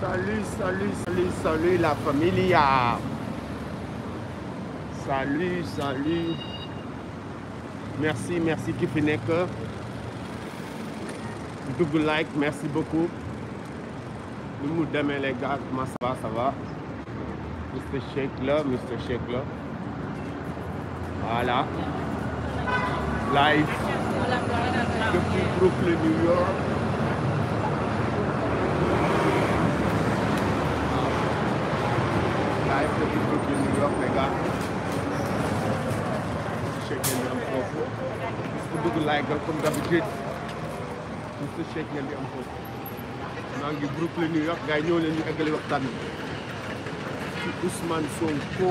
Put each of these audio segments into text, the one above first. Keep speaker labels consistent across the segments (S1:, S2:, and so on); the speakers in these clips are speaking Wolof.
S1: Salut, salut, salut, salut la familia. Ah. Salut, salut. Merci, merci qui Double like, merci beaucoup. Nous demain les gars, comment ça va, ça va? Mr. Shake, là, Mr. Shake, là. Voilà. Live. New York. Başka bir kültürümüz yok vegan. Şekerlerim bi am ngi Brooklyn New York gars yi ñëw leen ñu eggale waxtaan bi ci Ousmane Sonko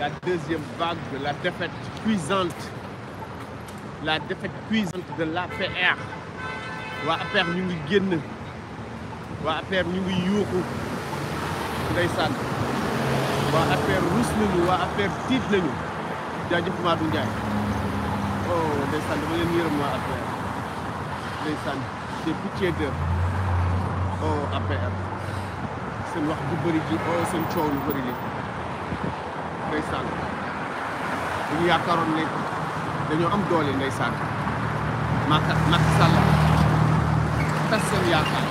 S1: la deuxième vague la defet cuisante la défaite cuisante de l'APR waa APR ñu ngi génn waa APR ñu ngi yuuxu ndeysaan waa affaire ruus nañu waa affaire tiit nañu jaajëf Madou Ndiaye oh ndeysaan dama leen yërëm waa APR ndeysaan c'est pitié de oh APR seen wax bu bëri ji oh seen coow lu bëri li ndeysaan dañu yaakaaroon ne dañoo am doole ndeysaan Macky Sall tas seen yaakaar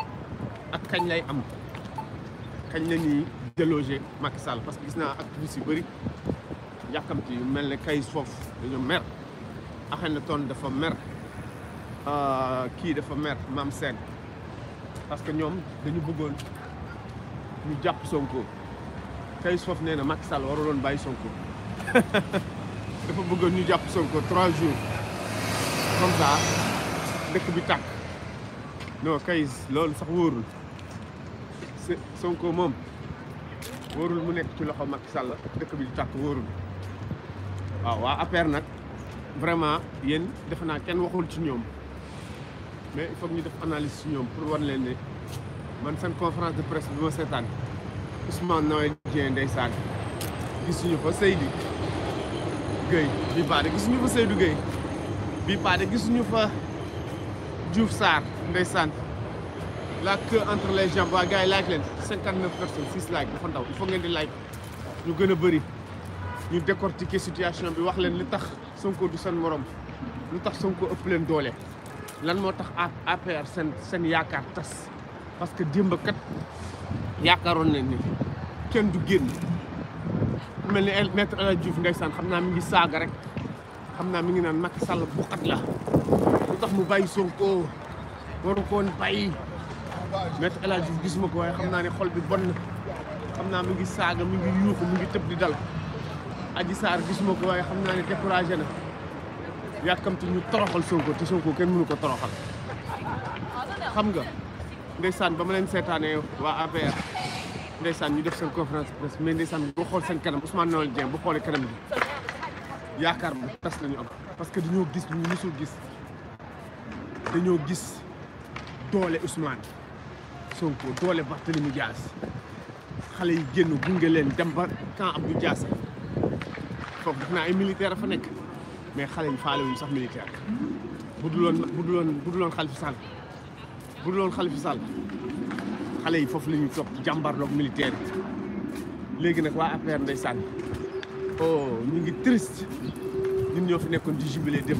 S1: kañ lay am kañ la ñuy déloger Macky Sall parce que gis naa activiste yu bëri yàkkamti yu mel ne kayis foofu dañu mer ton dafa mer euh, kii dafa mer Mame Sène parce que ñoom dañu bëggoon ñu jàpp Sonko kayis foofu nee na Macky Sall waruloon bàyyi Sonko dafa bëggoon ñu jàpp Sonko trois jours comme ça dëkk bi tàkk non kayis loolu sax wóorul. Sonko moom wóorul mu nekk ci loxo Macky Sall dëkk bi di tàkk wóorul waaw waa APR nag vraiment yéen defe naa kenn waxul ci ñoom mais il ñu def analise ci ñoom pour wan leen ne man seen conférence de presse bi ma seetaan Ousmane Noël Dieng ndeysaan gisuñu fa Seydou Guèye bii paa de gisuñu fa Seydou Guèye bii paa de gisuñu fa Diouf Sarr ndeysaan la queue entre les jambes wa gars like len 59 personnes 6 like dafa ndaw il faut ngeen di like ñu gëna bëri ñu décortiquer situation bi wax len li tax Sonko du seen morom lu tax Sonko ëpp len doole lan mo tax APR sen sen yaakar tas parce que démb kat yaakaron nañ ni kenn du genn mel ni maître ala djouf Diouf ndeysaan xam mi ngi saga rek xamna mi ngi nan Macky Sall xat la lu tax mu bayyi Sonko waru koon bayyi Maître El Hadji Diouf gis ma ko waaye xam naa ne xol bi bon na xam naa mi ngi saaga mi ngi yuuxu mi ngi tëb di dal Adji Sarr gis ma ko waaye xam naa ne découragé na yàkkamti ñu toroxal Sonko te Sonko kenn mënu ko toroxal xam nga ndeysaan ba ma leen seetaanee waa APR ndeysaan ñu def seen conférence presse mais ndeysaan boo xool seen kanam Ousmane Noël Dieng bu xoolee kanam bi yaakaar bu tas la ñu am parce que dañoo gis ñu musul gis dañoo gis doole Ousmane Sonko doole Barthélemy Dias xale yi génn gunge leen dem ba camp Abdou Dias foofu def naa ay militaire fa nekk mais xale yi faale wuñ sax militaire bu duloon bu duloon bu duloon Khalifa bu duloon Khalifa Sall xale yi foofu la ñuy toog jàmbarloog militaire léegi nag waa APR ndeysaan oh ñu ngi triste ñun ñoo fi nekkoon di jubilé dem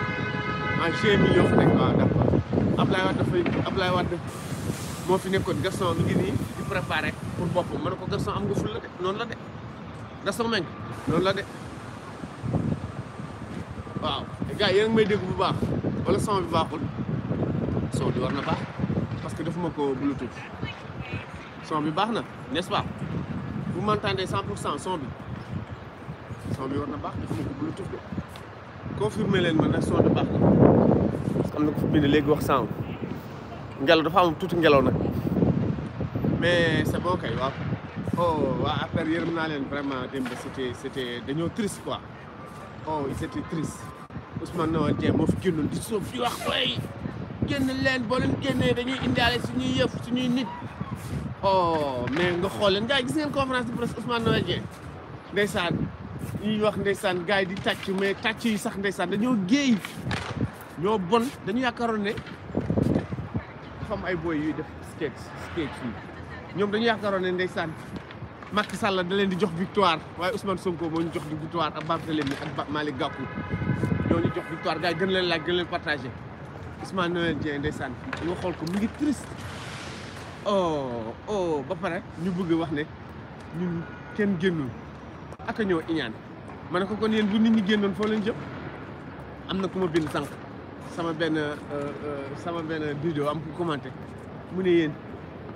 S1: en juin bi ñoo fa nekk waaw d' accord Ablaye Wade dafay Ablaye Wade moo fi nekkoon Gaston mi ngi nii di préparé pour boppam ma ne ko Gaston am nga ful la de noonu la de Gaston Mbengue noonu la de waaw gars yéen a ngi may dégg bu baax wala son bi baaxul son bi war na baax parce que defuma ko bluetooth son bi baax na n' est ce pas vous cent son bi son bi war na baax defuma ko bluetooth confirmé leen ma ne son de baax am na ko fi bind léegi wax sànq ngelaw dafa am tuuti ngelaw nag mais c'est bon kay waaw oh waa affaire yërëm naa leen vraiment démb c'était c'était dañoo triste quoi oh ils étaient tristes Ousmane Noël Dieng moo fi génnoon di sóob di wax way leen boo leen génnee dañuy ñuy yëpp yëf suñuy nit oh mais nga xool leen gars yi gis ngeen conférence de presse Ousmane Noël Dieng ndeysaan ñuy wax ndeysaan gars yi di tàcc mais tàcc yi sax ndeysaan dañoo géey ñoo bon dañu yaakaaroon ne dafa ay boy yuy def skate skate yi ñoom dañu yaakaaroon ne ndeysaan Macky Sall da leen di jox victoire waaye Ousmane Sonko moo ñu jox di victoire ak Barthélémy ak Malick Gakou ñoo ñu jox victoire gars yi gën leen laaj gën leen partagé Ousmane Noël Dieng ndeysaan ñu xool ko mu ngi triste oh oh ba pare ñu bëgg wax ne ñun kenn génnul ak a iñaan ma ne ko kon yéen bu nit ñi génnoon foo leen jëm am na ku ma bind sànq sama benn euh, euh, sama benn vidéo am ku commenté mu ne yéen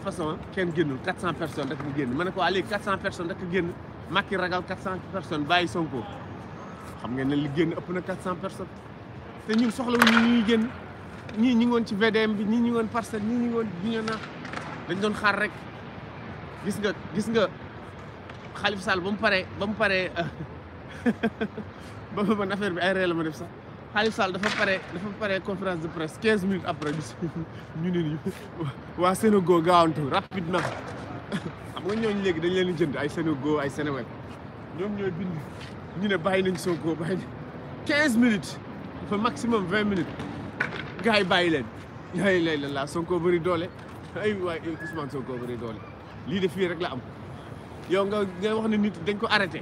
S1: façon kenn génnul 400 personnes rek mu génn ma ne ko waa ah, léegi 400 personnes rek génn Macky ragal 400 personnes bàyyi Sonko xam nga ne li génn ëpp na 400 personnes te ñun soxlawuñu ñu ñuy génn ñii ñu ngi woon ci VDM bi ñu ñi ngi woon ñu ñu ñi ngi woon Bignona dañ doon xaar rek gis nga gis nga Khalifa Sall ba mu paree ba mu paree. ba man affaire bi ay ree ma def sax Khalifa Sall dafa pare dafa pare conférence de presse 15 minutes après ñu ne nii waa Sénégal gaawantu rapidement xam nga ñooñu léegi dañ leen di jënd ay Sénégal ay Sénéweb ñoom ñooy bind ñu ne bàyyi nañ Sonko bàyyi nañ 15 minutes dafa maximum 20 minutes gars yi bàyyi leen. yaay lay la laa Sonko bëri doole ay waay Ousmane Sonko doole lii de fii rek la am yow nga nga wax ne nit dañ ko arrêté.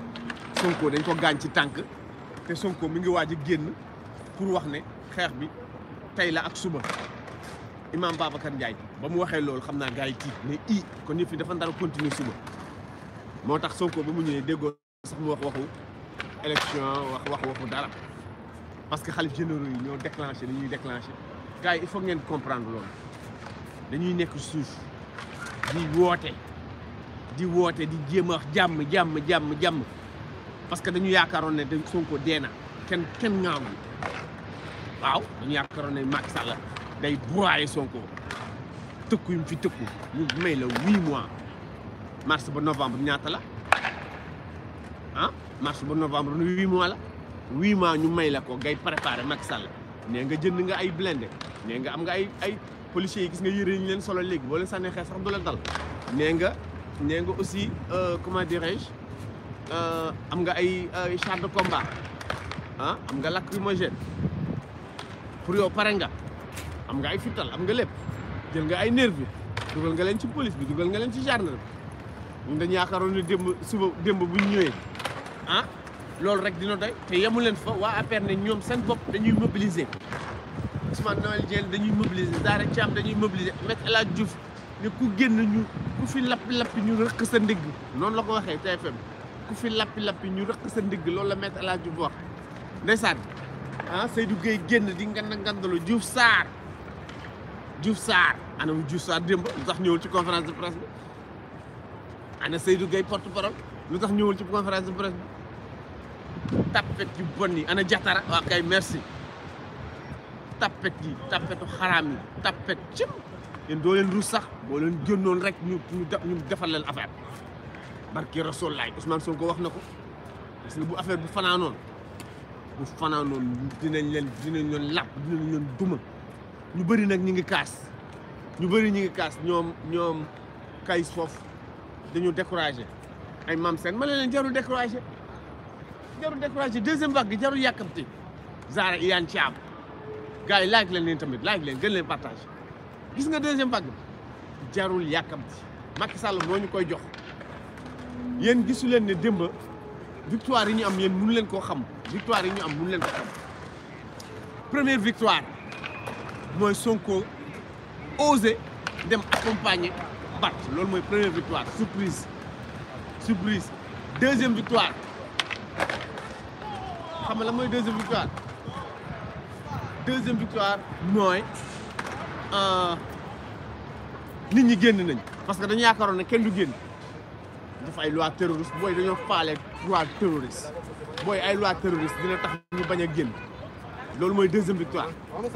S1: Sonko dañ ko ci tank te Sonko mi ngi pour wax ne xeex bi te la ak suba imam Babacar Ndiaye ba mu mais i kon ñu fi dafa continuer suba Sonko ba mu déggo sax mu wax waxu élection wax wax waxu dara parce que Khalif généraux ñoo déclenché dañuy gars il faut ngeen comprendre lool dañuy nekk suuf di woté di woté di parce que dañu yaakaaroon ne dañ Sonko dee na kenn kenn ñaawul waaw dañu yaakaaroon ne Macky Sall day broyé Sonko tëkku yum fi tëkku mu may la huit mois mars ba novembre ñaata la ah mars ba novembre huit mois la huit mois ñu may la ko ngay préparé Macky Sall nee nga jënd nga ay blindé nee nga am nga ay ay policiers yi gis nga yëre ñu leen solo léegi boo leen sànnee sax du la dal nee nga nee nga aussi euh, comment dirais-je Euh, am nga ay char de combat ah am nga lacrymogène pour yow pare nga am nga ay fital am nga lépp jël nga ay nervi dugal nga leen ci police bi dugal nga leen ci gendarme ñun dañu yaakaaroon ne démb suba démb bu ñu ñëwee ah loolu rek dina doy te yemu leen fa waa APR ne ñoom seen bopp dañuy mobiliser Ousmane Noël Dieng dañuy mobiliser Daara Thiam dañuy mobiliser Maître El Hadj Diouf ne ku génn ñu ku fi lappi lappi ñu rëq sa ndigg noonu la ko waxee TFM ku fi lappi lappi ñu rek sa ndig loolu la met alaaj bu wax ndeysaan ah Seydou Gueye génn di ngand ngandalu Diouf Sarr Diouf Sarr ana mu Diouf Sarr démb lu tax ñëwul ci conférence de presse bi ana Seydou Gueye porte parole lu tax ñëwul ci conférence de presse bi tappet yu bon yi ana Diatara waaw kay merci tapet yi tapetu xaraam yi tapet cim yéen doo leen rus sax boo leen génnoon rek ñu ñu defal leen affaire barki rasool laay Ousmane Sonko wax na ko parce que bu affaire bu fanaanoon bu fanaanoon dinañ leen dinañ leen làpp dinañ leen duma ñu bëri nag ñu ngi kaas ñu bëri ñu ngi kaas ñoom ñoom kayis foofu dañu découragé ay maam ma ne leen jarul découragé jarul découragé deuxième vague jarul yàkkamti Zahra Iyane Thiam gars yi like leen leen tamit like leen gën partage gis nga deuxième vague jarul yàkkamti Macky Sall moo ñu koy jox yéen gisu leen ne démb victoire ñu am yéen mun leen ko xam victoire ñu am mun leen ko xam première victoire moy Sonko osé dem accompagner bat loolu moy première victoire surprise surprise deuxième victoire xam la moy deuxième victoire deuxième victoire euh nit ñi génn nañ parce que dañu yaakaaroon ne kenn du génn def ay loi terroriste mooy dañoo faale loi terroriste booy ay loi terroriste dina tax ñu bañ a génn loolu mooy deuxième victoire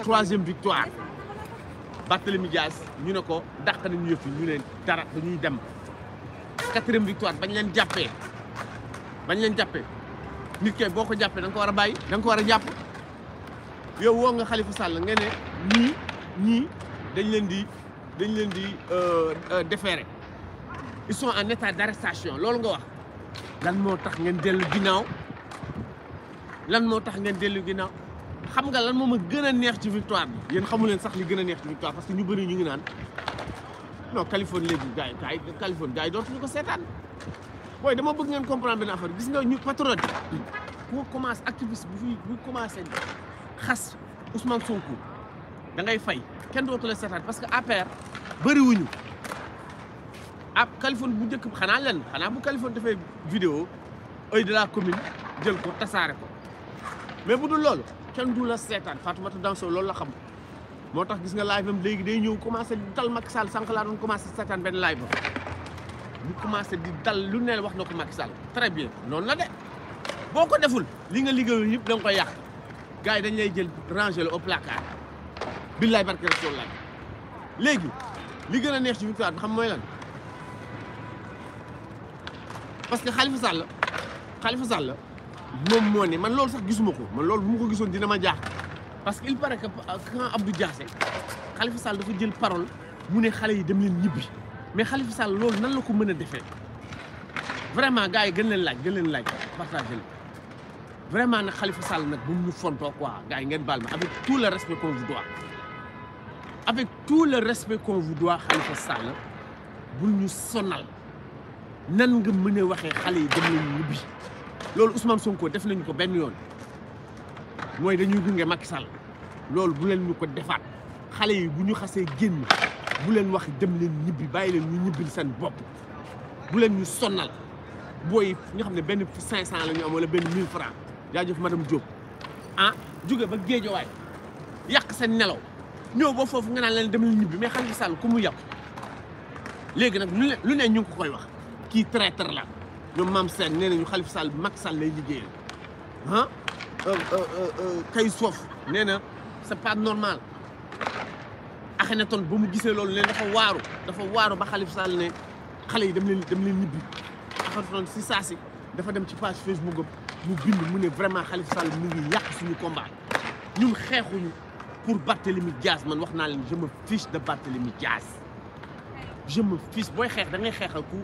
S1: troisième victoire Barthélemy Dias ñu ne ko dàq nañu yëf yi ñu leen dara dañuy dem quatrième victoire bañ leen jàppee bañ leen jàppee nit kay boo ko jàppee da nga ko war a bàyyi da ko war a jàpp yow woo nga Khalifa Sall nga ne ñii ñii dañ leen di dañ leen di euh, euh, déféré ils sont en état d'arrestation loolu nga wax lan moo tax ngeen dellu ginnaaw lan moo tax ngeen dellu ginnaaw xam nga lan moo ma gën a neex ci victoire bi yéen xamu leen sax li gën a neex ci victoire parce que ñu bëri ngi naan non Californie léegi gars yi kaay Californie gars yi dootuñu ko seetaan booy dama bëgg ngeen comprendre benn affaire gis nga ñu patriote ku commence activiste bu fi bu commencé xas Ousmane Sonko da ngay fay kenn dootu la seetaan parce que APR bëriwuñu ab Kaliphone bu njëkk xanaa len xanaa bu Kaliphone dafay vidéo oeil de commune jël ko tasaare ko mais bu dul loolu kenn dul la seetaan Fatoumata Danso loolu la xam moo tax gis nga live am léegi day ñëw commencé di dal Macky Sall sànq laa commencé seetaan benn live am bu commencé di dal lu ne wax na ko Macky Sall très bien noonu la de boo ko deful li nga liggéeyul ñëpp da nga koy yàq gars yi dañ lay jël ranger la au placard billaay barke rasul la léegi li gën a neex ci victoire xam mooy lan parce que Khalifa Sall Khalifa Sall mon moo ne man lol sax gisuma ko man lol bu ma dina ma jax. parce qu'il paraît que quand Abdou Diassé Khalifa Sall dafa jël parole mune xalé yi dem len ñibbi mais Khalifa Sall lol nan la ko mëna défé? vraiment gars yi gën len laaj gën len laaj partagé vraiment Khalifa Sall nak bu ñu fonto quoi gars yi ngeen baal avec tout le respect qu'on vous doit avec tout le respect qu'on vous doit Khalifa Sall nous ñu sonal nan nga mën waxé xalé yi dem nañu ñibbi loolu Ousmane Sonko def nañu ko benn yoon mooy dañuy gunge Macky Sall loolu bu leen ñu ko defaat xale yi bu ñu xasee génn bu leen wax dem leen ñibbi bàyyi leen ñu ñibbil seen bop bu leen ñu sonnal boy ñu xamné ne benn 500 la ñu am wala benn 1000 francs jaajëf madame Diop ah jóge ba way yak sen nelaw ñoo bo fofu nga naan leen dem leen ñibbi mais xale Sall ku mu yàq léegi nag lu ne ñu ko koy wax qui traître là ñoom mam sen nee nañu khalif Sall mak Sall lay liggéeyal ah, euh, euh, euh, euh kay sof nee na c'est pas normal Akhenaton bu mu gisee loolu leen dafa waru dafa waru ba khalif Sall né xalé yi dem leen dem leen nibbi Akhenaton si saa si dafa dem ci page Facebook mu bind mu né vraiment khalif Sall mu ngi yàq suñu combat ñun xéxuñu pour Barthélemy Diaz man wax na leen je me fiche de Barthélemy Diaz je me fiche boy xeex da ngay xeexal ku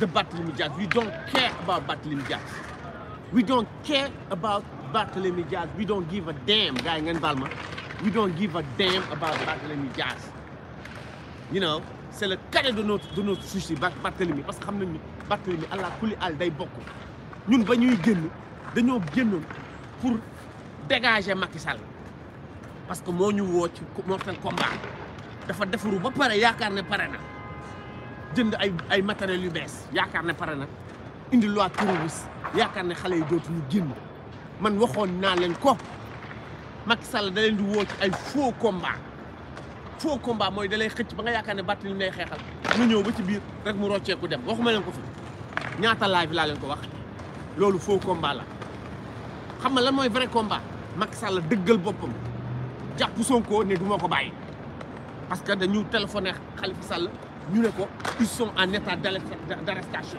S1: the Barthélemy Diaz. We don't care about battle Diaz. We don't care about Barthélemy Diaz. We don't give a damn, guy ngeen baal We don't give a damn about Barthélemy Diaz. You know, c'est le cadet de notre de notre Battle Barthélemy parce que xam battle Barthélemy allah coule, al day bokk ñun ba ñuy génn dañoo venons pour dégager Macky Sall parce que moi, nous voici ci mortel combat dafa defaru ba pare yaakaar ne pare na. jënd ay ay matériel yu bees yaakaar ne pare nag indi loi terroriste yaakaar ne xale yi dootuñu génn man waxoon naa leen ko Macky Sall da di woo ci ay faux combat faux combat mooy da xëcc ba nga yaakaar ne bàtt may lay xeexal mu ñëw ba ci biir rek mu rocceeku dem waxuma leen ko fi ñaata laay laaj laa leen ko wax loolu foo combat la xam nga lan mooy vrai combat Macky Sall dëggal boppam jàpp Sonko ne du ma ko bàyyi parce que dañu téléphoné Khalifa Sall. ñu ne ko ils sont en état d'arrestation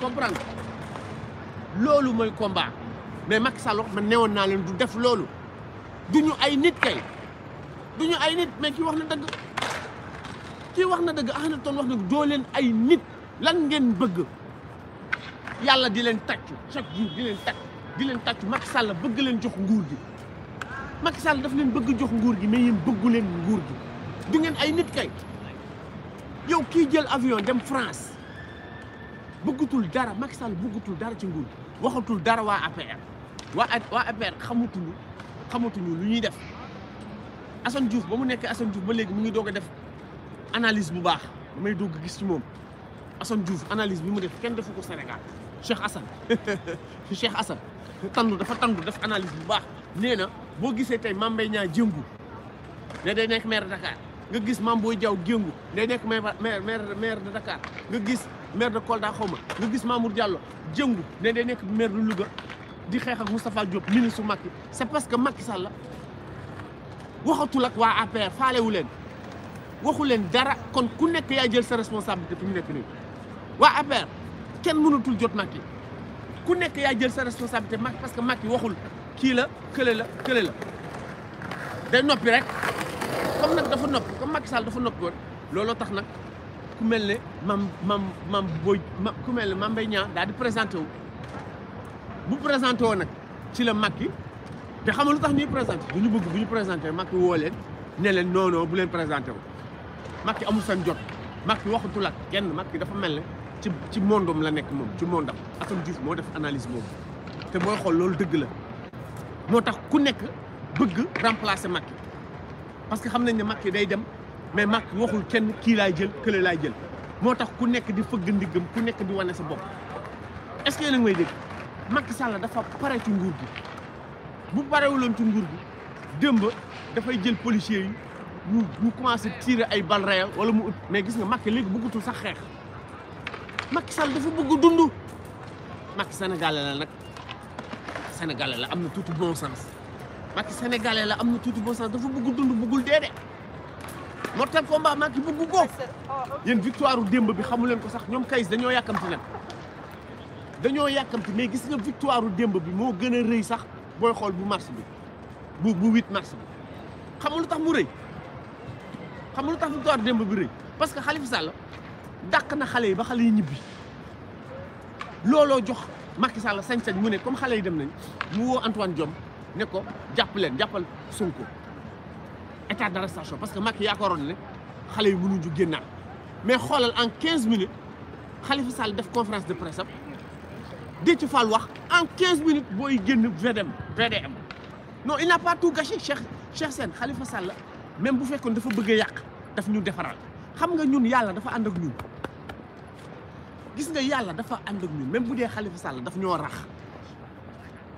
S1: comprendre loolu moy combat mais Macky Sall man néwon na len du def loolu duñu ay nit kay duñu ay nit mais ki wax na deug ki wax na dëgg Akhenaton wax na do len ay nit lan ngeen bëgg yalla di len tàccu chaque jour di len tàccu di len tàccu Macky Sall bëgg len jox nguur gi Macky Sall daf len bëgg jox nguur gi mais yeen bëggu len nguur gi du ngeen ay nit kay yow kii jël avion dem France bëggatul dara Macky Sall bëggatul dara ci nguur waxatul dara waa APR waa waa APR xamatuñu xamatuñu lu ñuy def assan Diouf ba mu nekk assan Diouf ba léegi mu ngi doog a def analyse bu baax damay doog gis ci moom Assane Diouf analise bi mu def kenn defu ko Sénégal Cheikh Assane Cheikh Assane tandu dafa tandu def analyse bu baax nee na boo gisee tey Mame Mbaye Niang jëmbu ne day nekk maire Dakar nga gis Mame Boye Diao Guengu day nekk maire maire maire de Dakar nga gis maire de Kolda xoma nga gis Mamour Diallo jengu ne de nek maire de Louga di xex ak mustapha Diop ministre makki c'est parce que makki Sall waxatul ak wa APR falé wulen waxu len dara kon ku nek ya jël sa responsabilité fi nek ni wa waa APR kenn mënatul jot makki ku nek ya jël sa responsabilité Macky parce que makki waxul ki la kele la kele la day noppi rek comme nag dafa noppi comme Macky Sall dafa noppi woon looloo tax nag ku mel ne mam mam mam booy ku mel ne mam Mbaye Niang daal di présenté wu bu présenté woo nag ci la Macky te xam nga lu tax ñuy bu ñu bëgg bu ñu présenté Macky woo leen ne leen non bu leen présenté wu Macky amul seen jot Macky waxatul ak kenn Macky dafa mel ne ci ci mondom la nekk moom ci mondam Assane Diouf moo def analise boobu te booy xool loolu dëgg la moo tax ku nekk. bëgg remplacer Macky parce que xam nañ ne Macky day dem mais Macky waxul kenn ki lay jël kële lay jël motax ku nekk di fëgg ndiggam ku nekk di wane sa bop est-ce que ngui Macky Sall dafa pare ci nguur gi bu parewuloon ci nguur gi da fay jël policier yi ñu ñu commencé tirer ay balles réel wala mu ut mais gis nga Macky léegi bëggutul sax xex Macky Sall dafa bëgg dundu Macky Sénégalais la nak Sénégalais la amna tout bon sens maki sénégalais la amna tuti tuuti bon dafa bëgg dund bëggul dédé mortal combat maki bëgg go yeen victoire u démb bi xamu leen ko sax ñom kayis dañoo yakamti nag dañoo yakamti mais gis nga victoire u démb bi mo gëna reuy sax boy xol bu mars bi bu bu 8 mars bi xamu lu tax mu reuy xamu lu tax victoire demb bi reuy parce que Khalifa Sall dak na xalé ba xalé yi ñibbi looloo jox Macky Sall sañ-sañ mu ne comme xalé yi dem nañ mu wo Antoine Diom Neko, ko jàpp Sunko. jàppal Sonko état d'arrestation parce que Macky yaakaaroon ne xale yi mënuñu génnaat mais xoolal en 15 minutes Khalifa Sall def conférence de presse Dès Déthié Fall wax en 15 minutes boy génn VDM VDM non il n'a pas tout gâché Cheikh Cheikh sen, Khalifa Sall même bu fekkoon dafa bëgg a yàq daf ñu defaral xam nga ñun yàlla dafa ànd ak ñun gis nga yàlla dafa ànd ak ñun même bu dee Khalifa Sall daf ñoo rax.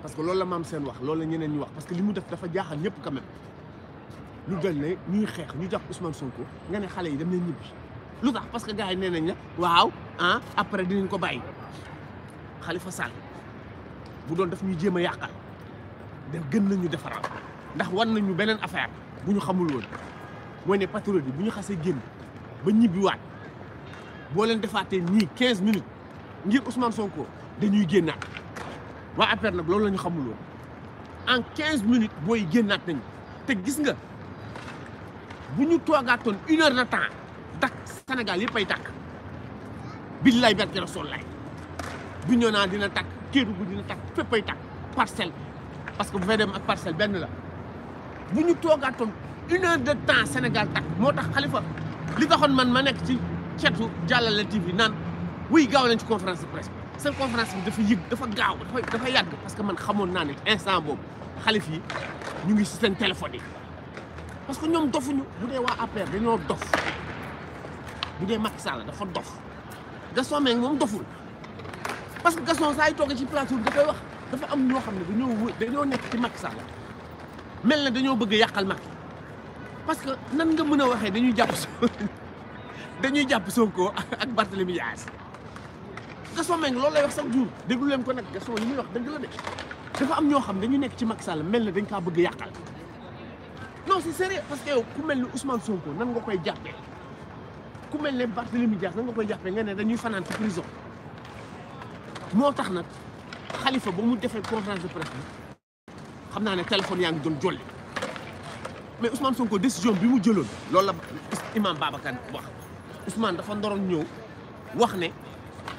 S1: parce que loolu la maam seen wax loolu la ñeneen ñu wax parce que li mu def dafa jaaxal ñëpp quand même lu dal ne ñuy xeex ñu jàpp Ousmane Sonko nga ne xale yi dem na ñibbi lu tax parce que gars yi nee nañ la waaw ah après dinañ ko bàyyi Khalifa Sall bu doon daf ñuy jéem a yàqal de gën nañu defaral ndax wan nañu beneen affaire bu ñu xamul woon mooy ne patriote bu ñu xasee génn ba ñibbiwaat boo leen defaatee nii 15 minutes ngir Ousmane Sonko dañuy génnaat. wa APR nag loolu la ñu xamuloo en 15 minutes boy génnaat nañu te gis nga buñu ñu 1 heure de temps dak Sénégal yëpp tak billahi billaay barke Rasulullaay bu ñëw naa dina takk Kédougou dina tak fépp ay takk parcelle parce que bu ak parcel ben la buñu ñu 1 heure de temps Sénégal tak motax khalifa li taxone man ma nek ci ceetu jàllale TV nan wuy gaaw leen ci conférence de presse seen conférence bi dafa yëg dafa gaaw dafa dafa yàgg parce que man xamoon naa ne instant boobu xalif yi ñu ngi si seen téléphone yi parce que ñoom dofuñu bu dee waa APR dañoo dof bu dee Macky Sall dafa dof Gaston Mbengue moom doful parce que Gaston saa yu toogee ci plateau bi dafay wax dafa am ñoo xam ne dañoo wë dañoo nekk ci Macky Sall mel na dañoo bëgg yàqal Macky parce que nan nga mën a waxee dañuy jàpp dañuy jàpp Sonko ak Barthélémy Dias Gaston Mbengue loolu lay wax chaque jour déglu ko nag Gaston yi muy wax dëgg la de dafa am ñoo xam dañu nekk ci Macky Sall mel na dañ kaa bëgg a yàqal non c'est sérieux parce que yow ku mel ni Ousmane Sonko nan nga koy jàppee ku mel ne Barthélémy Dias nan nga koy jàppee nga ne dañuy fanaan ci prison moo tax nag xalifa ba mu defee conférence de presse bi xam naa ne téléphone yaa ngi doon jolli mais Ousmane Sonko décision bi mu jëloon lool la imam Babacar wax dafa ndoroon ñëw wax ne.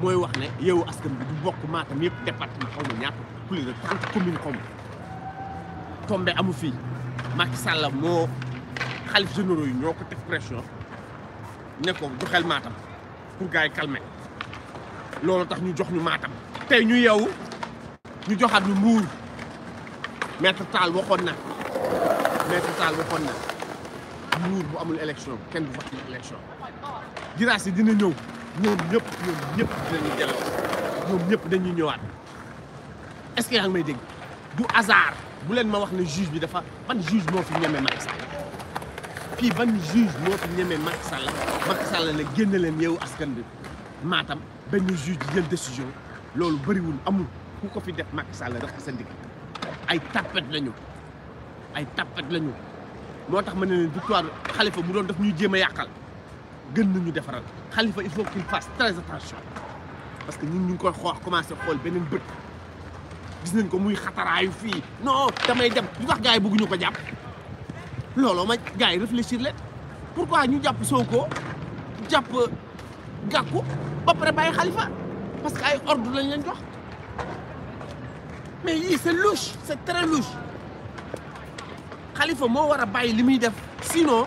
S1: mooy wax ne yow askan bi du bokk Matam yëpp département xaw ma ñaata plus de trente communes xaw ma tombe amu fi Macky Sall moo xalif généraux yi ñoo ko teg pression ne ko joxel Matam pour gars yi calmer loolu tax ñu jox ñu maatam tey ñu yeewu ñu joxaat ñu Mbuur maître Tall waxoon na maître Tall waxoon na Mbuur bu amul élection kenn du voté élection giraas yi dina ñëw ñoom ñëpp ñoom ñëpp ñëpp dañuy ñëwaat est-ce que yaa ngi may dégg du hasard bu leen ma wax ne juge bi dafa ban juge moo fi ñeme Macky Sall fii ban juge moo fi ñeme Macky Sall Macky Sall ne génne leen yeewu askan bi maatam benn juge di jël décision loolu bëriwul amul ku ko fi def Macky Sall rek sa ndigg ay tapet lañu ay tapet lañu moo tax ma ne leen victoire Khalifa mu doon daf ñuy jéem a yàqal gën nañu defaral. Khalifa il faut qu'il fasse très attention parce que ñun ñu ngi koy xoox commencé xool beneen bët gis nañ ko muy xataraayu fii non damay dem lu tax gars yi bëgguñu ko jàpp looloo ma gars yi réfléchir leen pourquoi ñu jàpp Sonko jàpp Gakou ba pare bàyyi Khalifa parce que ay ordre lañ leen jox mais yii c'est louche c'est très louche Khalifa moo war a bàyyi li muy def sinon.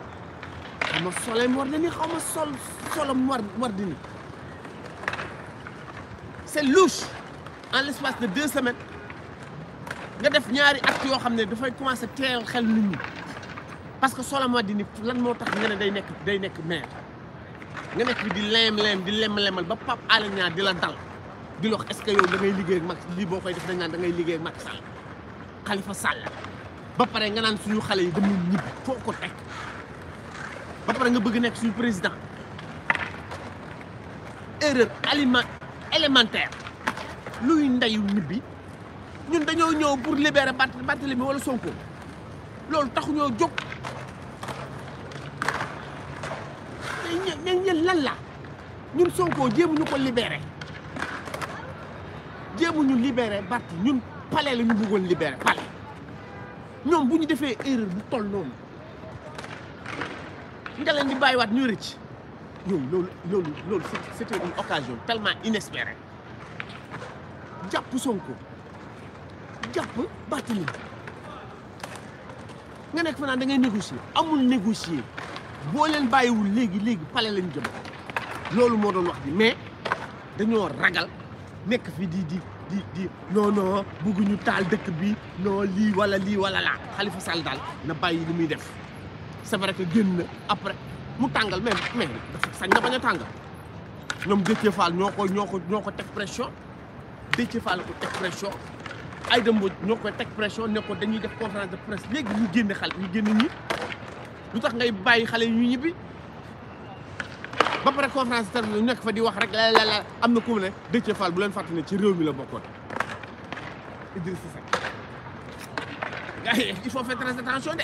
S1: xaw ma solee war na ni xaw ma sol solom war war di ni c'est louche en l'espace de deux semaines nga def ñaari ak yoo xam ne dafay commencer teel xel nit ñi parce que solom war di ni lan moo tax nga ne day nekk day nekk maire nga nekk di leem-leem di lem-lemal ba Pape Alé Niang di la dal di la wax est-ce que yow da ngay liggéey ak Macky lii boo koy def dañ naan da liggéey ak Macky Sall Khalifa Sall ba pare nga naan suñu xale yi dañuy ñibbi foo ko teg ba pare nga bëgg nekk suñu président erreur aliment élémentaire luy ndeyu nit bi ñun dañoo ñëw pour libérer Barthélemy wala Sonko loolu taxu ñoo jóg mais ñun lan la ñun Sonko jéemuñu ko libérer ñu libérer Barth ñun palais la ñu bëggoon libérer palais ñoom bu ñu defee erreur bu toll noonu. nga leen di bàyyiwaat ñu rëcc ñoom loolu loolu loolu c'était une occasion tellement inespérée jàpp Sonko jàpp Barthélémy nga nekk fa naan da ngay négocier amul négocier boo bàyyiwul léegi léegi pale lañ jëm loolu moo doon wax bi mais dañoo ragal nekk fi di di di di non taal dëkk bi non lii wala lii wala laa Khalifa sal daal na bàyyi li muy def. c'est vrai que génn na après mu tàngal mais mais sañ na bañ a tàngal ñoom Déthié Fall ñoo ko ñoo ko ñoo ko teg pression Déthié Fall ko teg pression Aïda Mbodj ñoo koy teg pression ne dañuy def conférence de presse léegi ñu génne xale ñi lu tax ngay bàyyi xale ñu ñibbi ba pare conférence de presse nekk fa di wax rek la la la am na ku mu ne Déthié Fall bu leen fàttali ne ci réew mi la bokkoon Idrissa Seck gars yi il faut faire très attention de.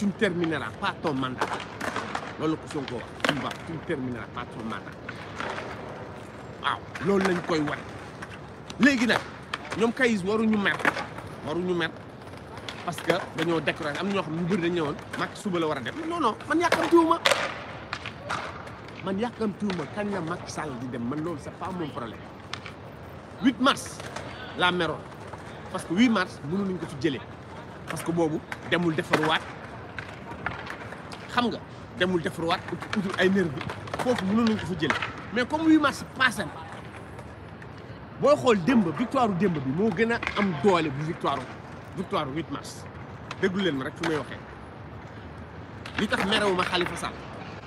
S1: tu ne termineras pas ton mandat loolu ko tu ne termineras pas ton mandat waaw loolu lañ koy wan léegi nag ñoom kayis waruñu mer waruñu mer parce que dañoo découragé am ñoo xam ñu bëri dañ ñëwoon Macky suba la war a dem non non man yàkkamtiwuma man yàkkamtiwuma kañ la Macky Sall di dem man loolu c'est pas mon problème 8 mars laa meroon parce que 8 mars bunuh nañ ko fi jëlee parce que boobu demul defaruwaat xam nga demul defarwaat ay nervi foofu mënoon nañ ko fa mais comme 8 mars passé na booy xool démb victoire démb bi moo gën a am doole bi victoire victoire 8 mars déglu leen ma rek fi may waxee li tax merewuma Khalifa Sall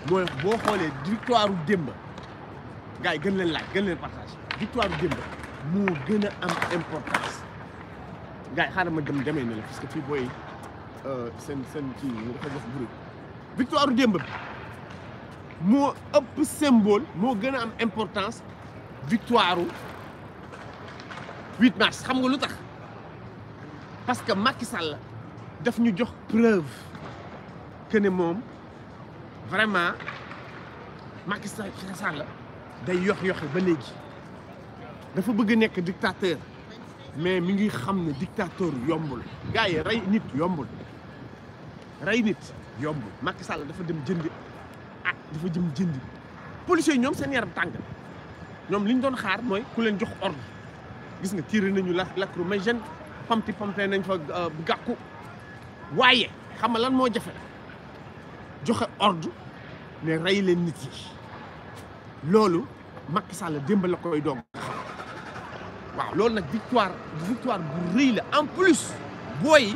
S1: mooy boo xoolee victoire démb gars yi gën leen laaj gën leen partage victoire démb moo gën a am importance gars yi ma dem demee ne la que fii booy euh, seen seen kii dafa def bruit victoire u démb bi symbole mon gën a am importance victoire 8 mars xam nga parce que Macky Sall daf ñu jox preuve que nous sommes vraiment Macky Sall day yox yox ba léegi dafa bëgg nekk dictateur mais mi ngi xam ne dictateur yombul gaay yi nit yombul rey nit yomb Macky Sall dafa dem jëndi ah dafa jëm jëndi policiers yi ñoom seen yaram tàng ñoom li doon xaar mooy ku leen jox ordre gis nga tiré nañu la lacrymogène pamti pamte nañ fa euh, gàkku waaye xam nga lan moo jafe joxe ordre ne rey leen nit yi loolu Macky Sall démb la koy doog xam waaw loolu nag victoire victoire bu rëy la en plus booy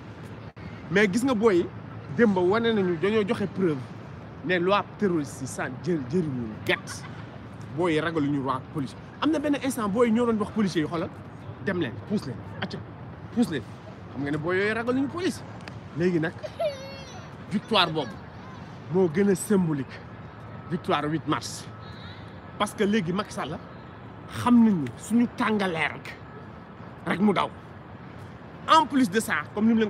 S1: mais gis nga boy demba nañu preuve ne loi terroriste ñu gatt boy ñu police amna instant boy ñoo wax policiers yi xolal dem leen pousse leen acca pousse leen xam nga ñu police légui victoire bobu mo gëna symbolique victoire 8 mars parce que nous Macky Sall xam ni, suñu en plus de ça comme nous leen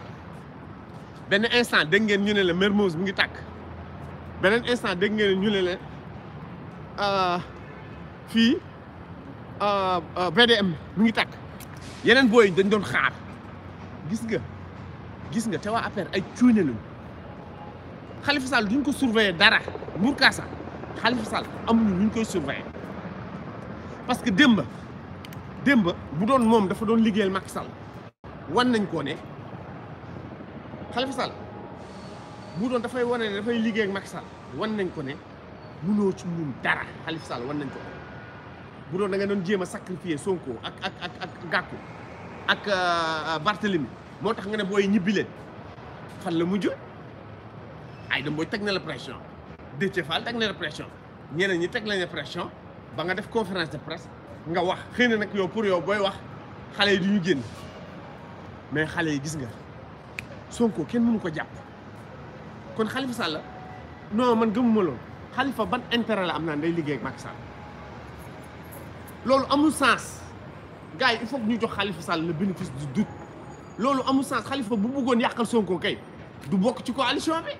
S1: benn instant dégg ngeen ñu ne la Mermoz mu ngi tàkk beneen instant dégg ngeen ñu ne la euh, fii euh, euh, VDM mu ngi takk yeneen booy dañ doon xaar gis nga gis nga te waa affaire ay cuune lañu Khalifa Sall duñ ko surveiller dara Murkaasa Khalifa Sall amuñu ñu koy surveiller parce que démb démb bu doon moom dafa doon liggéeyal Macky Sall wan nañ koo ne. Khalifa Sall bu doon dafay wane ne dafay liggéey ak Macky Sall wan nañ ko ne mënoo ci ñun dara Khalifa Sall wan nañ ko bu doon da nga doon jéem a sacrifier Sonko ak ak ak ak Gakou ak euh, Barthélemy moo tax nga ne booy ñibbileen fan la mujj ay dem booy teg na la pression Déthié Fall teg na la pression ñeneen ñi teg lañu pression ba nga def conférence de presse nga wax xëy na nag yow pour yow booy wax xale yi du ñu génn mais xale yi gis nga. Sonko kenn mënu ko japp kon Khalifa Sall non man gëmuma loolu Khalifa ban intérêt la am naan day liggéey ak Macky Sall loolu amu sens gaay il faut ñu jox Khalifa Sall le bénéfice du doute loolu amu sens Khalifa bu bëggoon yakal Sonko kay du bok ci coalition bi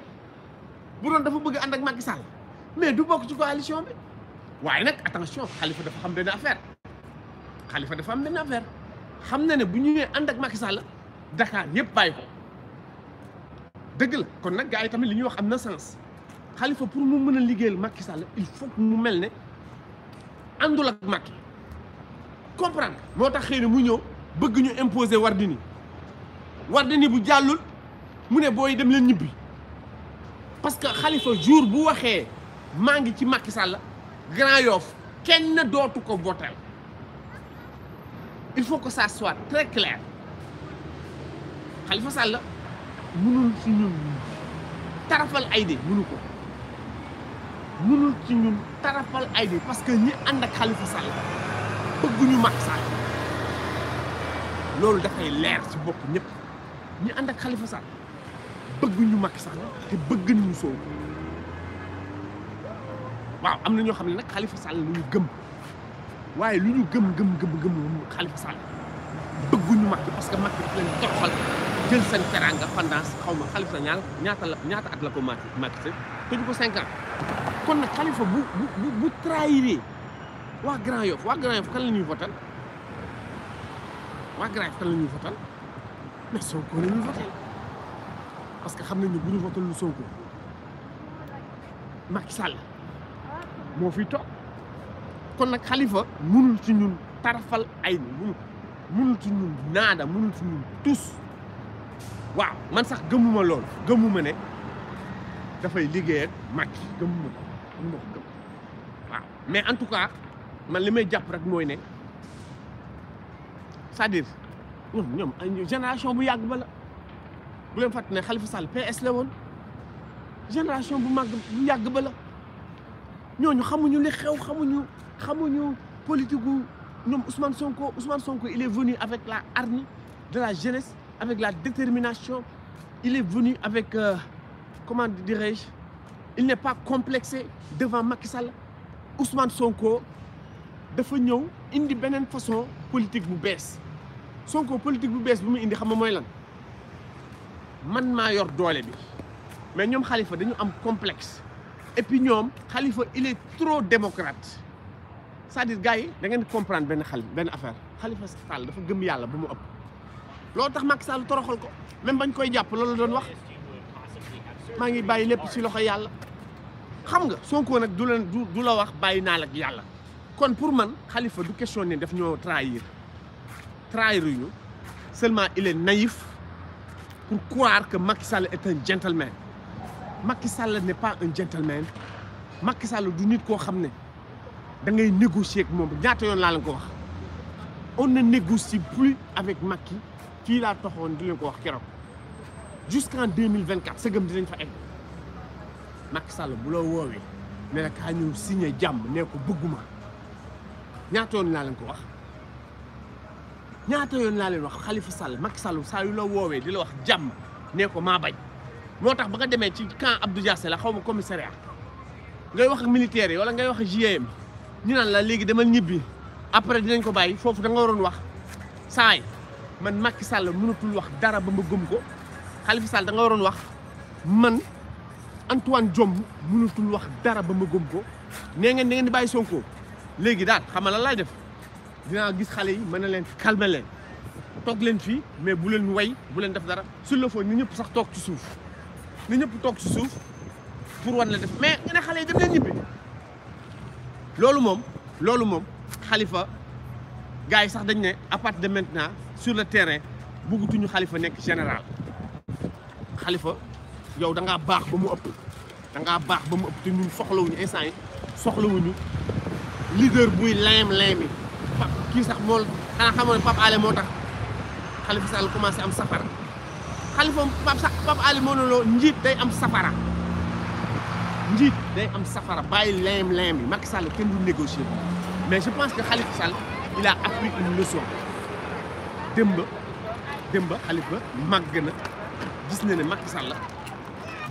S1: bu doon dafa bëgg and ak Macky Sall mais du bok ci coalition bi waye nak attention Khalifa dafa xam benn affaire Khalifa dafa am benn affaire xam na ne bu ñu ñëw and ak Macky Sall Dakar yëpp bayiko dëgg la kon nak gaay tamit li ñuy wax amna sens Khalifa pour mu mën liguel Macky Sall il faut que mu melne ne ak Macky comprendre motax tax mu ñew bëgg ñu imposer Wardini Wardini bu jallul mu ne boy dem leen ñibbi parce que Khalifa jour bu waxé maa ngi ci Macky Sall Grand Yoff kenn dootu ko voter il faut que ça soit très clair Khalifa Sall. mënul ci ñun tarafal ay de mënu ko mënul ci ñun tarafal ay parce que ñi ànd ak Khalifa Sall bëgguñu Macky Sall loolu dafay leer si bopp ñëpp ñi ànd ak Khalifa Sall bëgguñu Macky Sall te bëgg nañu Sonko waaw am na ñoo xam ne nag Khalifa Sall lu ñu gëm waaye lu ñu gëm gëm gëm gëm Khalifa Sall bëgguñu Macky parce que Macky daf leen toroxal jël seen teranga pendant xaw ma xalifa ñaata la ñaata at la ko Macky Macky tëju ko cinq kon nag xalifa bu bu bu trahiré waa Grand Yoff waa Grand Yoff kan la ñuy waa Grand Yoff kan la ñuy mais Sonko la ñuy votal parce que xam nañ ne bu ñu votal lu Sonko Macky Sall moo fi toog kon nag xalifa mënul ci ñun tarafal ay mënul ci ñun naada mënul ci ñun tous waaw man sax gëmuma lool gëmuma ne dafay liggéey ak Macky gëmuma mais en tout cas man suis japp rek dire génération bu yag ba la bu leen PS la génération bu bu yag ba la ñooñu xamuñu li xew xamuñu xamuñu politique Ousmane Sonko il est venu avec la hargne de la jeunesse avec la détermination. Il est venu avec, euh, comment dirais-je, il n'est pas complexé devant Macky Sall. Ousmane Sonko dafa ñëw indi beneen façon politique bu baisse. Sonko politique bu bees bu mu indi xam nga lan man mayor yor doole bi mais ñom Khalifa dañu am complexe. et puis ñom Khalifa il est trop démocrate c'est-à-dire gars yi da ngeen comprendre benn xel benn affaire Khalifa Sall dafa gëm yalla bu mu loolu tax Macky Sall toroxal ko même bañ koy jàpp loolu doon wax
S2: maa ngi bàyyi lépp ci loxo yalla
S1: xam nga Sonko nak du len du la wax bàyyi naa la ak kon pour man Khalifa du question ne daf ñoo trahir trahir ñu seulement il est naïf pour croire que Macky Sall est un gentleman Macky Sall n'est pas un gentleman Macky Sall du nit ko xam da ngay négocier ak mom ñaata yon la lan ko wax on ne négocie plus avec Macky kii la taxone di len ko wax keroog jusqu'en 2024 di len fa egg mak Sall bu lo wowe ne nak ha ñu signé jam ne ko bëgguma ñaaton la len ko wax ñaata yon la len wax Khalifa Sall mak Sall sa yu lo wowe di la wax jam ne ko ma bañ motax ba nga démé ci camp Abdou jassé la xawma commissariat ngay wax ak militaire wala ngay wax jm ñu nan la légui demal ñibbi après dinañ ko bayyi fofu da nga waron wax saay man Macky Sall mënatul wax dara ba ma gëm ko Khalifa Sall da nga waron wax man Antoine Diome mënatul wax dara ba ma gëm ko nee ngeen da ngeen di bàyyi Sonko légui daal xam la lay def dina gis xalé yi mëna leen calmer leen tok leen fi mais bu leen way bu leen def dara sul le fond ni ñëpp sax tok ci suuf ni ñëpp tok ci suuf pour wan la def mais nga ne yi dem leen ñibbi lolu mom lolu mom Khalifa gay sax dañ ne de maintenant sur le terrain bëggatuñu xalifa nekk général xalifa yow da baax ba mu ëpp dangaa baax ba mu ëpp te ñun soxlawuñu instant yi soxlawuñu leader buy layam layami kii sax moo xanaa xamoon ne Pape moo tax xalifa Sall commencé am safara xalifa Pape sax Pape Alé moo ne loo njiit day am safara njiit day am safara bàyyi layam layam yi Macky Sall kenn du négocier mais je pense que xalifa Sall il a appris une démba démba xalif ba màgg na gis na ne Macky Sall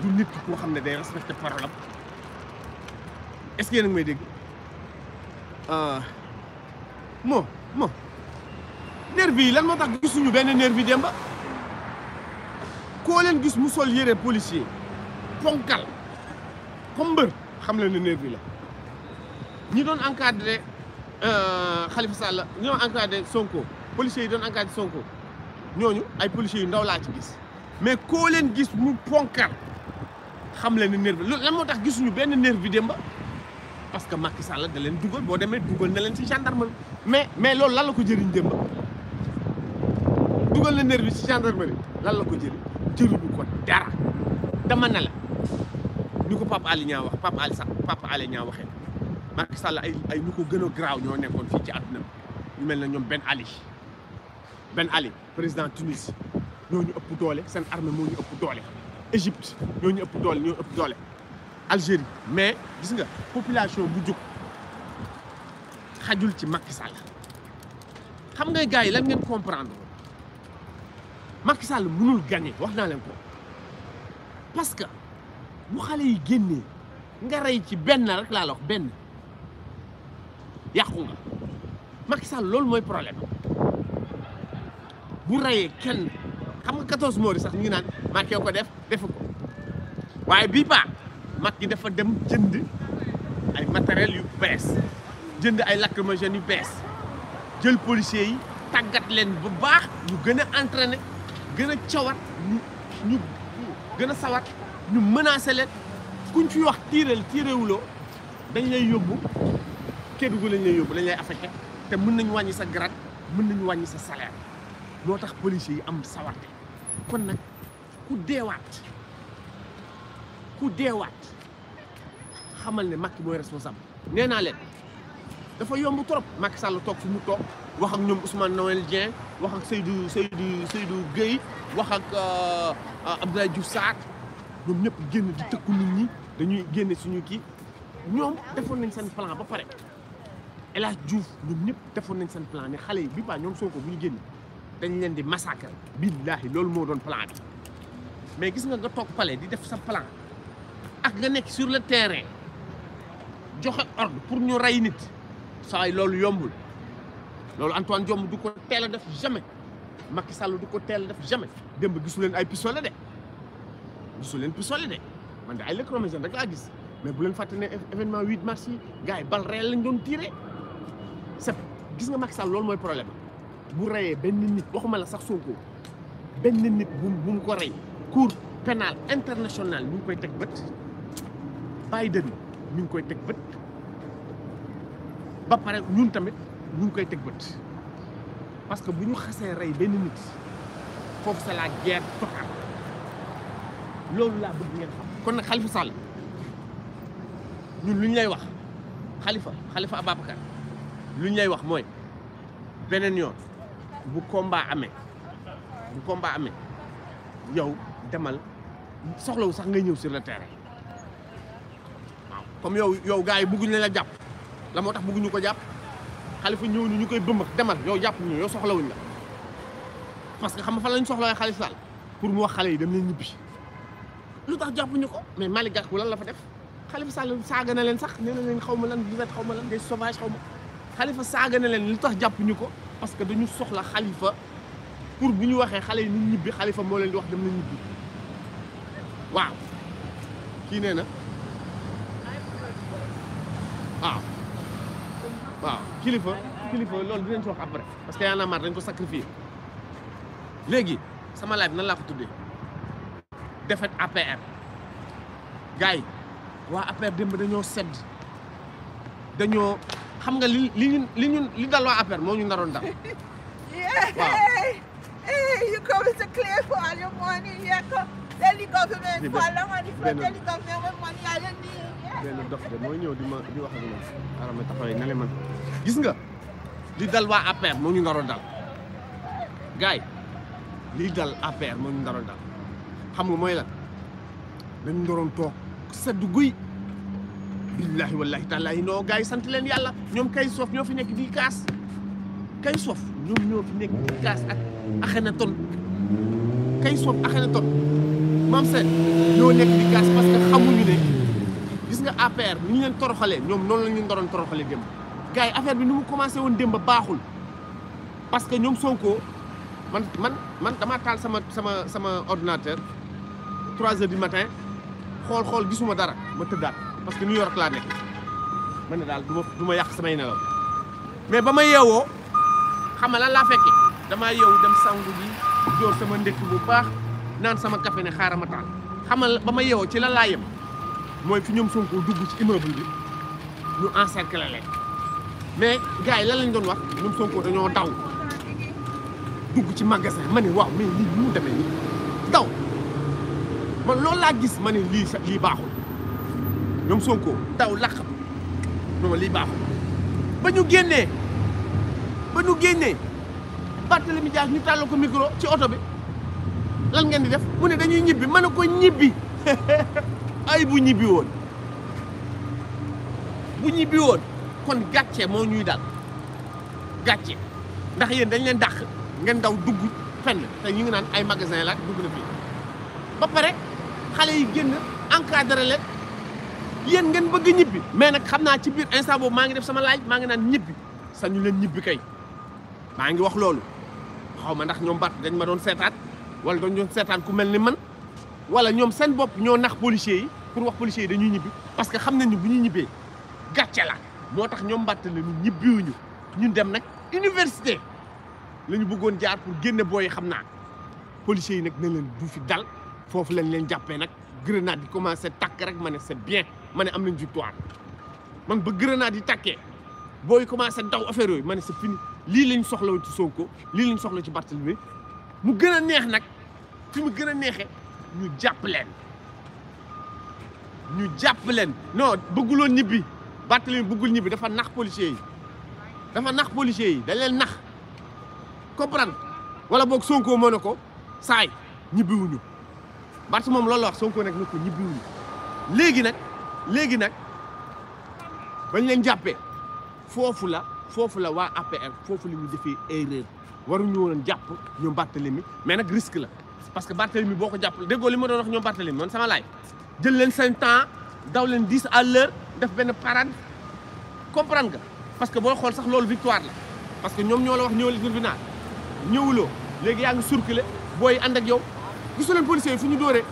S1: du nit ki koo xam ne day respecté parole am yéen a ngi may dégg ah, moo moo nervi lan moo tax gisuñu benn nervi démba koo leen gis mu sol yére policier ponkal comme xam leen ne nervi la ñi doon encadré euh, Khalifa Sall ñi doon encadré Sonko. policiers yi doon engagé Sonko ñooñu ay policiers yu ndaw laa ci gis mais koo leen gis mu ponkal xam leen ne nervi loolu lan moo tax gisuñu benn nervi démb parce que Macky Sall da leen dugal boo demee dugal na leen ci gendarmerie mais mais loolu lan la ko jëriñ démb dugal na nervi si lan la ko jëriñ jëriñu ko dara dama ne la ñu ko Pape Alé Niang wax Pape Alé sax Pape Alé ñaa waxee Macky Sall ay ay ko gën a ñoo nekkoon fii ci àdduna bi ñu mel na ñoom benn Ali Ben Ali président Tunisie ñoo ñu ëpp doole seen armée moo ñu ëpp doole Égypte ñoo ñu ëpp doole ñoo ëpp doole Algérie mais gis nga population bu jóg xajul ci Macky Sall xam nga gars yi ngeen comprendre Macky Sall mënul gagner wax naa leen ko parce que bu xale yi génnee nga rey ci benn rek laa la wax benn yàqu nga Macky Sall loolu mooy problème bu reyee kenn xam nga 14 morts sax ñu ngi naan Macky ko def defu ko waaye bii paa Macky dafa dem jënd ay matériel yu bees jënd ay lakk lacrymogènes yu bees jël policiers yi tàggat leen bu baax ñu gën a entraîné gën a cawat ñu gën a sawat ñu menacé leen kuñ fi wax tiiral tiirewuloo dañ lay yóbbu Kédougou lañ lay yóbbu dañ lay affecté te mën nañu wàññi sa grade mën nañu wàññi sa salaire loo tax policiers yi am sawarte kon nag ku deewaat ku deewaat xamal ne Macky mooy responsable nee naa leen dafa yomb trop Macky Sall toog fu mu toog wax ak ñoom Ousmane Noël Dieng wax ak Seydou Seydou Seydou Guèye wax ak euh, euh, Abdoulaye Diouf Sarr ñoom ñëpp génn di tëkku nit ñi dañuy génne suñu kii ñoom defoon nañ seen plan ba pare El Hadj Diouf ñoom ñëpp defoon nañ seen plan ni xale yi bi ba ñoom Sonko bu ñu génn dañ leen di massacre billaahi loolu moo doon plan bi mais gis nga nga toog palais di def sa plan ak nga nekk sur le terrain joxe ordre pour ñu rey nit saa yi loolu yombul loolu Antoine Diome du ko teel a def jamais Macky Sall du ko teel a def jamais démb gisu leen ay pistolet de gisu leen pistolet de man de ay lacrymogène rek laa gis mais bu leen fàtte ne événement 8 mars gars yi bal réel lañ doon tiré c'est gis nga Macky Sall loolu mooy problème bu reyee benn nit waxuma la sax Sonko benn nit bu bu mu ko rey cour pénal international ñu koy teg bët Biden ñu ngi koy teg bët ba pare ñun tamit ñu koy teg bët parce que bu ñu xasee rey benn nit foofu c'est la guerre loolu laa bëgg ngeen xam kon nag Khalifa Sall ñun lu ñu lay wax Khalifa Khalifa Ababacar lu ñu lay wax mooy beneen yoon bu combat amee bu combat amee yow demal soxlawu sax ngay ñëw sur le terrain waaw comme yow yow gars yi bëgguñ leen a jàpp la moo tax bëgguñu ko jàpp xalifa ñëw ñu ñu koy bëmb demal yow jàpp ñu yow soxlawuñ la parce que xam nga fan lañ soxlawee xaalis daal pour mu xale yi dem ñibbi lu tax jàppuñu ko mais Malick Gakou lan la fa def Khalifa Sall saaga na leen sax nee na xaw ma lan buvette xaw ma lan des sauvages xaw ma Khalifa saaga na leen lu tax jàppuñu ko parce que dañu soxla khalifa pour buñu waxé xalé ñu ñibbi khalifa mo leen di wax dem na ñibbi waaw ki nee na waaw waaw khalifa kilifa loolu dinañ ci wax après parce que yalla mar dañ ko sacrifier légui sama live nan la ko tuddé défaite APR gars wa APR dem dañoo sedd dañoo xam nga li li ñun li ñun li affaire mo ñu naron dal. hey you come to clear for your money government di di ma di wax ak ara ma man gis nga li dal affaire ñu dal li dal affaire ñu dal xam nga lan billaahi wallaahi tàllaahi non gars sant leen yàlla ñoom kay soof ñoo fi nekk di kaas kay sof ñoom ñoo fi nekk di kaas ak Akhenaton kay soof Akhenaton maam seen ñoo nekk di kaas parce que xamuñu ne gis nga APR ni ñu leen toroxalee ñoom noonu la ñu doon toroxalee démb gars yi affaire bi nu mu commencé woon démb baaxul parce que ñoom Sonko man man dama taal sama sama sama ordinateur trois heures du matin xool xool gisuma dara ma tëddaat parce que New York la nek ma dal duma duma yak samay nelaw mais bama yewo yeewoo xam lan la fekke dama yeewu dem sangu bi jóor sama ndek bu bax nan sama café ne xara ma tan xam bama yewo ci lan la yem moy fi ñom Sonko dugg ci immeuble bi ñu encercler lé mais gaay lan lañ doon wax ñom Sonko dañoo daw dugg ci magasin ma waaw mais li ñu demee ni daw man lool la gis ma ne li lii ñoom Sonko daw laq non lii baaxul ba ñu génnee ba ñu génnee Barthélemy Dias ñu tàll ko micro ci oto bi lan ngeen di def mu ne dañuy ñibbi mën a ko ñibbi ay bu ñibbi woon bu ñibbi woon kon gàcce moo ñuy dal gàcce ndax yéen dañ leen dàq ngeen daw dugg fenn te ñu ngi naan ay magasin la dugg na fii ba pare xale yi génn encadré leen yéen ngeen bëgg a ñibbi mais nak xamna ci biir instant boobu ma ngi def sama laaj ma ngi naan ñibbi ñu leen ñibbi kay ma ngi wax loolu xawma ndax ñom Bart dañ ma doon sétat wala doon ñu sétan ku melni man wala ñom seen bop ñoo nax policier yi pour wax policier yi dañuy ñibbi parce que xamna ñu bu ñu ñibbee gàcce la motax ñom ñoom la ñu wuñu ñun dem nak université lañu bëggoon jaar pour génné boy xamna policier yi nak na leen du fi dal fofu lañ leen jappé nak grenade di commencer tak rek mané c'est bien. ma ne am nañ victoire man ba grenade yi tàkkee booy commencé daw affaire yooyu ma ne c'est fini lii lañu soxla ci Sonko lii lañ soxla ci Barthélemy mu gën a neex nag fi mu gën a neexee ñu jàpp leen ñu jàpp leen non bëgguloon ñibbi Barthélemy bëggul ñibbi dafa nax policiers yi dafa nax policiers yi dañ leen nax comprendre wala boog Sonko moo ne ko saay ñibbiwuñu Barth moom loolu la wax Sonko nag ne ko ñibbiwuñu léegi nag. léegi nag bañ leen jàppee foofu la foofu la waa app APR foofu la ñu defee erreur waruñu woon jàpp ñoom Barthélemy mais nag risque la parce que Barthélemy boo ko jàpp déggoo li ma doon wax ñoom Barthélemy man sama laay jël leen seen temps daw leen dix à l'heure def benn parade comprendre nga parce que boo xool sax loolu victoire la parce que ñoom ñoo la wax ñëwal tribunal ñëwuloo léegi yaa ngi circulé booy ànd ak yow gisu leen policiers fu ñu dóoree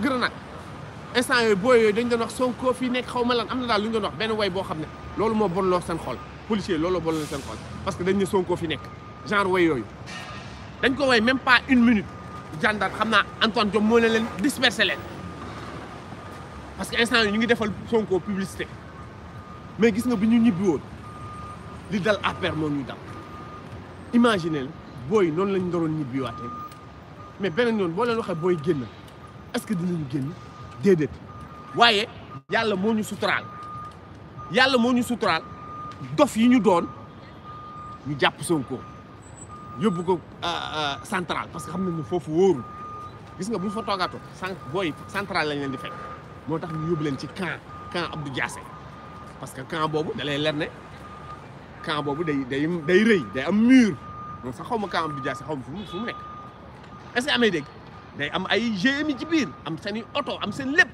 S1: gërëm nag instant yooyu booy yooyu dañ doon wax Sonko fii nekk xaw ma lan am na daal lu ñu doon wax benn way boo xam ne loolu moo bonloo seen xol policier loolu moo bonloo seen xol parce que dañ ne Sonko fi nekk genre way yooyu dañ ko way même pas une minute gendarme xam naa Antoine Diome moo ne leen disperser leen parce que instant yooyu ñu ngi defal Sonko publicité mais gis nga bi ñu ñibbi woon li dal affaire moo ñuy dal imaginer booy noonu lañ doon ñibbiwaatee mais beneen yoon boo leen waxee booy génn est-ce que dinañu génn. déedéet waaye yàlla moo ñu suturaal yàlla moo ñu suturaal dof yi ñu doon ñu jàpp Sonko yóbbu ko euh, euh, central parce que xam nañu foofu wóorul gis nga bu ñu fa toogaatoo san booy central lañ leen di fekk moo tax ñu yóbbu leen ci camp camp Abdou Diassé parce que camp boobu da lay leer ne camp boobu day day day rëy day am mur moom xaw ma camp Abdou Diassé xaw ma fu mu fu mu nekk est amee dégg. day am ay GMI ci biir am seen oto am seen lépp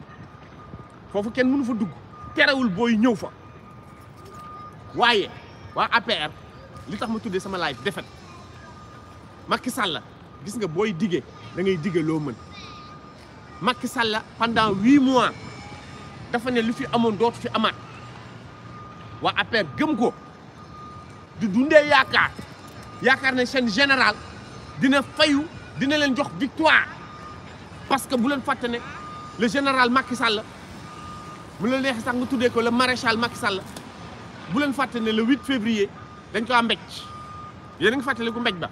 S1: foofu kenn mënu fa dugg terewul booy ñëw fa waaye waa APR li tax ma tuddee sama live defet Macky Sall gis nga booy diggee da ngay diggee loo mën Macky Sall pendant huit mois dafa ne lu fi amoon dootu fi amaat waa APR gëm ko di dundee yaakaar yaakaar ne seen général dina fayu dina leen jox victoire parce que bu leen fàtte ne le général Macky Sall bu la neexee sax nga tuddee ko le maréchal Macky Sall bu leen fàtte ne le 8 février dañ ko am mbéj yéen a ngi fàttaliku mbéj ba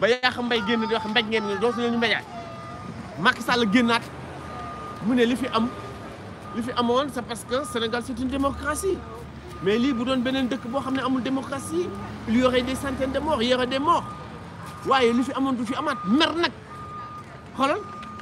S1: ba yaaxa mbéy génn di wax mbéj ngeen ne dootu leen ñu mbéjaat Macky Sall génnaat mu ne li fi am li fi amoon c'est parce que Sénégal c'est une démocratie mais lii bu doon beneen dëkk boo xam ne amul démocratie il y aurait des centaines de morts il y aurait des morts waaye li fi amoon du fi amaat mer nag xoolal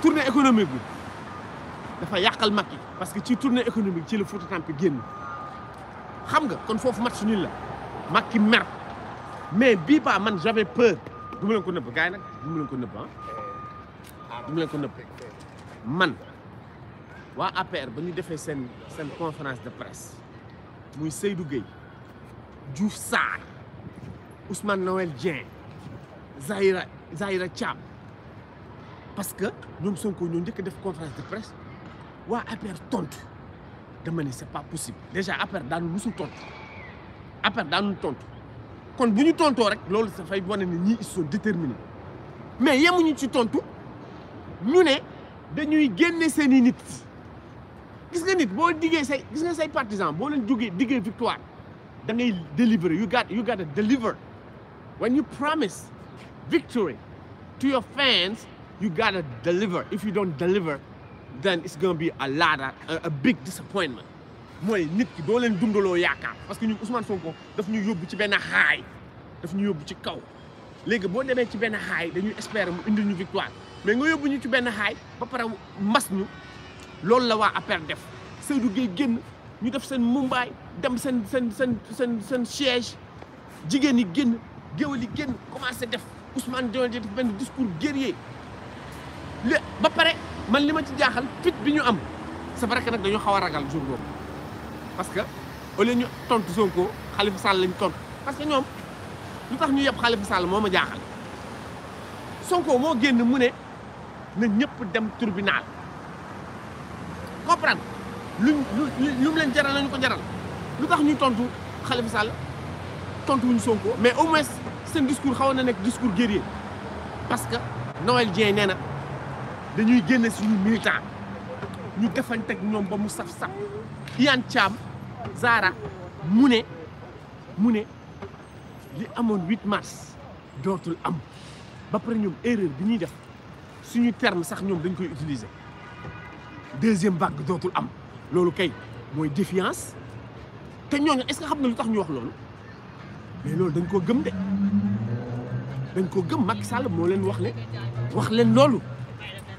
S1: tournée économique dafa Macky parce que ci tournée économique ci la en Tampi xam nga kon match Macky mais man j'avais peur Je ne pas Je ne pas. Je pas... man wa APR conférence de presse Seydou Gueye Sarr Ousmane Noël Dien... Zahira Zahira parce que nous Sonko ñoo njëkk def conférence de presse waa APR tonte dama ne c'est pas possible déjà sommes daanu À perdre, dans nous tontu kon bu ñu tontoo rek loolu dafay fait ne ñii ils sont déterminés mais yemuñu ci tontu ñu ne dañuy génne seeni nit gis nga nit boo diggee say gis nga say partisans boo leen jógee diggee victoire da ngay deliver you got you got to deliver when you promise victory to your fans you gotta deliver if you don't deliver then it's gonna be a lot a big disappointment mooy nit ki doo leen dundaloo yaakaar parce que ñun Ousmane Sonko daf ñu yóbbu ci benn xaay daf ñu yóbbu ci kaw léegi boo demee ci benn xaay dañuy espérer mu indi ñu victoire mais nga yóbbu ñu ci benn xaay ba pare mas ñu loolu la waa APR def Seydou Gueye génn ñu def seen Mumbaay dem seen seen seen seen seen siège jigéen yi génn géwél yi génn commencé def Ousmane Dione def benn discours guerrier li ba pare man li ma ci jaaxal fit bi ñu am c'est vrai que nag dañu xaw a ragal jour boobu parce que au lieu ñu tontu Sonko Khalifa Sall lañ tontu parce que ñoom lu tax ñu yëpp Khalifa Sall moo ma jaaxal Sonko moo génn mu ne na ñëpp dem tribunal comprendre luñ lu mu leen jaral lañu ko jaral lu tax ñu tontu Khalifa Sall tontu wuñu Sonko mais au moins seen discours xawoon na nekk discours guerrier parce que Noël Dieng nee na. dañuy avons suñu militant ñu defanteeg ñom ba mu saf-saf Cham, Zara Mune, Mune. li 8 mars am ba pare erreur bi ñuy def suñu terme sax ñom dañ koy utiliser deuxième vague d'autres am lolu kay moy défiance est-ce que xam na ñu wax lolu mais lolu dañ gëm dañ gëm wax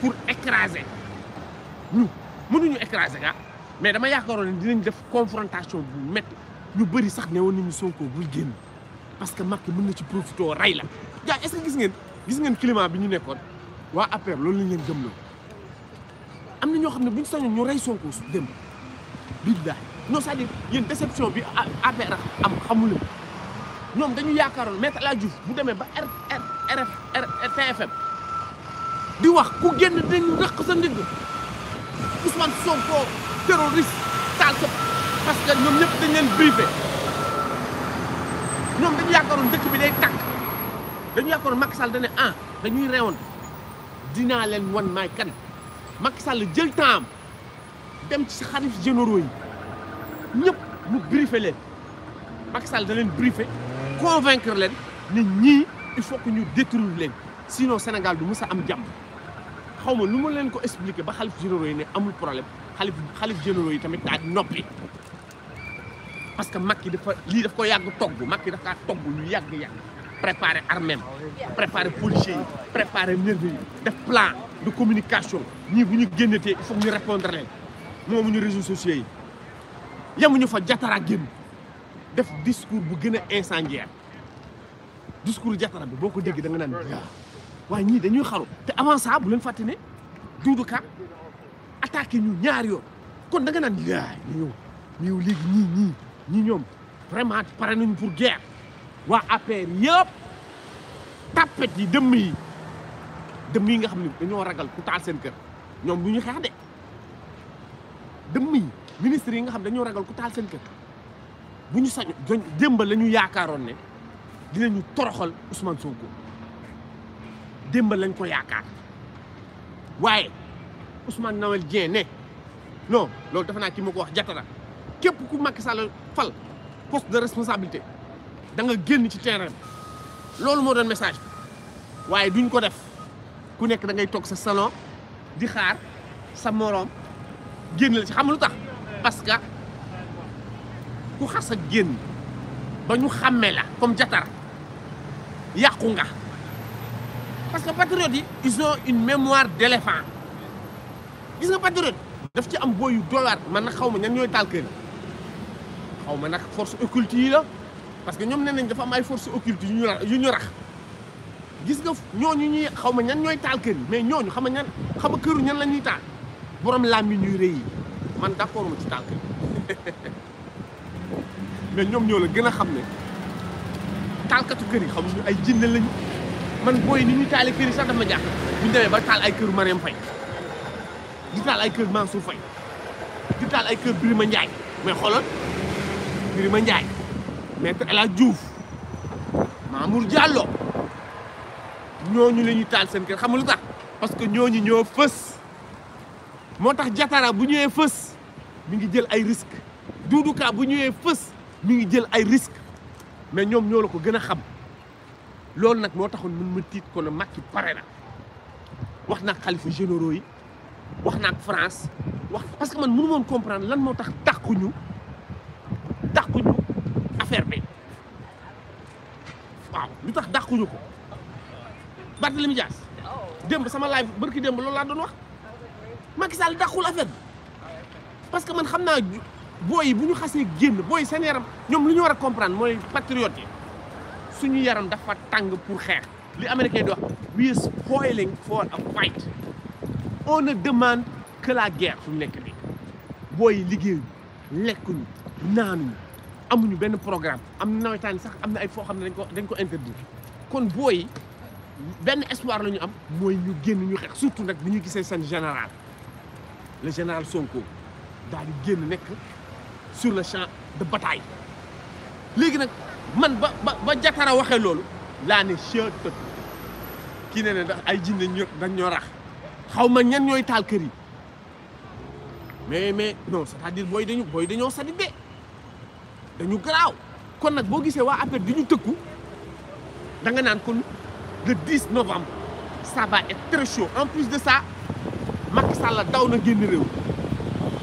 S1: pour écraser ñu mënuñu écraser ah mais dama yaakaaroon ne dinañ def confrontation bu métti ñu bëri sax ne woon nañu Sonko bul génn parce que Macky mën na ci profité rey la. gaa est-ce gis ngeen gis ngeen climat bi ñu nekkoon waa APR loolu lañ leen gëmloo am na ñoo xam ne buñ sañoon ñu rey Sonko su dem billahi non c'est-à-dire yéen déception bi APR am xamul ñoom dañu yaakaaroon Maître a la Diouf bu demee ba R R RFM. di wax ku génn dañ rëq sa ndigg Ousmane Sonko terroriste taal sa parce que ñoom ñëpp dañ leen briefé ñoom dañu yaakaaroon dëkk bi day tàkk dañu yaakaaroon Macky Sall ah dañuy reewoon dinaa leen wan maay kan Macky Sall jël temps dem ci xarit généraux yi ñëpp mu briefé leen Macky Sall da leen briefé convaincre leen nit ñii il faut que ñu détruire leen sinon Sénégal du mës a am jàmm xaw ma lu ma leen ko expliqué ba xalif généraux yi ne amul problème xalif xalif généraux yi tamit daal noppi parce que Macky dafa lii daf ko yàgg togg Macky daf kaa togg lu yàgg-yàgg préparer armèm préparer policier yi préparer nervis yi def plan de communication ñii bu ñu génnatee il faut ñu répondre leen ñu réseaux sociaux yi yemuñu fa jatara génn def discours bu gën a incendiaire discours jatara bi boo ko dégg da nga naan ah. way ñi dañuy xaru té avant ça bu leen faté né Doudou Ka attaquer ñu ñaar yo kon da nga nan yaay ñu ñu ñëw ñi ñi ñi ñom vraiment paré nañu pour guerre wa affaire yépp tapet yi dem yi dem yi nga xamni dañoo ragal ku taal seen kër ñom du ñu xeex de dëmm yi ministre yi nga xam dañoo ragal ku taal seen kër bu ñu sañ dembal lañu yaakaaroon dinañu toroxal Ousmane Sonko. démbal lañ ko yaakaar waaye Ousmane Noël Dieng ne non loolu dafa naa kii ma ko wax jatara képp ku Macky Sall fal poste de responsabilité da nga génn ci terrain loolu moo doon message bi waaye duñ ko def ku nekk da ngay toog sa salon di xaar sa moroom génn la ci xam lu tax parce que ku xas sa génn ba ñu xàmmee la comme jatar yàqu nga parce que patriotes ils ont une mémoire d'éléphant. éléphant gis nga patriote daf ci am booy yu doyaat man nag xaw ma ñan ñooy taal kër yi xaw force occulte la parce que ñoom nee nañ dafa am ay force occulte yu ñu ñu rax gis nga ñooñu ñi xawma ñan ñoy taal keur mais ñooñu xama ñan xama nga ñan la ñuy taal borom laam yi ñuy rëy man d'accord mu ci taal keur mais ñom ñoo la gëna a taal katu keur kër yi xamuñu ay jinne lañu. man boy ni ñu taale kër yi sax dama jax jaaxal bu ñu ba taal ay kër Mariam fay di taal ay kër Mansour fay di taal ay kër Birima ndjay mais xolal Birima ndjay mais ko Hadj djouf Mamour Diallo ñoñu la taal seen kër xam lu tax parce que ñoñu ñoo feuss motax jatara bu ñëwee feuss mi ngi jël ay risque ka bu ñëwee feuss mi ngi jël ay risque mais ñom ñoo la ko gëna xam loolu nag moo taxoon mun ma tiit ko ne Macky pare na wax naa xalifa généraux yi wax naa ak France wax parce que man mënu woon comprendre lan moo tax ñu dàquñu dàquñu affaire bi waaw lu tax dàquñu ko Barthélémy Dias démb sama live bërki demb loolu laa doon wax Macky Sall dàqul affaire parce que man xam naa booy yi bu ñu xasee génn booy seen yaram ñoom lu ñu war a comprendre mooy patriote yi suñu yaram dafa tàng pour xeex li américain di wax we are spoiling foo a fight on ne demande que la guerre fu mu nekk nii booy liggéeyu lekkuñu naanuñu amuñu benn programme am na nawetaan sax am na ay foo xam ne dañ ko dañ ko interdire kon booy benn espoir la ñu am mooy ñu génn ñu xeex surtout nag bi ñu gisee seen général le général Sonko daal di génn nekk sur le champ de bataille léegi nag. man ba ba ba jatara waxee loolu laa ne cheur tët kii ne ay jinne ño dañ ñoo rax xaw ma ñan ñooy taal kër yi mais mais non c'est-à-dire booy dañu booy dañoo sadik de dañu garaaw kon nag boo gisee waa APR di ñu tëkku da nga naan kon le 10 novembre saa va être très en plus de ça Macky Sall daw na génn réew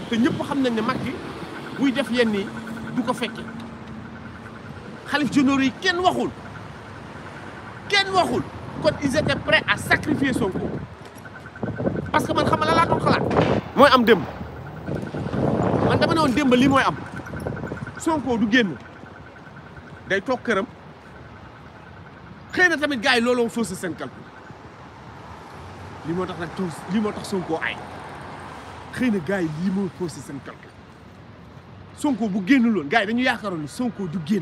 S1: te ñëpp xam nañ ne Macky buy def yenn yi du ko fekkee Khalif généraux yi kenn waxul ils étaient prêts à sacrifier son coup. parce que je xam nga la Je am dem man dama ne woon démb moy am Sonko du day Il këram tamit gars lolo fausse calcul li son ay yi calcul Sonko bu dañu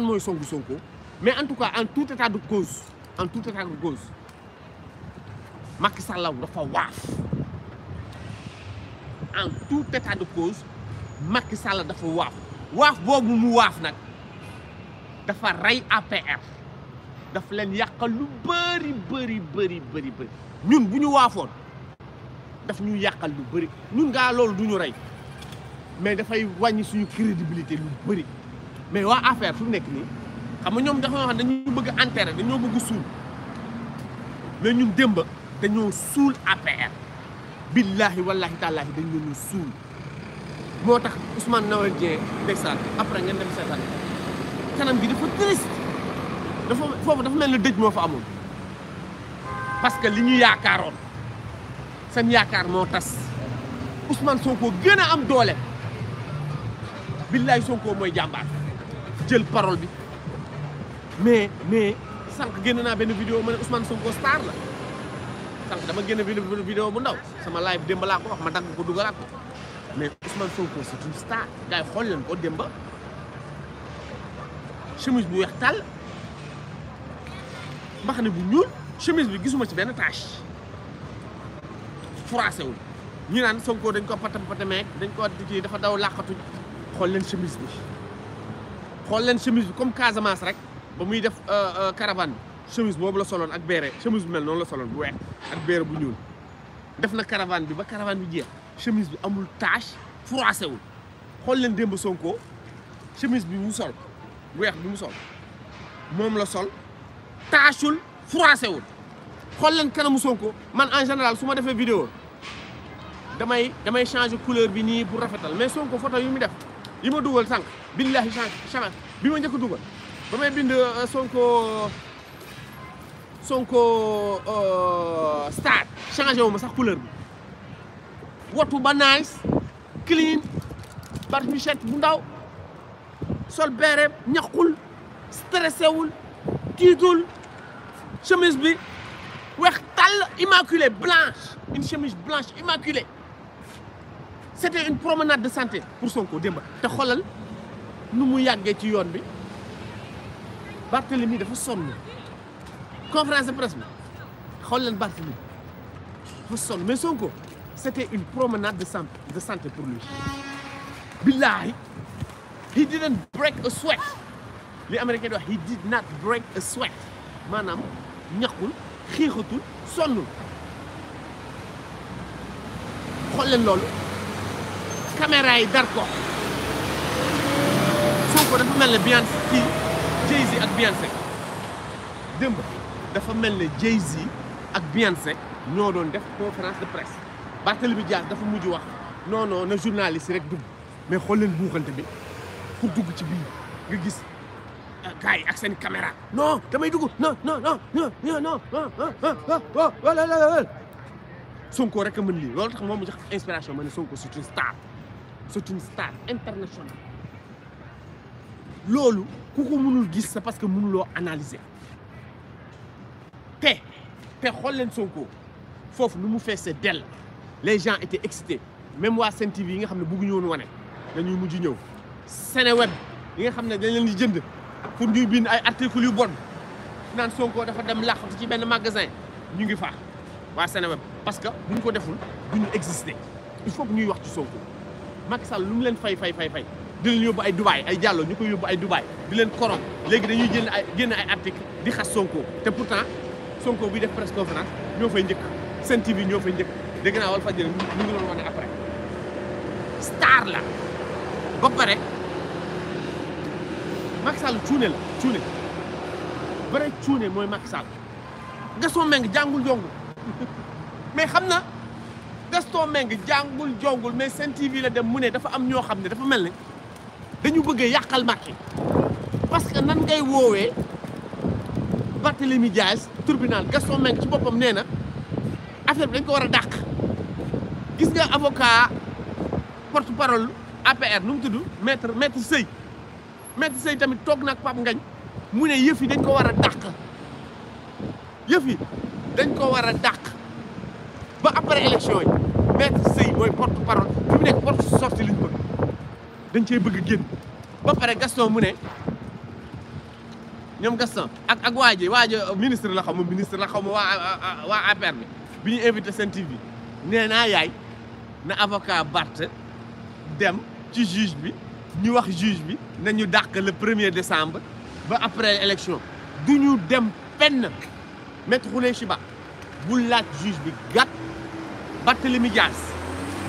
S1: mais en tout cas en tout état de cause en tout état de cause Macky Sall dafa waaf en tout état de cause Macky Sall dafa waaf waaf bobu mu waaf Nous, dafa ray APR daf len yàqal lu beuri beuri ñun daf ñu mais suñu crédibilité mais waa affaire fu nekk nii xam nga ñoom dafa ñoo xam dañu bëgg enterré dañoo bëgg suul mais ñun démb dañoo suul APR billaahi wallaahi taalaahi dañu leen suul moo tax Ousmane Noël Dieng ndeysaan après ngeen dem seetaan kanam gi dafa triste dafa foofu dafa mel na dëj moo fa amul parce que li ñu yaakaaroon seen yaakaar moo tas Ousmane Sonko gën a am doole billaahi Sonko mooy jàmbaar jël parole bi mais mais sanq génn naa benn vidéo ma ne Ousmane Sonko star la sànq dama génn benn bu ndaw sama live démb laa ko wax ma dagg ko dugalaat ko mais Ousmane Sonko c'est une star gars xool leen ko démba chemise bu weex tàll mbaxane bu ñuul chemise bi gisuma ci benn tache froissé wul ñu naan Sonko dañ ko patam patameek dañ ko di dafa daw làqatu xool leen chemise bi xool leen chemise bi comme Casamance rek ba muy def caravane chemise boobu la soloon ak béere chemise bu mel noonu la soloon bu weex ak béere bu ñuul def na caravane bi ba caravane bi jeex chemise bi amul tache froissé wul xool leen démb Sonko chemise bi mu sol weex bi mu sol moom la sol tacheul froissé wul xool leen kanamu Sonko man en général su ma defee vidéo damay damay changer couleur bi nii pour rafetal mais Sonko photo yu mu def. Je ma sank billahi change bi ma njëkk dugal ba may bind euh, Sonko Sonko euh, star changé ma sax couleur ba nice clean bar michette sol stressé wul tiitul chemise bi blanche une chemise blanche immaculée c'était une promenade de santé pour Sonko démb te xoolal nu mu yàggee ci yoon bi Barthélemy dafa sonn conférence de presse bi xool leen Barthélemy dafa sonn mais Sonko c'était une promenade de santé de santé pour lui Billahi, he didn't break a sweat Les Américains disent, he did not break a sweat maanaam ñaqul xiixatul sonnul xool leen lolu. caméra yi dar ko Sonko dafa mel ne Beyoncé kii Jay-Z ak Beyoncé démb dafa mel ne Jay-Z ak Beyoncé ñoo doon def conférence de presse Barthélemy Dias dafa mujj wax non non na journaliste rek dugg mais xool leen buuxante bi ku dugg ci biir nga gis gars yi ak seen caméra non damay dugg non non non non non non Sonko rek a mën lii loolu tax moom mu jox inspiration ma ne Sonko c'est une star c'est une star internationale lolo, mënul c'est parce que nous analyser analysé. Sonko nous nous les gens étaient excités même moi, Sen TV yi ne bëgguñu pas dañuy Sénéweb yi nga dañ leen articles yu Sonko dafa dem ci magasin ñu ngi parce que nous ko pas exister il faut que nous wax Sonko Macky Sall lu mu leen fay fay fay fay di leen yóbbu ay Dubaay ay Diallo ñu koy yóbbu ay Dubaay di leen korom léegi dañuy génn ay génn ay article di xas Sonko te pour temps Sonko bi def presse conférence ñoo fay njëkk seen TV ñoo fay njëkk dégg naa wala fajjëre mu ngi doon wax ne après star la ba pare Macky Sall cuune la cuune bare cuune mooy Macky Sall Gaston jàngul jongu mais xam na Gaston meng jangul jongul mais sen TV la dem mune dafa am ño xamne dafa melni dañu bëgg yakal marché parce que nan ngay wowe Barthélemy Dias tribunal Gaston meng ci bopam neena affaire bi dañ ko wara a gis nga avocat porte parole APR num mu maître maître Sey maître Sey tamit tok nak pap ngagn mune yeufi dañ ko wara dak. yeufi dañ ko wara a ba après élection yi mooy porte parole fi nek nekk porte sortie li bëgg dañ cey bëgg genn ba pare Gaston mu ne ñom Gaston ak ak waa ji euh, ministre la xam moom ministre la xam wa wa euh, APR bi bi ñu invité seen TV nee naa yaay na avocat Bart dem ci juge bi ñu wax juge bi nañu dakk le 1er décembre ba après élection duñu dem fenn maître Khoureychi Ba bu laaj juge bi gàtt Barthélémy Dias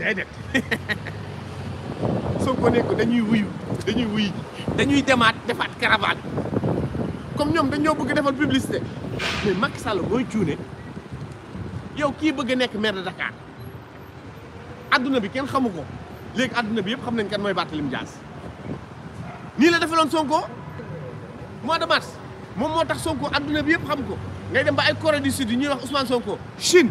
S1: déedéet neko ne ko dañuy wuyu dañuy wuyu dañuy demaat defaat caravane comme ñoom dañoo bëgg defal publicité mais Macky Sall mooy cuune yow kii bëgg a maire de Dakar adduna bi kenn xamu ko léegi bi yëpp xam nañ kan mooy Barthélémy Dias nii la defaloon Sonko mois de mars moom moo tax Sonko adduna bi yëpp xam ko ngay dem ba ay Corée du Sud ñuy wax Ousmane Sonko Chine.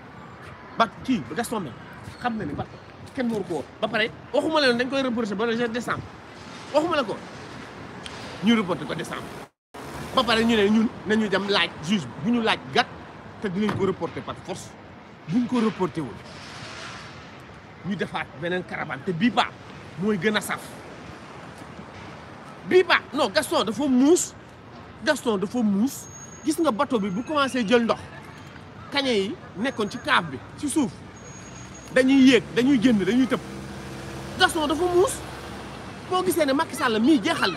S1: ba kii Gaston Mbengue xam na ni ba kenn waru koo ba pare waxuma la dañ koy reporté ba le jour décembre waxuma la ko ñu reporté ko décembre ba pare ñu ne ñun nañu dem laaj juge bu ñu laaj gat te dinañ ko reporté par force buñ ko reporté woon ñu defaat beneen caravane te bii ba mooy gën a saf bii ba non Gaston dafa muus Gaston dafa muus gis nga bateau bi bu commencé jël ndox kañe yi nekkon ci kaaf bi ci souf dañuy yek dañuy génn dañuy tepp gasson dafa mous boo gisé né Macky Sall mi jéxal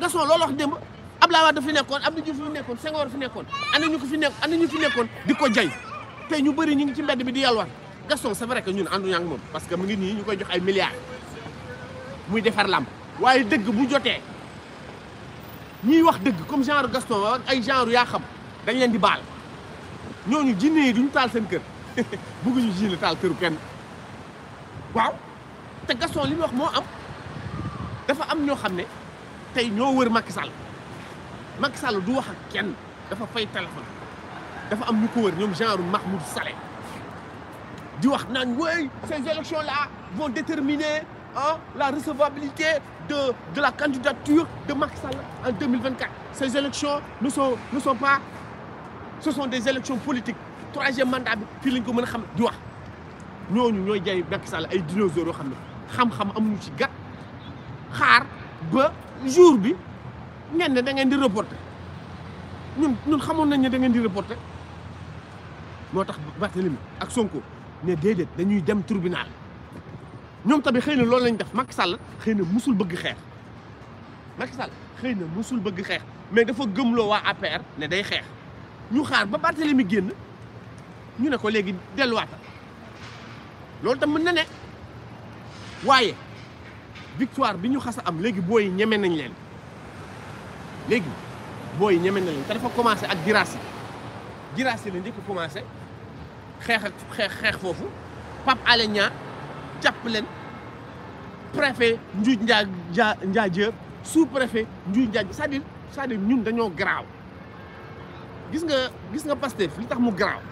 S1: gasson lolo wax demb Abdoulaye Wade fi nekkon Abdou Diouf fi nekkoon Senghor fi nekkon ana ñu ko fi nekk ana ñu fi nekkon diko jay té ñu bëri ñi ngi ci mbéd bi di yalwaan gasson c'est vrai que ñun andu ñang mom parce que mu ngi ni ñu koy jox ay milliards muy défar lamb waye dëgg bu joté ñi wax dëgg comme genre Gaston ak ay genre ya xam dañ leen di bal ñooñu jinne yi duñu taal seen kër bëgguñu jinne taal këru kenn waaw te Gaston li wax moo am dafa am ñoo xam ne tey ñoo wër Macky Sall Macky Sall du wax ak kenn dafa fay téléphone dafa am ñu ko wër ñoom genre Mahmoud Salé. di wax naan wey ces élections là vont déterminer ah la recevabilité de de la candidature de Macky Sall en 2024 ces élections ne sont ne sont pas ce sont des élections politiques troisième mandat bi fi liñ ko mëna xam di wax ñoñu ñoy jay bekk sal ay dinosaures yoo xam xam-xam amuñu ci gat xaar ba jour bi ngeen da ngeen di reporter ñun ñun xamoon nañ ne da ngeen di reporter motax batelim ak Sonko ne dedet dañuy dem tribunal ñom tabi xeyna loolu lañ def Macky Sall xeyna musul bëgg xex Macky Sall xeyna musul bëgg xex mais dafa gëmloo wa APR ne day xex ñu xaar ba mi génn ñu ne ko léegi delluwaatal loolu tam mën na ne waaye victoire bi ñu xas a am léegi booy ñemee nañ leen léegi booy ñeme nañ leen te dafa commencé ak Guirassy Guirassy la njëkk commencé xeex ak xeex xeex foofu Pape Alé Niang jàpp leen préfet Ndiou Ndia Ndia Diop sous préfet Ndiou Ndia c'est-à-dire cest ñun dañoo garaaw. gis nga gis nga Pastef li tax mu garaaw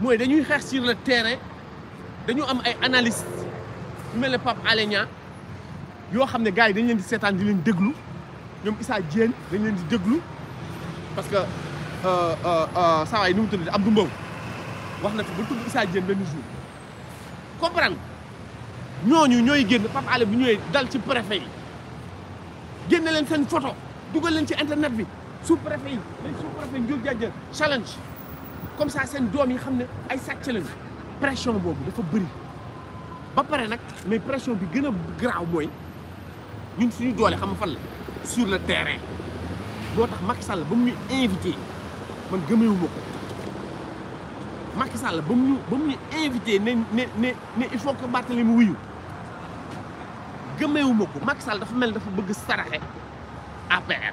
S1: mooy dañuy xeex sur le terrain dañu am ay analystes yu mel ne Pape Alé Niang yoo xam ne gars yi dañ leen di seetaan di leen déglu ñoom Issa Diène dañ leen di déglu parce que euh, euh, euh, saa waay nu mu tudd Abdou Mbow wax na fi ba tudd Issa Diène benn jour comprendre ñooñu ñooy génn Pape Alé bi ñëwee dal ci préfet yi génne leen seen photo dugal leen ci internet bi su préfet yi les sous-préfet Ndiol Diagne challenge comme ça seen doom yi xam ne ay sàcc lañ pression boobu dafa bëri ba pare nag mais pression bi gën a graaw mooy ñun suñu doole xam nga fan la sur le terrain boo tax Macky Sall ba mu ñu invité man gëmeewu ko Macky Sall ba mu ñu ba mu ñu invité ne ne il faut que Barthélemy wuyu gëmeewu ma ko Macky Sall dafa mel dafa bëgg saraxe APR.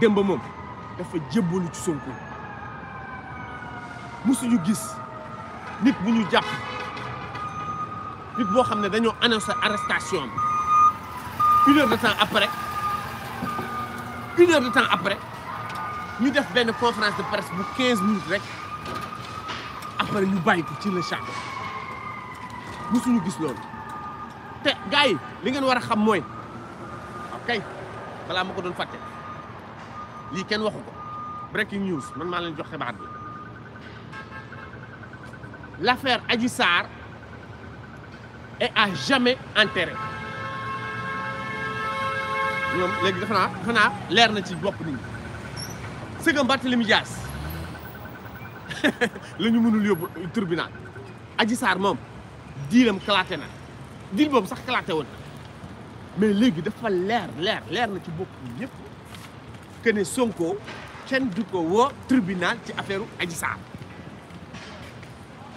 S1: démb mom dafa jébbalu ci Sonko musuñu gis nit buñu japp nit bo xam ne dañoo annoncé arrestation une heure de temps après une heure de temps après ñu def ben conférence de presse bu 15 minutes rek après ñu bàyyi ko ci le champ musuñu gis lool té gaay li ngeen wara xam moy okay balaa mako ko doon lii kenn waxu ko breaking news man maa leen jox xibaar bi l' affaire Adji Sarr est à jamais enterrée ñoom léegi defe naa defe naa leer na ci bopp nit ñi sëgam Barthélemy Dias la ñu mënul yóbbu tribunal Adji Sarr moom diilam kalaate na diil boobu sax kalaate woon mais léegi dafa leer leer leer na ci bopp ñëpp que ne Sonko kenn du ko wo tribunal ci affaire Adji Sarr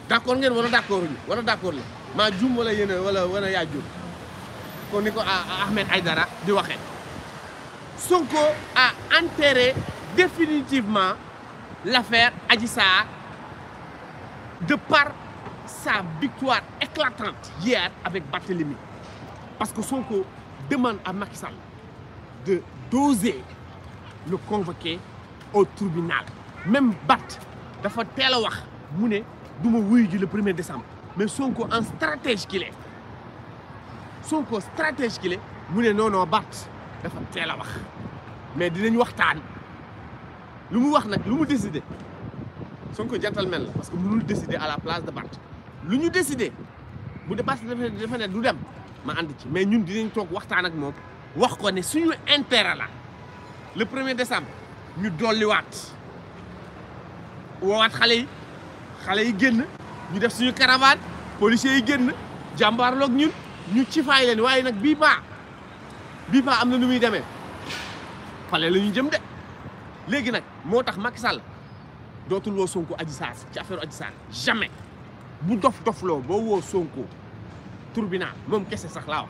S1: d' ngeen wala d' ñu wala d'accord accord la maa juum wala yene wala wala yaa juum ko niko Ahmed Aydara. di waxe Sonko a enterré définitivement l'affaire affaire Adji de par sa victoire éclatante hier avec Barthélemy parce que Sonko demande à Macky Sall de doser le convoquer au tribunal même Bat dafa teel a wax mu duma wuyu ji le premier décembre mais Sonko en stratège qu'il est Sonko stratège qu'il est mu non non Bat dafa teel a wax mais dinañ waxtaan lu mu wax nak lu mu décider Sonko gentleman, mel la parce que mënul décider à la place de Bat Luñu décider bu dee Bat dafa ne du dem ma ànd ci mais ñun dinañ tok waxtaan ak mom wax ko ne suñu intérêt la le 1er décembre nous dolliwaat le xalé yi xalé yi génn ñu def suñu caravane policiers yi génn jàmbaarloog ñun ñu ci nous, leen waaye Nous am nous muy la jëm dé. Légui nak Nous Macky Sall Sonko Adji ci affaire Adji jamais bu dof lo bo wo tribunal sax wax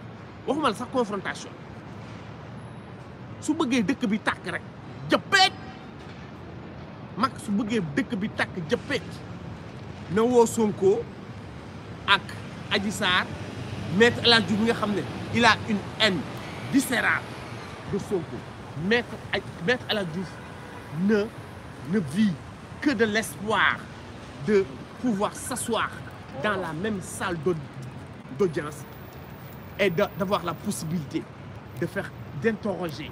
S1: waxuma confrontation su bëggee dëkk bi rek il a une haine viscérale de Sonko maître El ne vit que de l'espoir de pouvoir s'asseoir dans la même salle d'audience et d'avoir la possibilité de faire d'interroger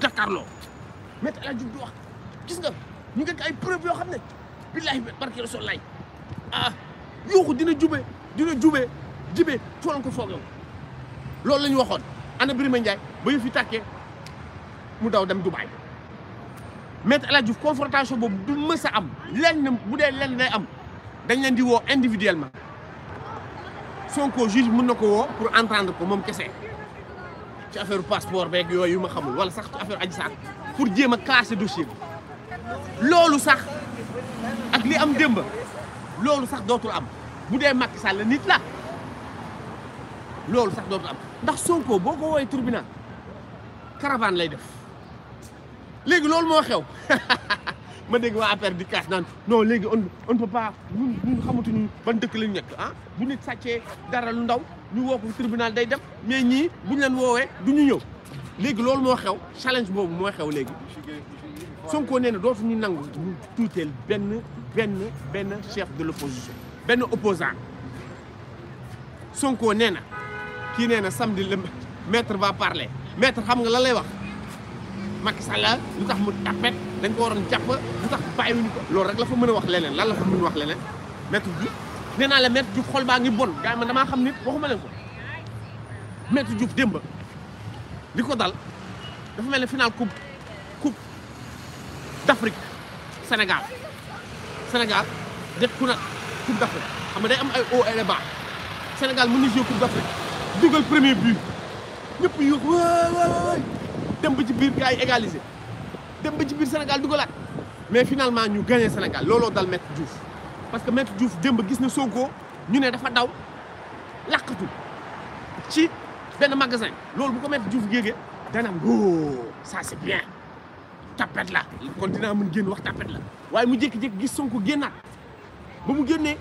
S1: jàkkaarloo maître El Hadj Diouf di wax gis nga ñu ngeen kan ko ay preuve yoo xam ne billahi barke Rasul ah yooxu dina jube dina jube jibe foolan ko foogew loolu la ñu waxoon ana Birima Ndiaye ba yëf yi tàkkee mu daw dem Dubaay maître El Hadj confrontation boobu du mës am lenn bu dee lenn day am dañ leen di woo individuellement Sonko juge mën na ko pour entendre ko moom kese ci affaire passeport beeg yooyu ma xamul wala sax ci affaire Adji pour jéem a classer dossier bi
S2: loolu sax ak li am démb
S1: loolu sax dootul am bu dee Macky Sall la nit la loolu sax dootul am ndax Sonko boo ko woowee tribunal caravane lay def léegi loolu moo xew Je dégg waa affaire di non on on peut pas ñun ñun xamatuñu ban dëkk nekk ah bu nit sàccee dara lu ndaw ñu woo tribunal day mais ñii buñ leen woowee duñu ñëw léegi loolu xew challenge boobu moo xew léegi Sonko nee na chef de l'opposition benn opposant Sonko nee na kii samedi le maître va parler maître xam nga lan Macky Sall lu tax mu tapet ko waroon jàpp lu tax bàyyiwuñu ko loolu rek la fa mën a wax leneen lan la fa mën wax leneen maître Diouf nee naa la maître Diouf xol baa ngi bon gars yi man damaa xam nit waxuma leen ko maître Diouf démb li ko dal dafa mel ne coupe d'Afrique Sénégal Sénégal def ku na coupe d'Afrique xam day am ay hauts et des Sénégal mën na jouer coupe d'Afrique dugal premier but ñëpp yu waay dem ci bir gars égaliser dem ci bir Sénégal dugalaat mais finalement ñu gagné Sénégal lolo dal Maître Diouf parce que Maître Diouf démb gis na Sonko ñu né dafa daw làqatu ci ben magasin loolu bu ko Maître Diouf géegee danaam wóo oh, ça c'est bien tapet la kon dinaa mën guen wax tapet la waaye mu jékki-jékki gis Sonko génnaat bu mu guenné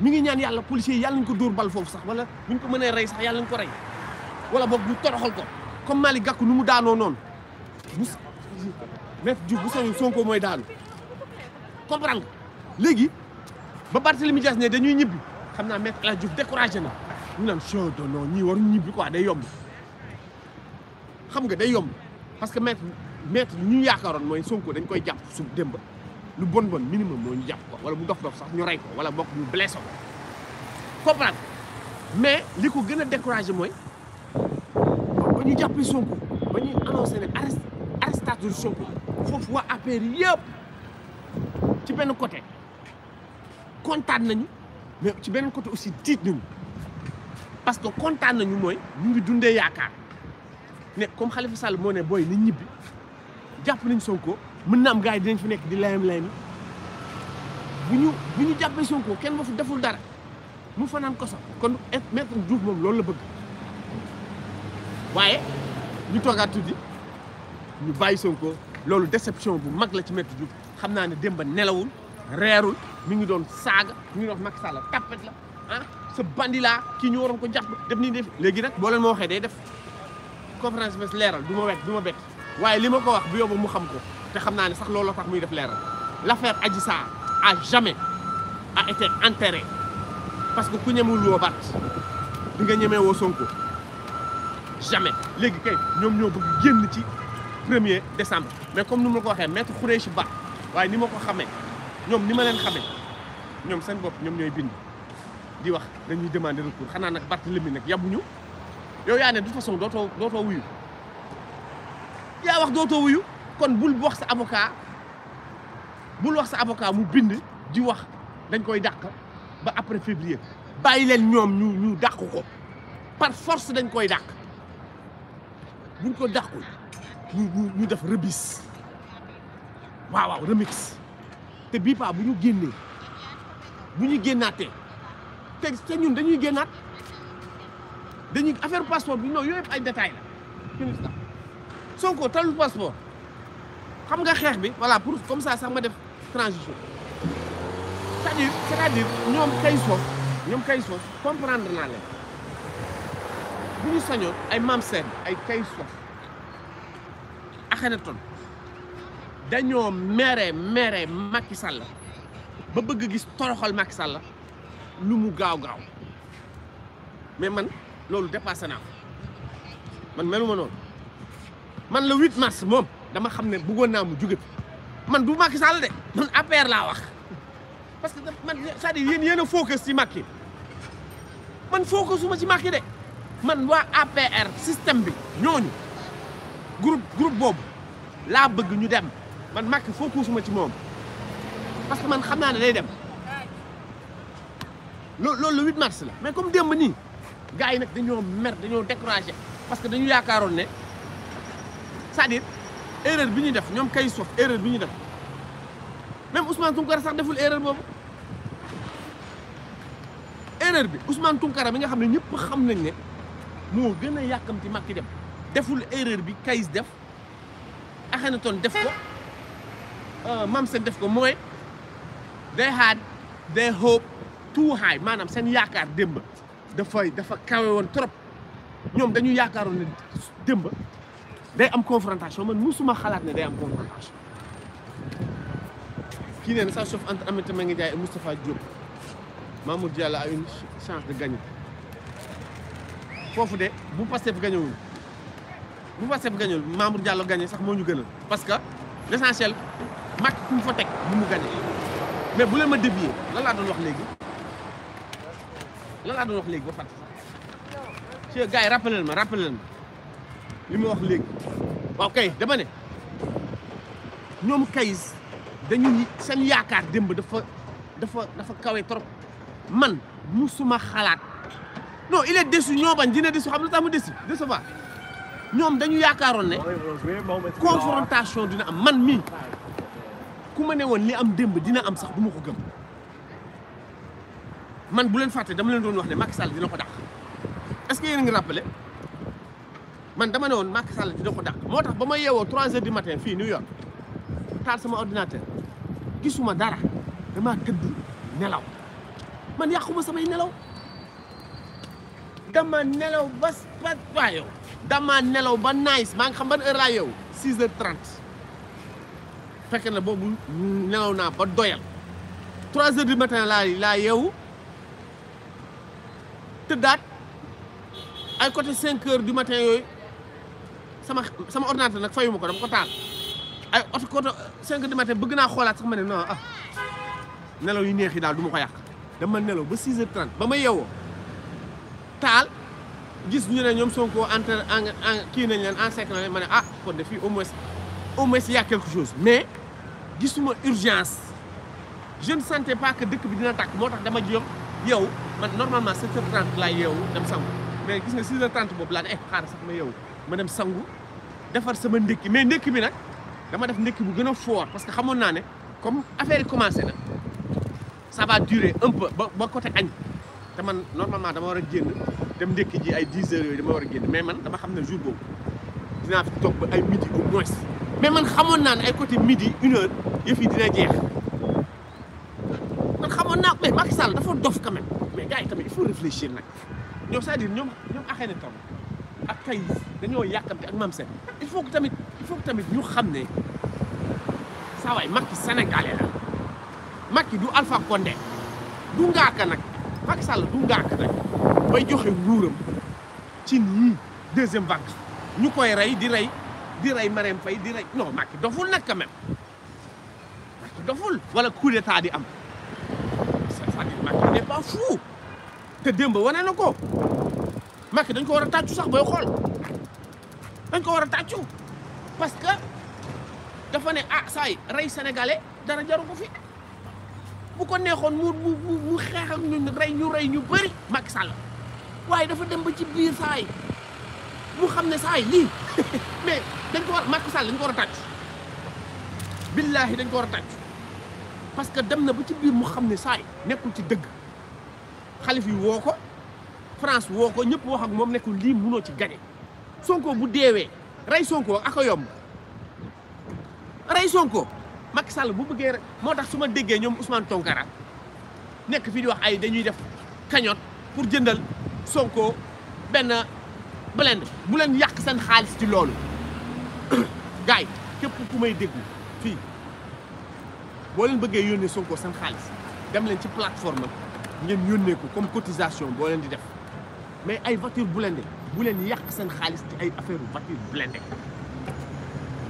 S1: mi ngi ñaan yalla policier yalla yàlla nañu ko dóor bal fofu sax wala buñ ko mëne ray sax yalla nañu ko rey wala bok ñu toroxal ko comme Malick Gakou nu mu daanoo noonu bu Maître Diouf comme Sonko comprendre ba ne dañuy ñibbi xamna Nous découragé na ñu do non ñi ñibbi quoi day xam nga day parce que ñu moy Sonko dañ koy japp su lu bon bon minimum ñu japp ko wala mu dof dof sax ñu wala ñu blessé comprendre mais liko ko décourager moy ba ñu jàppee Sonko ba ñuy annoncé ne arrest arrestation Sonko foofu waa APR yëpp ci benn côté kontaan nañu mais ci benn côté aussi tiit nañu parce que kontaan nañu mooy ñu ngi dundee yakar ne comme Khalifa Sall moo ne booy nañ ñibbi jàpp nañ Sonko mën na am gaay yi dinañ fi nek di layam lay ni buñu buñu jappé Sonko kenn ma fi deful dara mu fanaan koso kon maître Diouf mom loolu la bëgg. waaye ñu toogaat tuddi ñu bàyyi Sonko loolu déception bu mag la ci Maître Diouf xam naa ne démba nelawul reerul mi ngi doon saaga mi ngi doon Macky Sall tapet la ah sa bandi laa kii ñu waroon ko jàpp def nii def léegi nag boo leen ma waxee day def conférence bes leeral du ma wet du ma bett waaye li ma ko wax bu yóbbu mu xam ko te xam naa ne sax looloo tax muy def leeral l'affaire Adji Sarr à jamais a été enterrée parce que ku ñemul woo baat di nga ñemee woo Sonko jamais Nous kay ñoo premier décembre mais comme nous ma dit, maître ne Ba pas ni nous ne l'avons pas ni leen xamee nous seen bind di wax dañuy demander recours façon wuyu ya wax wuyu kon bul wax sa avocat bul wax sa avocat mu bind di wax dañ ba après février bayi leen ñom ñu ñu par force dañ ñu ko dàqul ñu ñu def rebis waaw waaw te bii bu ñu génnee bu ñu génnaatee te te ñun dañuy génnaat dañuy affaire passeport bi non yooyu yëpp ay détails la ministre Sonko talul passeport xam nga xeex bi voilà pour comme ça sax ma def transition c'est-à-dire cest ñoom kay sof ñoom kay sof comprendre naa leen bu sañoo sañoon ay maam seen ay kay sof dañoo mere mere Macky Sall ba bëgg gis toroxal Macky Sall lu mu gaaw gaaw mais man loolu dépassé naa ko man meluma noonu man la 8 mars moom dama xam ne buggoon naa mu jóge man du Macky Sall de man APR laa wax parce que man c'est-à-dire yéen yéen a focus ci Macky man focusuma ci Macky de. man waa APR système bi ñooñu groupe groupe boobu laa bëgg ñu dem man Macky foo kuusuma ci moom parce que man xam naa ne day dem loo loolu le 8 mars la mais comme démb nii gars yi nag dañoo mer dañoo découragé parce que dañu yaakaaroon ne c'est-à-dire bi ñu def ñoom kay sof erreur bi ñu def même Ousmane Tounkara sax deful erreur boobu erreur bi Ousmane Tounkara bi nga xam ne ñëpp xam nañ ne moo gën a yàkkamti Macky dem deful erreur bi Kayz def Akhenaton def ko Mamsen def ko mooy they had their hope too high maanaam seen yaakaar démb dafay dafa kawe woon trop ñoom dañu yaakaaroon ne démb day am confrontation man musuma xalaat ne day am confrontation kii neen sa sauf entre Aminata Mbengue Ndiaye et Moustapha Diop Mamour Diallo a une chance de gagner fofu de bu Pastef gañewul bu Pastef gañewul Mamour Diallo gagné sax moñu gënal parce que l'essentiel mak fu fa tek bu mu gagné mais bu leuma dévier la la doon wax légui la la doon wax légui ba fat ci gaay rappelal ma rappelal ma li wax légui wa kay dama né ñom kayis dañu sen yaakar demb dafa dafa dafa kawé trop man musuma xalaat non il est déçu déçu, il est déçu xam lu il est déçu déçu. Il dañu déçu. Il confrontation dina am man déçu. Il ma déçu. Il est am Il dina am sax du ko gëm man bu est déçu. Il est doon wax est déçu. dina ko Il est-ce que déçu. Il ngi rappeler man dama ne suis est déçu. dina ko déçu. Il est ma est du matin Il New York il dara dama nelaw ba ba ba yow dama nelaw ba nice maa xam ban heure laa yow 6 heures 30 fekk na boobu nelaw naa ba doyal 3 heures du matin laa laa yow tëddaat ay côté cinq heures du matin yooyu sama sama ordinateur nag fayu ma ko dama ko taal ay oto côté 5 heures du matin bëgg naa xoolaat sax ma ne ah. nelaw yu neex yi daal du ma ko yàq dama nelaw ba 6 heures 30 ba ma yeewoo. taal gis ñu né ñom Sonko entre en kii nañ leen encercler nañ ma ah kon de fii au moins au moins y a quelque chose mais gisuma urgence je ne sentais pas que dëkk bi dina tak motax dama jëm yow man normalement 7h30 la yeewu dem sangu mais gis nga 6h30 boobu la ne eh xaaral sax ma yeewu ma dem sangu defar sama ndékki mais ndékki bi nak dama def ndékki bu gëna fort parce que xamona né comme affaire commencé na ça va durer un peu ba côté añ. te man normalement dama war a génn dem ndékki ji ay 10 heures yooyu dama war a génn mais man dama xam ne jour boobu dinaa fi ay midi au moins mais man xamoon naa ne ay côté midi une heure yëf yi dina jeex man xamoon naa mais Macky Sall dafa dof quand mais gars yi tamit il faut réfléchir nag ñoom cest à ñoom ñoom ne tam ak kay dañoo yàkkamte ak Mame il faut que tamit il faut que ñu xam ne saa waay Macky sénégalais la Macky du Alpha Condé du ngaaka nag ak Sall du ngàkk rek bay joxe nguuram ci nii deuxième vague ñu koy rey di rey di rey Marème Faye di rey non Macky doful nag quand même doful wala coup di am c'est-à-dire Macky n'est pas fou te démb wane na ko Macky dañ ko war a tàccu sax booy xool dañ ko war a tàccu parce que dafa ne ah saay rey sénégalais dara jaru ko fi bu ko neexoon mu mu mu xeex ak ñun rey ñu rey ñu bëri Macky Sall waaye dafa dem ba ci biir saa yi mu xam ne saa yi lii mais dañ ko war Macky Sall dañ ko war a tàcc billaahi dañ ko war a tànk parce que dem na ba ci biir mu xam ne saa yi nekkul ci dëgg xalif yi woo ko France woo ko ñëpp wax ak moom nekkul lii munoo ci gañe Sonko bu deewee rey Sonko ak a yomb rey Sonko Macky Sall bu bëggee rek moo tax su ma déggee ñoom Ousmane Tonkara nekk fii di wax ay dañuy def cagnotte pour jëndal Sonko benn blende bu leen yàq seen xaalis ci loolu gars yi képp ku may déglu fii boo leen bëggee yónnee Sonko seen xaalis dem leen ci plateforme ngeen yónnee ko comme cotisation boo leen di def mais ay voiture blindée bu leen yàq seen xaalis ci ay affaire voiture blindée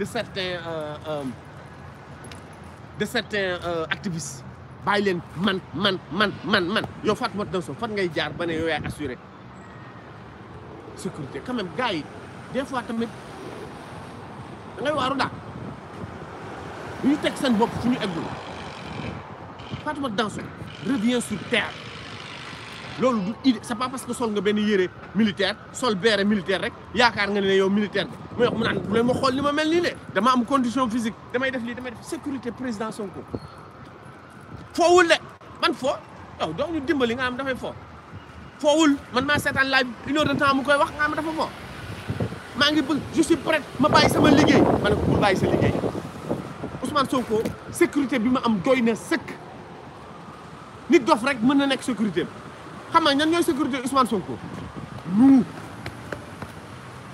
S1: de certains euh, euh, de certains euh, activistes bàyyi man, man man man man man yow Fatoumata Danso dans ngay jaar ba assurer sécurité quand même gars des fois tamit da ngay waaru daal bu ñu teg revient sur terre. loolu du idée c'est pas parce que sol nga benn yére militaire sol beere militaire rek yaakaar nga ne yow militaire bi muy wax mu naan bu leen xool li ma mel nii de dama am condition physique damay def lii damay def sécurité président Sonko foowul de man foo yow donc ñu dimbali nga am dafay foo foowul man maa seetaan laaj une heure de temps mu koy wax nga am dafa foo maa ngi bëgg je suis ma bàyyi sama liggéey man ne ko bul bàyyi sa liggéey Ousmane Sonko sécurité bi ma am doy na sëkk nit dof rek mën na nekk sécurité xam ñan ñoy sécurité Ousmane Sonko lu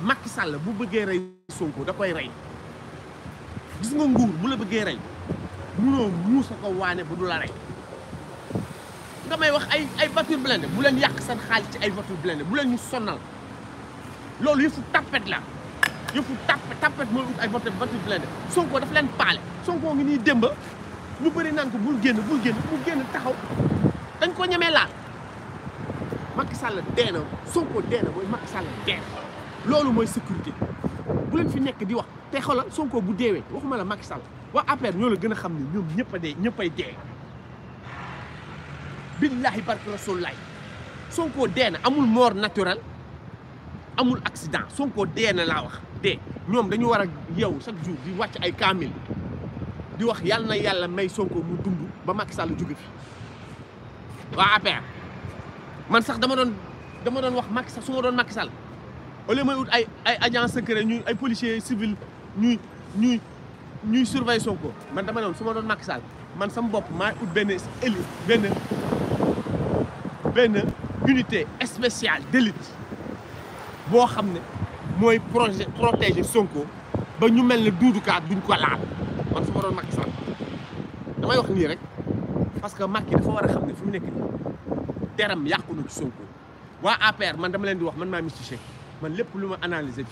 S1: Macky Sall bu bëggé ray Sonko da koy ray gis nga nguur bu la bëggee rey munoo muusa ko waane bu du la rey nga may wax ay ay voiture blindée bu len yak sen xaalis ci ay voiture blindée bu len ñu sonal loolu yëfu tapet la yëfu tapet tapet mo ut ay voiture blindée Sonko daf len palé Sonko ngi ni demba ñu bari nank bu bul bu bul bu bul taxaw dañ ko ñëmé laal Macky Sall dee na Sonko dee na mooy Macky Sall dee na loolu mooy sécurité bu fi nekk di wax te xoolal Sonko bu deewee waxuma la Macky Sall waa APR ñoo la gën a xam ne ñoom ñëpp a dee ñëpp ay dee. billahi barke rasulullahi Sonko dee na amul moor naturelle amul accident Sonko dee na laa wax dee ñoom dañu war a yow chaque jour di wàcc ay kaamil di wax yàlla na yàlla may Sonko mu dund ba Macky Sall jóge fi waa APR. man sax dama don dama don wax Macky Sall su don doon Macky Sall au lieu may ut ay ay agents secret ñuy ay policiers civils ñuy ñuy ñuy surveiller Sonko man dama doon su don doon Macky Sall man sama bop maay out ben éli ben ben unité spéciale d'élite bo xamné moy projet protéger Sonko ba ñu melni ne Doudou Ka duñ ko laal man su don doon Macky Sall damay wax ni rek parce que Macky dafa wara a xam ne fu mu nekk deram yàqu na ci Sonko wa APR man dama leen di wax man ma misti Shake man lépp lu ma analyser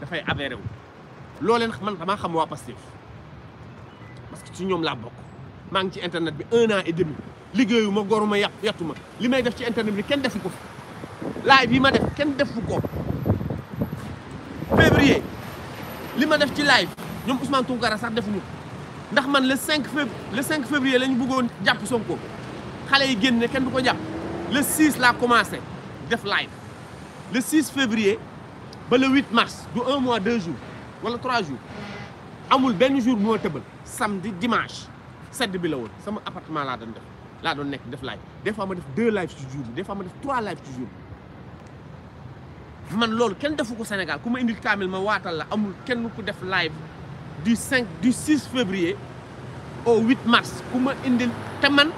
S1: da fay avéré wu loo leen man dama xam wa Pastef parce que ci ñom la bokk ma ngi ci internet bi 1 an et demi liggéeyu goruma goru yatuma limay def ci internet bi kenn defuko ko fi live yi ma def kenn defuko février lima def ci live ñom Ousmane Tounkara sax defuñu ndax man le 5 fév le 5 février lañu bëggoon jàpp Sonko xale yi génn ne kenn duko jàpp le 6 laa commencé def live le 6 février ba le 8 mars du un mois deux jours wala trois jours amul benn jour bu ma samedi dimanche sedd bi la woon sama appartement là. doon def laa doon nekk def live des fois ma def deux lives ci jour des fois ma def trois lives ci jour man loolu kenn au ko Sénégal ku ma indil kaamil ma waatal la amul kenn ku def live du 5 du 6 février au 8 mars ku ma indil te man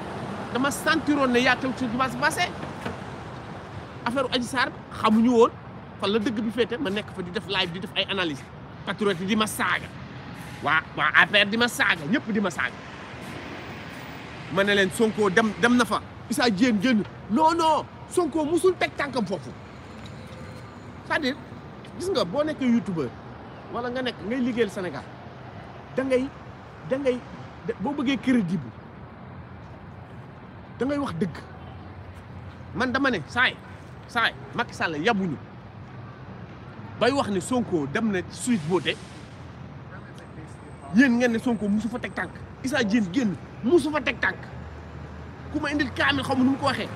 S1: dama sentiroon na yaa quelque chose va se passer affaire Adji Sarr xamuñu woon fan la dëgg bi féete ma nekk fa di def live di def ay analyse patriote di ma saaga waa waa affaire di ma saaga ñëpp di ma saaga ma ne leen Sonko dem dem na fa Issa Diène génn non non Sonko musul teg tànkam foofu cest à gis nga boo nekkee youtubeur wala nga nekk ngay liggéeyal senegal da ngay da ngay boo bëggee crédible da wax dëgg man dama ne saay saay Macky Sall yabuñu bay wax ne Sonko dem na suite boote yéen ngeen ne Sonko musu fa teg tànk Issa Diène génn musu fa teg tànk ku ma indil kaamil xaw ma nu mu ko waxee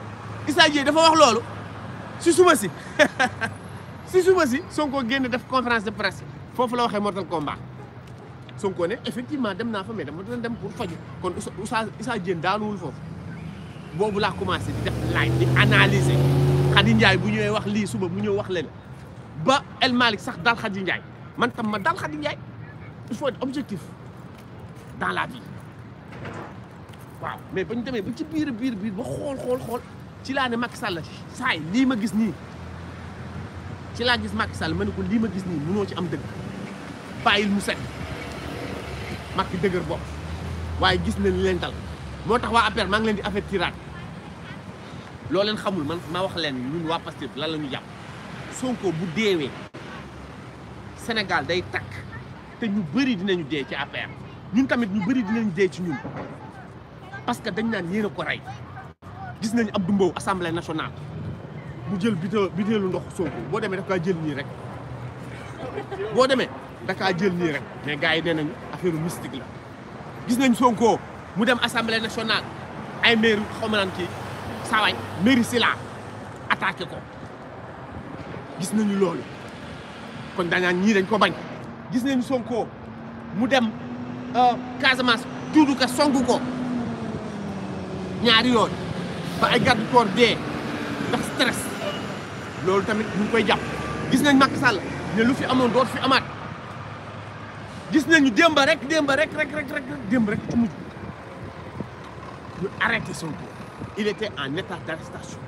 S1: Issa Diène dafa wax loolu si suba si si suba si Sonko génn def conférence de presse foofu la waxee Mortal Combat Sonko ne effectivement dem naa fa mais dama doon dem pour faju kon Issa Diène daanuwul foofu boobu laa commencé di def live di analyser Khady Ndiaye bu ñëwee wax lii suba mu ñëw wax leen ba El Malick sax dal Khady Ndiaye man tam ma dal Khady Ndiaye il faut être objectif dans la vie waaw mais ba ñu demee ba ci biir biir biir ba xool xool xool ci laa ne Macky Sall saay lii ma gis nii ci laa gis Macky Sall ma ne ko lii ma gis nii mënoo ci am dëgg bàyyil mu set Macky dëgër bopp waaye gis na li leen dal moo tax waa APR maa ngi leen di avertiraat loo leen xamul man ma wax leen ñun waa Pastef lan la ñu jàpp Sonko bu deewee Sénégal day takk te ñu bëri ñu dee ci APR ñun tamit ñu bëri dinañu dee ci ñun parce que dañ naan yéen a ko rey gis nañ ab dumbow assemblée nationale mu jël bite biteelu ndox Sonko boo demee dafa jël nii rek boo demee da kaa jël nii rek mais gars yi nee nañu affaire mystique la gis nañ Sonko. mu dem assemblée nationale ay maire xaw ma naan kii saawaay mairie ko gis nañu lool kon dañaan ñi dañ ko bañ gis nañu Sonko mu dem euh, Casamance tuudu ka songu ko ñaari yoon ba ay garde koor dé ndax stress lool tamit ñu koy japp gis nañ Macky Sall ne lu fi amon doot fi amat gis nañu demba rek demba rek rek rek rek démb rek ci mujj arrêter son corps. il était en état d'arrestation.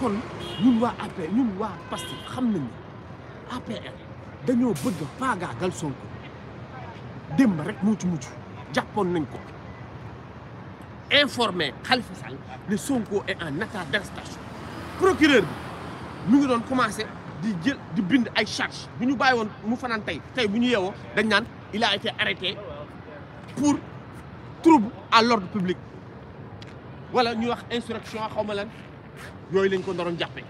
S1: Quand nous ñun waa nous ñun waa Pastef xam nañu APR dañoo bëgg de faagaagal Sonko démb rek moo ci mujj jàppoon nañ ko informé Khalifa Sall le Sonko est en état d'arrestation. procureur nous avons ngi commencé di jël di bind ay charge bu ñu bàyyi mu venir tey tey il a été arrêté pour trouble à l'ordre public wala ñuy wax insurection xaw ma lan yooyu lañ ko naroon jàppe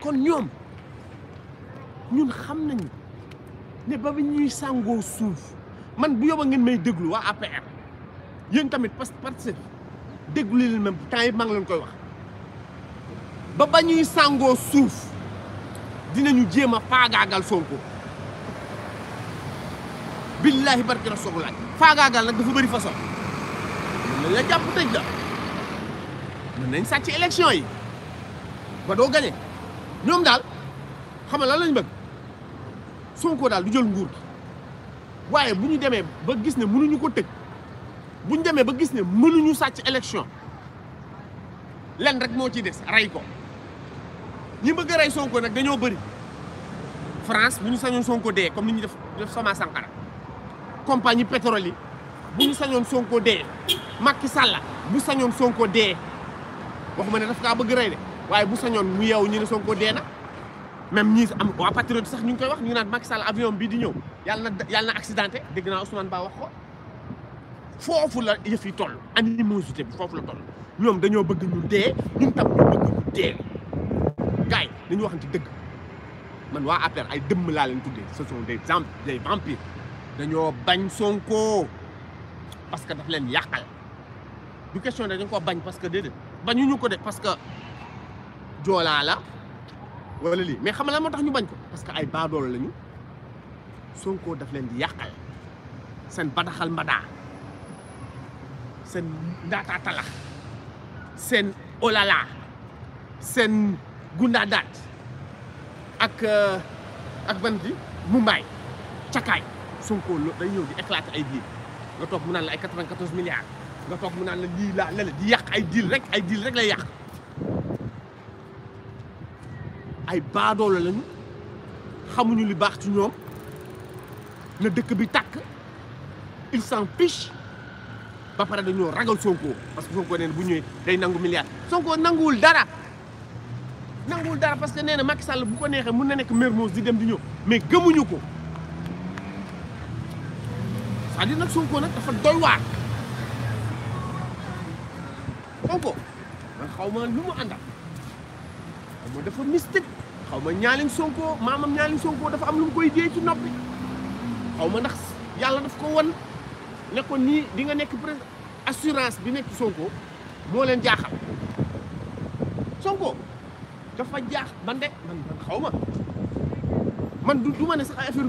S1: kon ñoom ñun xam nañu ne ba bi ñuy sangoo suuf man bu yóbba ngeen may déglu waa APR yéen tamit parce parce que déglu leen même temps yi maa ngi leen koy wax ba ba ñuy sàngoo suuf dinañu jéem a faagaagal Sonko billaahi barki rasulullah faagaagal nag dafa bëri façon mën nañ la jàpp nañ sàcc élection yi ba doo gañe ñoom daal xam nga lan lañ bëgg Sonko daal du jël nguur gi waaye bu ñu demee ba gis ne mënuñu ko tëj bu ñu demee ba gis ne mënuñu sàcc élection len rek moo ci des rey ko ñi bëgg a rey Sonko nag dañoo bëri France bu ñu sañoon Sonko dee comme ni ñu def def sama Sankara compagnie yi. bu ñu sañoon Sonko dee Macky Sall bu sañoon Sonko dee waxuma ne daf kaa bëgg rey de waaye bu sañoon mu yeewu ñu ne Sonko dee na même ñii am waa patriote sax ñu ngi koy wax ñu naan Macky Sall avion bi di ñëw yàlla na yàlla na accidenté dégg naa Ousmane Ba wax ko foofu la yëf yi toll animosité bi foofu la toll ñoom dañoo bëgg ñu dee ñun tam ñu bëgg ñu dee gars yi dañu waxante dëgg man waa APR ay dëmm laa leen tuddee ce sont des des vampires dañoo bañ Sonko parce que daf leen yàqal du question ne dañ ko bañ parce que déedéet bañuñu ko de parce que joolaa la wala lii mais xam nga lan moo tax ñu bañ ko parce que ay baadool lañu Sonko daf leen di yàqal seen badaxal mbadaa seen ndaataatalax seen olala seen gundaadaat ak euh, ak ban bi mumbaay cakaay Sonko day ñëw di éclater ay biir nga toog mu naan la ay 94 milliards nga toog mu naan la lii la lale di yàq ay deal rek ay deal rek lay yàq ay baadoolo lañu xamuñu li baax ci ñoom na dëkk bi tàkk il s'en fiche ba pare dañoo ragal Sonko parce que Sonko nee na bu ñëwee day nangu milliards Sonko nanguwul dara nanguwul dara parce que nee na Macky Sall bu ko neexee mun na nekk Mermoz di dem di ñëw mais gëmuñu ko. c'est-à-dire nag dafa doy waar Sonko man xaw ma lu mu àndal xaw ma dafa mystique xaw ma ñaaliñ Sonko maamam ñaaliñ Sonko dafa am lu mu koy dee ci noppi xaw ma ndax yàlla daf ko wan nekkoon nii di nga nekk pré assurance bi nekk Sonko moo leen jaaxal Sonko dafa jaax man de man man xaw ma man du du sax ay affaire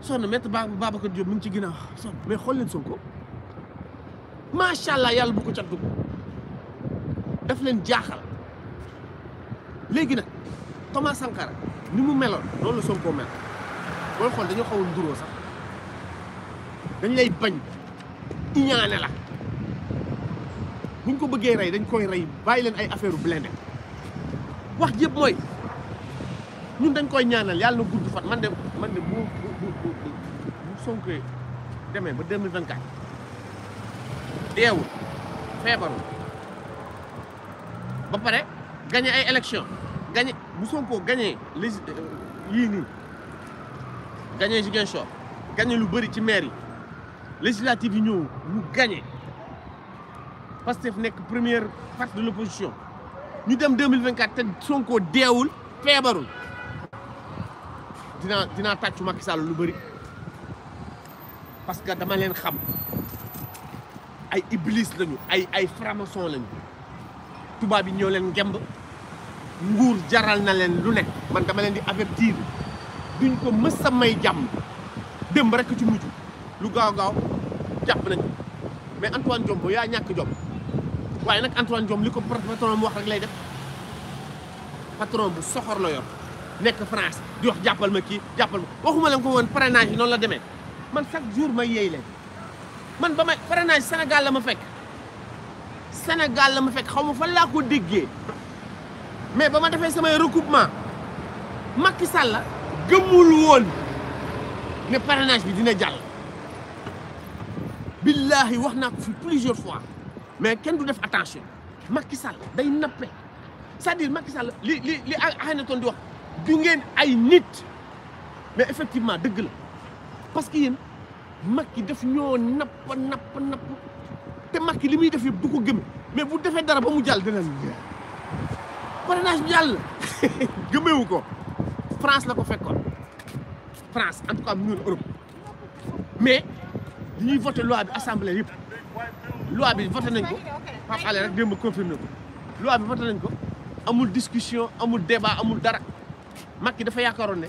S1: sonn maître Babacar Diop mu ngi ci ginnaaw sonn mais xool leen Sonko macha allah yàlla bu ko ca dugg daf leen jaaxal léegi nag Thomas Sankara ni mu meloon loolu la mel booy xool dañoo xaw a nduroo sax dañ lay bañ iñaane la buñ ko bëggee rey dañ koy rey bàyyi leen ay affaire blindé wax yëpp mooy ñun dañ koy ñaanal yàlla na gudd fan man de man de que, demain, ba 2024 deewul feebarul ba pare gagné ay élection gagné bu gagner gagné légis Gagner les euh, gagné Gagner le lu bëri ci maire législative yi ñëw mu que c'est la première partie de l'opposition ñu dem 2024 te Sonko deewul feebarul dina Dina, tàccu Macky Sall lu bëri parce que dama len xam ay iblis lañu ay ay franc-maçon lañu tuba bi ñoo leen ngemb nguur jaral na len lu nek man dama len di avertir duñ ko mës may jam démb rek ci muju lu gaaw gaaw japp nañ mais Antoine Diome ba yaa ñàkk jom waaye nag Antoine jom liko patron mu wax rek lay def patron bu soxor la yor nek France di wax jappal ma ki jappal ma waxuma leen ko won parrainage non la demee. man chaque jour may yeey leen man ba may parrainage Sénégal la ma fekk Sénégal la ma fekk xaw ma fan laa ko déggee mais ba ma defee samay recoupement Macky Sall gëmul woon ne parrainage bi dina jàll. billaahi wax naa ko fi plusieurs fois mais kenn du def attention Macky Sall day nappe c'est-à-dire Macky Sall li li li Akhenaton di wax du ngeen ay nit mais effectivement dëgg la. parce que yéen Macky daf ñoo napp napp napp te Macky li muy def yëpp du ko gëm mais bu defee dara ba mu jàll dana parrainage bi jàll gëmeewu ko France la ko fekkoon France en tout cas mu Europe mais li ñuy voté loi bi assemblée yëpp loi bi nañ ko Pape Alé rek démb confirmé ko loi bi voté nañ ko amul discussion amul débat amul dara Macky dafa yaakaaroon ne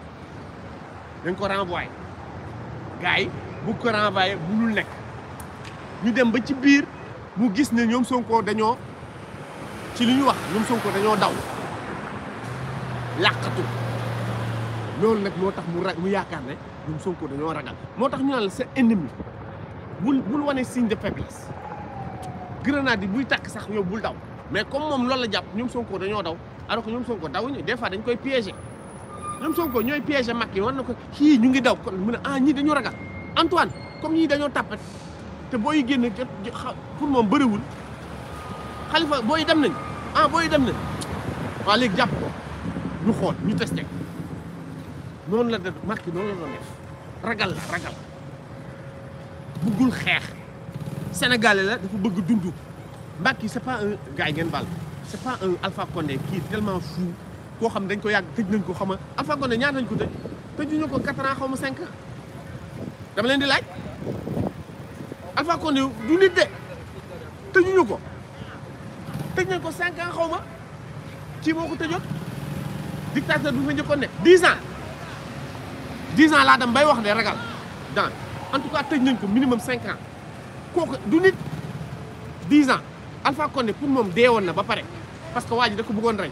S1: dañ ko renvoyé gars yi bu ko renvoyé munul nekk ñu dem ba ci biir mu gis ne ñoom Sonko dañoo ci lu ñu wax ñoom Sonko dañoo daw làqatu loolu nag moo tax mu ra mu yaakaar ne ñoom Sonko dañoo ragal moo tax ñu naan la sa ennemi bul bul wane signe de faiblesse naa yi buy tàkk sax yow bul daw mais comme moom loolu la jàpp ñoom Sonko dañoo daw alors que ñoom Sonko dawuñu des fois dañ koy piéger. ñoom Sonko ñooy piégé Macky war na ko kii ñu ngi daw kon mu ne ah ñii dañu ragal Antoine comme ñii dañoo tàppat te booy génne génn pour moom bëriwul xalifa booy dem nañ ah booy dem nañ waaw léegi jàpp ko ñu xool ñu testé ko noonu la def Macky noonu la doon ragal la ragal bëggul xeex sénégalais la dafa bëgg dund Macky c'est pas un gars yi ngeen baal c'est pas un Alpha Condé qui est tellement koo xam dañ ko yàgg tëj nañ ko xama Alpha Condé ñaata nañ ko tëj tëjuñu ko 4 ans xaw ma 5 ans dama leen di laaj Alpha Condé du nit de tëjuñu ko tëj nañ ko cinq ans xaw ma ci moo ko tëjoon dictateur bu fa njëkkoon nekk 10 ans 10 ans laa dem bay wax ne ragal daan en tout cas tëj nañ ko minimum 5 ans kooku du nit 10 ans Alpha Condé pour moom deewoon na ba pare parce que waa da ko bëggoon rey.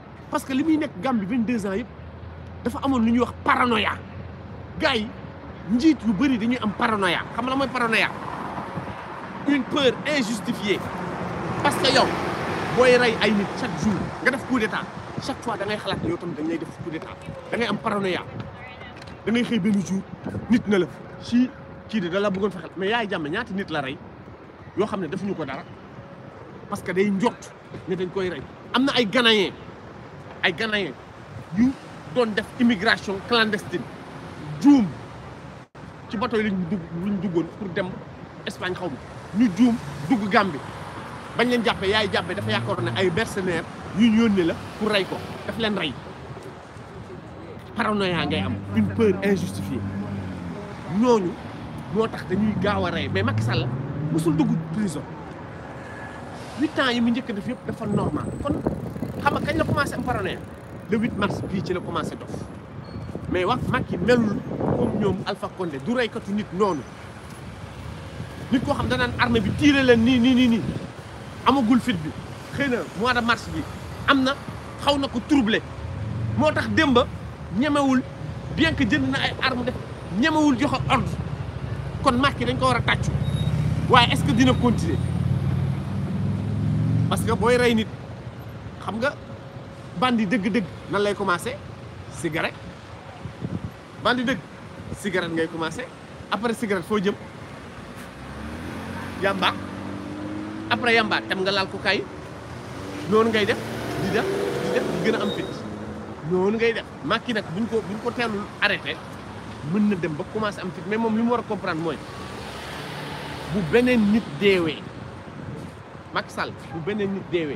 S1: parce que li muy nekk Gambie 22 ans yëpp dafa amoon lu ñuy wax paranoïa gars yi njiit yu bëri dañuy am paranoïa xam la mooy paranoïa une peur injustifiée parce que yow booy rey ay nit chaque jour nga def coup d'état chaque fois da ngay xalaat yow tamit dañ lay def coup de da ngay am paranoïa da ngay xëy benn jour nit na la si kii de da la bëggoon fexel mais yaay jàmm ñaata nit la rey yoo xam ne defuñu ko dara parce que day njott ne dañ koy rey am na ay ganayen ay ghanéens yu doon def immigration clandestine juum ci bato yi lañ luñ duggoon pour dem Espagne xaw ma ñu juum dugg Gambie bañ leen jàppee yaay jàppee dafa yaakaaroon ne ay mercenaires yu yónnee la pour rey ko daf leen rey paranoïa ngay am une peur injustifiée ñooñu moo tax dañuy gaaw a rey mais Macky Sall mosul dugg prison huit yi mu njëkk def yëpp dafa normal kon. xam na kañ la commencé am paranoïa le 8 mars bii ci la commencé dof mais wax Macky melul comme ñoom Alpha Condé du reykatu nit noonu nit koo xam danaan armée bi tiire leen nii nii nii nii amagul fit bi xëy na mois de mars bi am na xaw na ko troublé moo tax démba ñemewul bien que jënd na ay arme de ñemewul joxe ordre kon Macky dañ ko war a tàccu waaye est-ce que dina continuer parce que booy rey nit xam nga bandi deug deug nan lay commencer cigarette bandi deug cigarette ngay commencer après cigarette fo jëm yamba après yamba tam nga lal ko kay non ngay def di def di def di gën am fit non ngay def makki nak buñ ko buñ ko téllul arrêté mën na dem ba commencer am fit mais mom limu wara comprendre moy bu benen nit déwé Macky bu benen nit déwé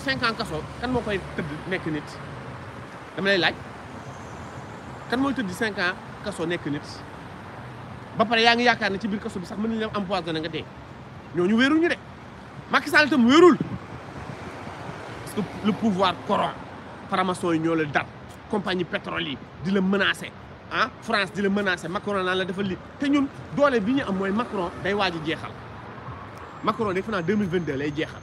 S1: cinq ans kaso kan moo koy tëdd nekk nit dama lay laaj kan mooy tëdd cinq ans kaso nekk nit ba pare yaa ngi yaakaar na ci biir kaso bi sax mën nañu leen empoisonné nga dee ñu wéeruñu ñu de Macky Sall itam wéerul parce que le pouvoir corrompt faramaçon yi ñoo la dar compagnie pétrole di la menacé ah France di la menacé Macron naan la dafa li te ñun doole bi ñu am mooy Macron day waaj a jeexal Macron defe naa 2022 lay jeexal.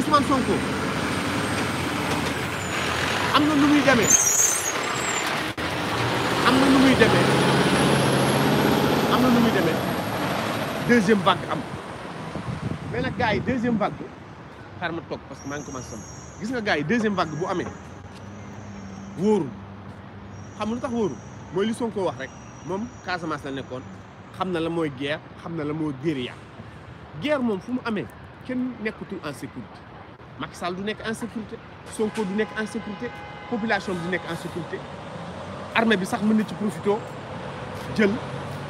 S1: Ousmane Sonko am na nu muy demee am na nu muy demee am deuxième vague am mais nag gars yi deuxième vague bi xaar ma toog parce que maa ngi commencé sama gis nga gaa yi deuxième vague bu amee wóoru xam nga tax wóorul mooy li Sonko wax rek moom Casamance la nekkoon xam na la mooy guerre xam na la mooy guérilla guerre moom fu mu amee kenn nekkutul en sécurité Macky Sall du nek en sécurité Sonko du nek en sécurité population du nek en sécurité armée bi sax mën ci profito jël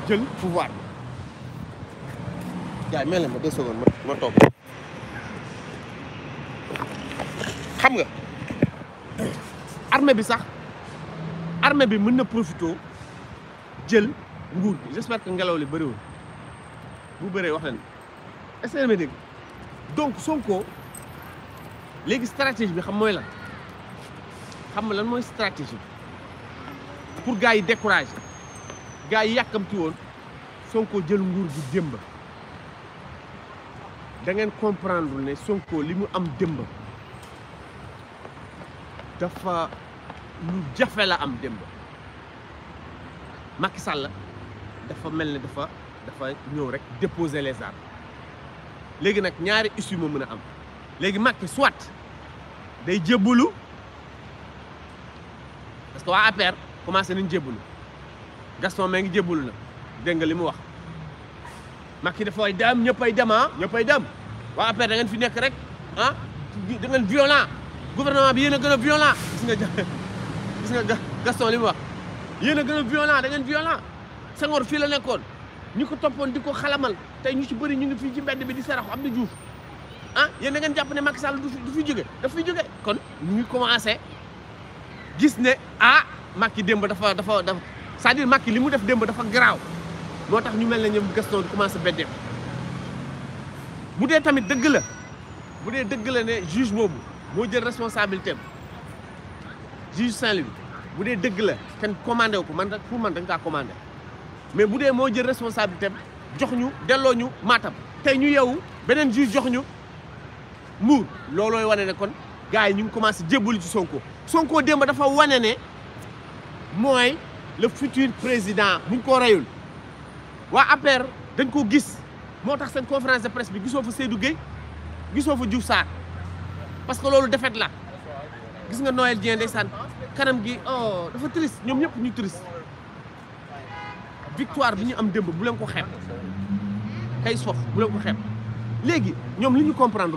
S1: jël pouvoir bi. mel na ma deux secondes ma ma top xam nga armée bi sax armée bi mën na profito jël nguur bi j'espère que ngelaw li bëriwul bu bëree wax len est-ce que dégg donc Sonko. léegi stratégie bi xam mooy lan xam nga lan mooy stratégie bi pour gars yi découragé gars yi yàkkamti woon sonkoo jël nguur gi démb dangeen ngeen comprendre ne sonkoo li mu am démb dafa lu jafe la am démb Macky Sall dafa mel ne dafa dafa ñëw rek déposer les armes léegi nag ñaari issue moo mën a am. léegi Macky soit day jébbalu parce que waa APR commencé nañ jébbalu Gaston maa ngi jébbalu na dégg nga li mu wax Macky dafay dem ñëppay dem ah ñëppay dem waa APR da ngeen fi nekk rek ah da ngeen violent gouvernement bi yéen a gën a violent gis nga gis nga Gaston li mu wax yéen a gën a violent da ngeen violent Senghor fii la nekkoon ñu ko toppoon di ko xalamal te ñu ci bëri ñu ngi fii ci mbedd bi di am Abdou Diouf ah yéen da ngeen jàpp ne Macky Sall du fi jóge daf fi jóge kon ñu commencé gis ne ah Macky démb dafa dafa dafa c'est-à-dire li mu def démb dafa garaaw moo tax ñu mel na ñoom Gaston di commencé beddeem bu dee tamit dëgg la bu dee dëgg la ne juge boobu moo jël responsabilité am juge Saint-Louis bu dee dëgg la kenn commandé wu ko man pour man dañ kaa commandé mais bu dee moo jël responsabilité am jox ñu delloo ñu maatam tey ñu yeewu beneen juge jox muur loloy wone ne kon gaay ñu ngi commencé djebul ci Sonko Sonko Demba dafa ne le futur président bu ko rayul wa aper dañ ko gis motax sen conférence de presse bi Seydou parce que lolu defet la gis nga Noël kanam gi oh dafa triste ñom ñep ñu triste victoire bi ñu am demb bu len ko kay bu comprendre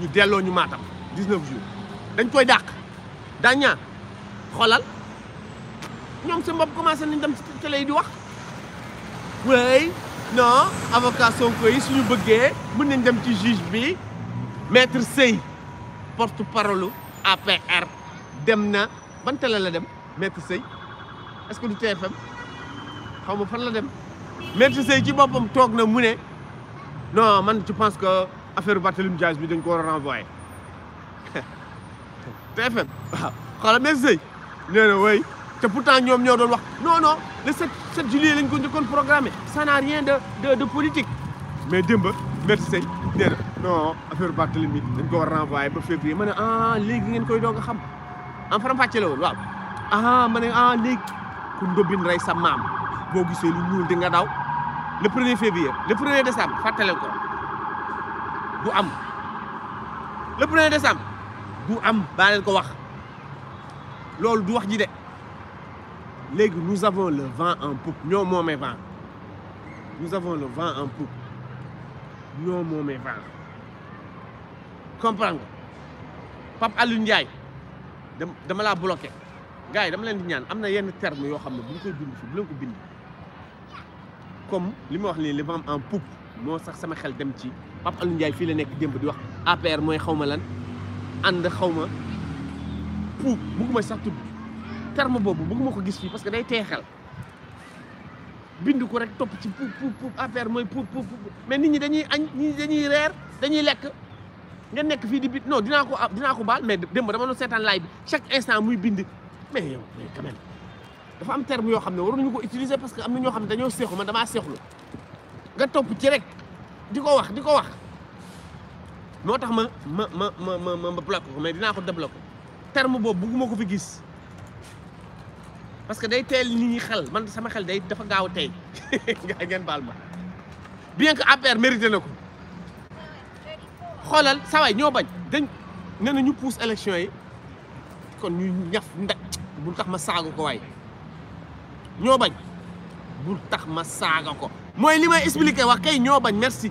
S1: ñu délo ñu matam 19 jours dañ koy dàq daa ñaa xoolal ñoom seen bopp commencé nañ dem ci télé di wax way non avocat Sonko yi suñu bëggé mën nañ dem ci juge bi maître Sey porte parole APR dem na ban télé la dem maître Sey est-ce que du TFM xawma ma fan la dem maître Sey ci boppam tok na mu ne non man je pense que affaire Barthélémy Diaz bi dañ ko war a renvoyé TFM waaw xoolal mais Seye nee na way te pourtant ñom ñoo doon wax non non le 7 7 juillet lañ ko njëkkoon programmé ça n'a rien de de de politique mais demba merci Seye nee non affaire Barthélémy bi dañ ko war a ba février mané ah légui ngeen koy doog a xam en faram-fàcce la woon waaw ah mané ah légui ku ndobine ray sa mam bo gisee lu ñuul di nga daw le 1er février le 1er décembre fatalé ko du am le premier décembre du am daa leen ko wax lolou du wax ji de léegi nous avons le vent en poupe ñoo moomee vent nous avons le vent en poupe ñoo moomee vent comprendre pap Pape ndjay dama la bloqué gars yi dama leen di ñaan am yenn terme yo xamne bu ñu koy bind fi bu len ko bind comme limi wax ni le vent en poupe mo sax sama xel dem ci Pape Alioune Ndiaye fii la nekk démb di wax APR mooy xaw ma lan ànd xaw ma pour bugguma sax tudd terme boobu bugguma ko gis fii parce que day teexal bind ko rek topp ci pour pour mooy pour pour mais nit ñi dañuy añ nit ñi dañuy reer dañuy lekk nga nekk fii di bit no dinaa ko dinaa ko baal mais démb dama doon seetaan laay bi chaque instant muy bind mais yow mais quand dafa am terme yoo xam ne waruñu ko utiliser parce que am na ñoo xam ne dañoo seexu man damaa seexlu nga topp ci rek. di wax di wax motax ma ma ma ma ma ma ma bloqué ko mais dina ko débloqué terme boobu bugguma ko fi gis parce que day tel ni ñi xel man sama xel day dafa gaaw tay nga ngeen baal ma bien que aper mérité nako xolal xoolal saway ño bañ dañ nee na ñu pousse élection yi kon ñu ñaf ndak bul tax ma sagu ko way ño bañ bu tax ma saaga ko mooy li wax kay ño bañ merci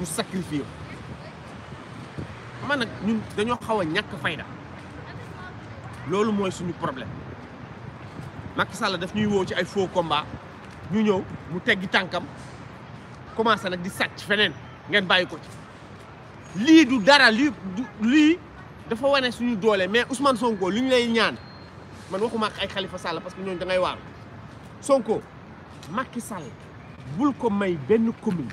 S1: ñu sacrifié man nag ñun dañoo xaw a ñàkk fayda loolu mooy suñu problème Macky Sall daf ñuy woo ci ay foo combat ñu ñëw mu teggi tànkam commencé nag di sàcc feneen ngeen bàyyi ko ci lii du dara lii lii dafa wane suñu doole mais Ousmane Sonko li ñu lay ñaan man waxuma ak ay Khalifa Sall parce que ñooñ da ngay waar Sonko Macky Sall bul ko may benn commune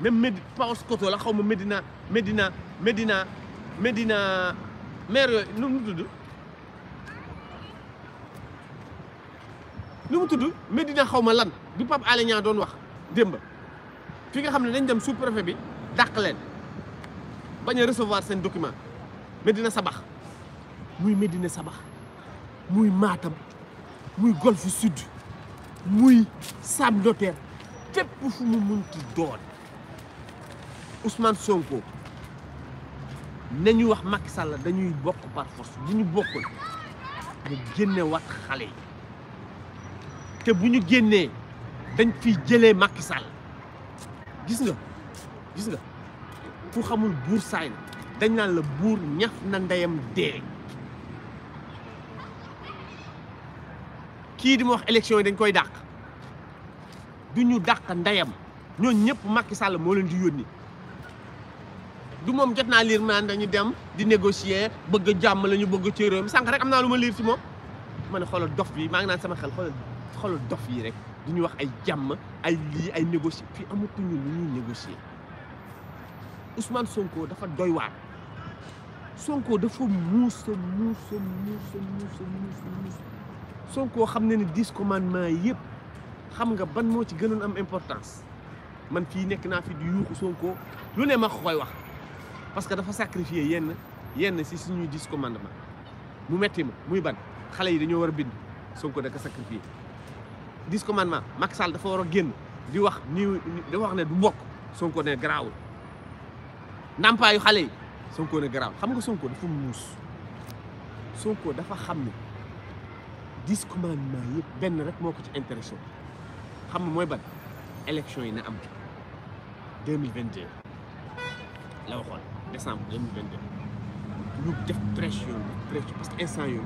S1: même pas Koto la Medina.. Medina.. Medina.. Medina Médina nous nous nu nous nu mu tudd Médina Pape wax demba fi nga dem sous préfet bi leen nous recevoir sen document Médina Sabah..! muy Medina muy Matam muy Sud muy Sam tepp fu mu Ousmane Sonko nañu wax makki sàll dañuy bokk par force bu ñu bokkul mu génne wat xale yi te bu ñu génnee dañ fi jëlee makki sàll gis nga gis nga ku xamul buur saay dañ naan la buur ñaf na ndeyam dee kii di ma wax élection yi dañ koy dàq du ñu dàq ndeyam ñooñu ñëpp makki Sall moo leen di yónni du moom jot naa liir naan dañu dem di négocier bëgg a jàmm la ñu bëgg ci réew mi sànq rek am naa lu ma liir ci moom ma ne xoolal dof bi maa ngi naa sama xel xoolal xoolal dof yi rek du ñu wax ay jàmm ay lii ay négocier fii amatuñu lu ñuy négocier Ousmane Sonko dafa doy waar Sonko dafa muus a muus a muus a muus a muus a xam ne ni dix commandement yëpp xam nga ban moo ci gënoon am importance man fii nekk naa fi di yuuxu Sonko lu ne ma koy wax. parce que dafa sacrifier yenn yenn si suñuy dix commandement mu metti ma muy ban xale yi dañoo war a bind Sonko da ko sacrifier dix commandement Macky Sall dafa war a génn di wax ni dafa wax ne du mbokk Sonko ne garaawul ndàmpaayu xale yi Sonko ne garaaw xam nga sonkoo dafa muus Sonko dafa xam ne dix commandement benn rek moo ko ci intéressé xam nga mooy ban élection yi na am 2022 la waxoon décembre 2022 ñu def pression pression parce que instant yooyu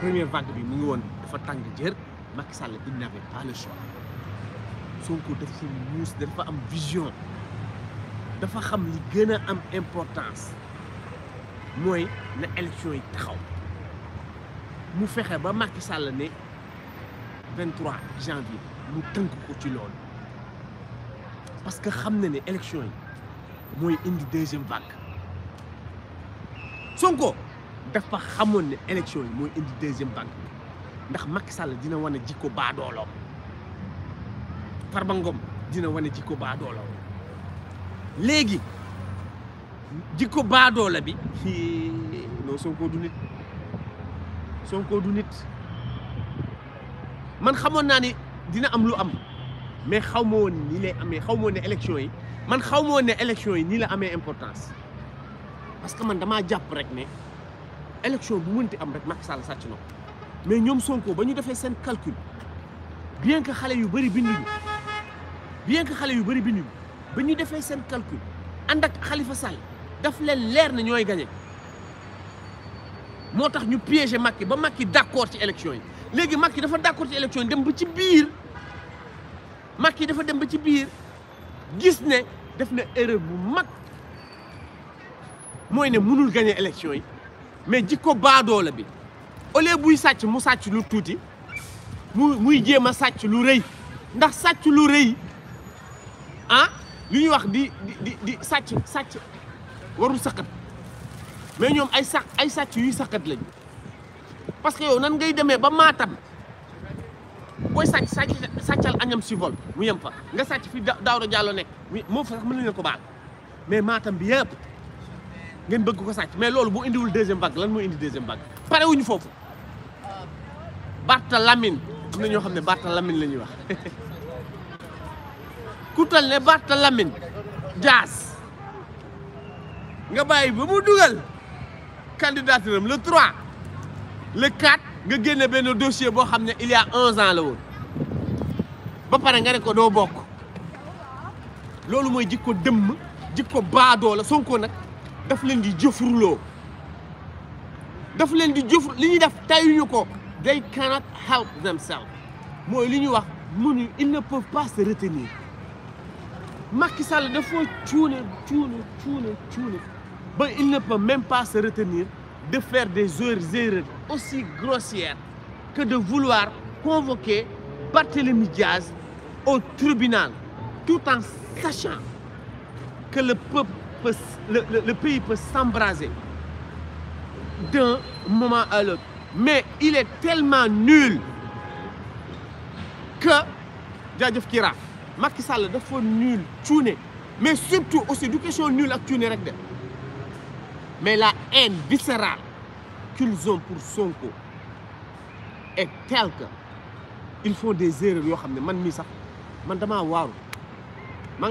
S1: première vague bi mu ngi woon dafa tàng jër Macky Sall il n'avait pas le choix Son Sonko dafa muus dafa am vision dafa xam li gën a am importance mooy na élection yi taxaw mu fexe ba Macky Sall ne 23 janvier mu tënk ko ci loolu parce que xam na ne élection yi mooy indi deuxième vague Sonko dafa xamoon ne élection yi mooy indi deuxième vague ndax Macky Sall dina wana jikko baadooloo Farba Ngom dina wane jikko baadooloo léegi jikko baadoola bi non Sonko du nit Sonko du nit man xamoon naa ni dina am lu am mais xaw ma woon nii lay amee xaw ma woon ne élection yi man xaw ma woon ne yi nii la amee importance parce que man damaa jàpp rek ne élection bu mënti am rek Macky Sall sàcc na mais ñoom Sonko ba ñu defee seen calcul bien que xale yu bari binduñu bien que xale yu bëri binduñu ba ñu defee seen calcul ànd ak xalifa Sall daf leen leer na ñooy gagné moo tax ñu piégé Macky ba Macky d' accord ci élection yi léegi Macky dafa d' accord ci élection yi dem ba ci biir Macky dafa dem ba ci biir gis ne def na erreur bu mag. mooy ne mënul gagner élection yi mais bado la bi au lieu buy satch mu satch lu touti mu muy jéem satch lu reuy ndax satch lu reuy ah li ñuy wax di di di satch satch waru saqat mais ñom ay sàcc ay satch yu saqat lañ parce que yow nan ngay démé ba matam boy satch satch satchal añam ci vol mu yëm fa nga satch fi Daouda jallo nek mo fa sax mën nañu ko baal mais matam bi yépp ngeen bëgg ko sàcc mais loolu bu indiwul deuxième vague lan moo indi deuxième vague pare wuñu foofu Barta Lamine am na ñoo xam ne Barta Lamine la ñuy wax ku tal ne Barta Lamine Dias nga bàyyi ba mu dugal candidature am le 3 le 4 nga génne benn dossier boo xam ne il y a 11 ans la woon ba pare nga ne ko doo bokk loolu mooy jikko dëmm jikko baadoo la Sonko nag di di they cannot help themselves ils ne peuvent pas se retenir Macky Sall dafa tourner cuune tourner. il ne peut même pas se retenir de faire des erreurs aussi grossières que de vouloir convoquer Barthélémy Diaz au tribunal tout en sachant que le peuple le, pays peut s'embraser d'un moment à l'autre. Mais il est tellement nul que jaajëf ki Macky Sall dafa nul tuné, mais surtout aussi du question nul ak rek mais la haine viscérale qu'ils ont pour Sonko est telle qu'ils font des erreurs Je xam ne man mii sax man damaa waaru maa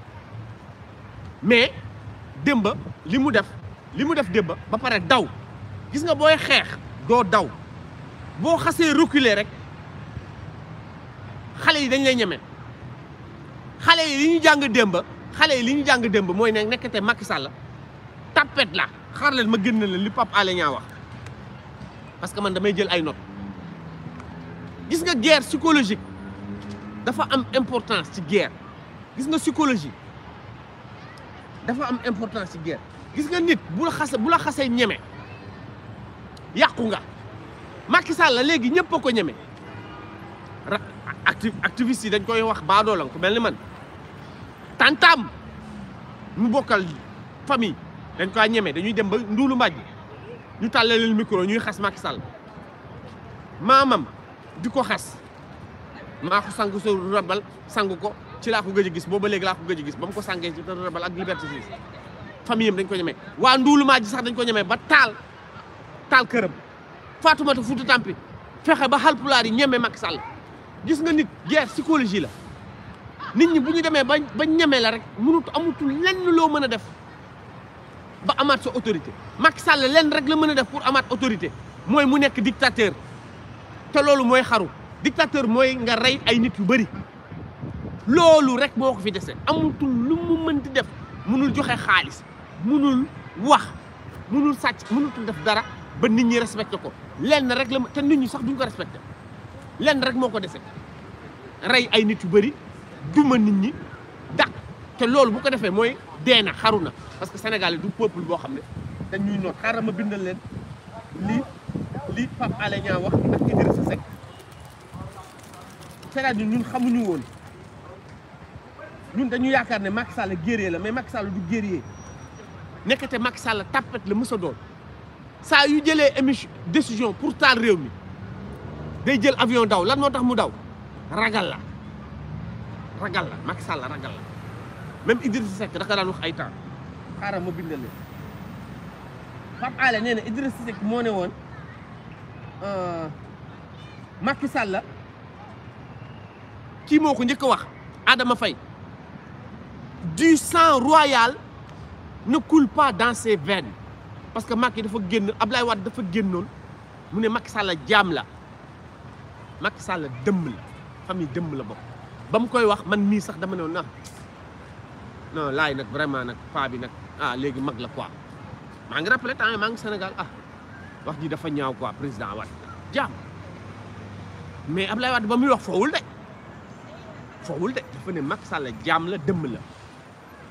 S1: mais démba li mu def li mu def démba ba pare daw gis nga booy xeex doo daw boo xasee reculer rek xale yi dañ lay ñeme xale yi li ñu jàng démba xale yi li ñu jàng démba mooy ne nekkate Macky Sall tapet la xaar leen ma gën na leen li Pape Alé wax parce que man damay jël ay not gis nga guerre psychologique dafa am importance ci guerre gis nga psychologie dafa am importance ci guerre gis nga nit bu la bu la xasee ñeme yàqu nga Macky Sall la léegi ñëpp ko ñeme acti activiste yi dañ koy wax baadoolan ko mel ni man tantam mu bokkal famille dañ koy ñeme dañuy dem ba nduulu mbàjj ñu tàllale leen micro ñuy xas Macky Sall maamam di ko xas maa ko sang su rabal sang ko ci la ko gëj gis bo ba légui la ko gëj gis bam ko sànkee ci tan Rebal ak Liberté ci famiyam dañ ko ñemee waa nduulumaa ji sax dañ ko ñëmé ba tal taal këram Fatoumata futu Tampi fexé ba Haalpulaar yi ñëmé mak Sall gis nga nit guerre psychologie la nit ñi bu ñu ba ba la rek mënut amutul lenn lo mëna def ba amat sa autorité mak Sall lenn rek la mëna def pour amat autorité moy mu nekk dictateur té lolu moy xaru dictateur moy nga ray ay nit yu bari loolu rek moo ko fi dese amutul lu mu mënti def munul joxe xaalis munul wax munul sàcc munutul def dara ba nit ñi respecté ko lenn rek la te nit ñi sax duñ ko respecté lenn rek moo ko dese rey ay nit yu bëri duma nit ñi dàq te loolu bu ko defee mooy dee na xaru na parce que Sénégal du peuple boo xam ne ñuy noot xaaral ma bindal leen li li Pape Alé Niang wax ak Idrissa Seck c'est-à-dire ñun xamuñu woon. ñun dañu yaakaar ne Macky Sall guerrier la mais Macky Sall du guerrier nekkate Macky Sall tapet la mës a doon saa yu jëlee émission décision pour taal réew mi day jël avion daw lan moo tax mu daw ragal la ragal la Macky Sall ragal la même Idrissa Seck da ko ay temps xaaral ma bindal leen Pape Alé nee na Idrissa moo ne woon euh, Macky Sall kii moo ko njëkk a wax aadama fay du sang royal ne coule pas dans ses veines parce que Macky dafa génn Ablaye Wade dafa non, Macky Sall diam la Macky Sall la famille dëmm la koy wax man mi sax dama non non lay nak vraiment nak fa bi nak ah légui mag la quoi ngi Sénégal ah wax la dafa ñaaw quoi président Wade diam mais Ablaye Wade dit wax de fawul de dafa ne Macky Sall diam la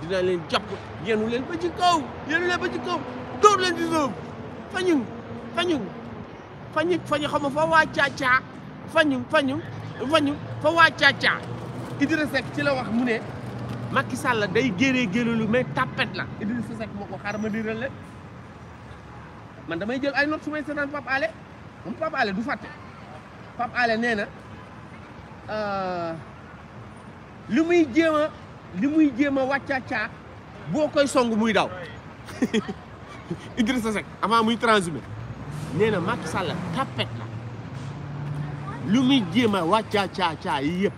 S1: dinaa leen jàpp yenu leen ba ci kaw yenu leen ba ci kaw dóor leen ci suuf fañuŋ fañuŋ fañu fañu xam nga fa waa caacaa fañuŋ fañuŋ fañuŋ fa waa caacaa Idrissa Seck ci la wax mu ne Macky Sall day géeree géeralu mais tapet la Idrissa Seck moo ko xaar ma diral leen man damay jël ay notes su may seetaan Pape Alé moom Pape du fàtte Pape Alé nee na euh, li muy jéem li muy jéem a wàccacaa boo koy song muy daw Idrissa Seck avant muy transhumé nee na Macky Sall tapet la lu muy jéem a wàccacaa yi yëpp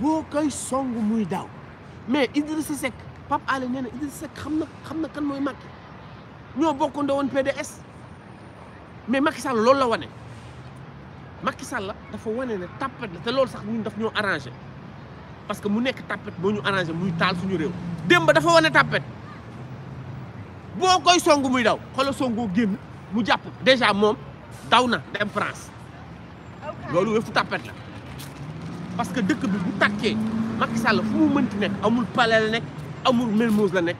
S1: boo koy song muy daw mais Idrissa Seck Pape Alé nee na Idrissa Seck xam na xam na kan mooy Macky ñoo bokkandoo woon PDS mais Macky Sall loolu la wane Macky Sall dafa wane ne tapet la te loolu sax ñun daf ñoo arrangé parce que mu nekk tapet moo ñu arrangé muy taal suñu réew démb dafa wane tapet boo koy song muy daw xolo songoo génn mu jàpp déjà moom daw na dem France loolu yëfu tapet la parce que dëkk bi bu tàkkee Macky Sall fu mu mënti nekk amul pale la nekk amul Mermoz la nekk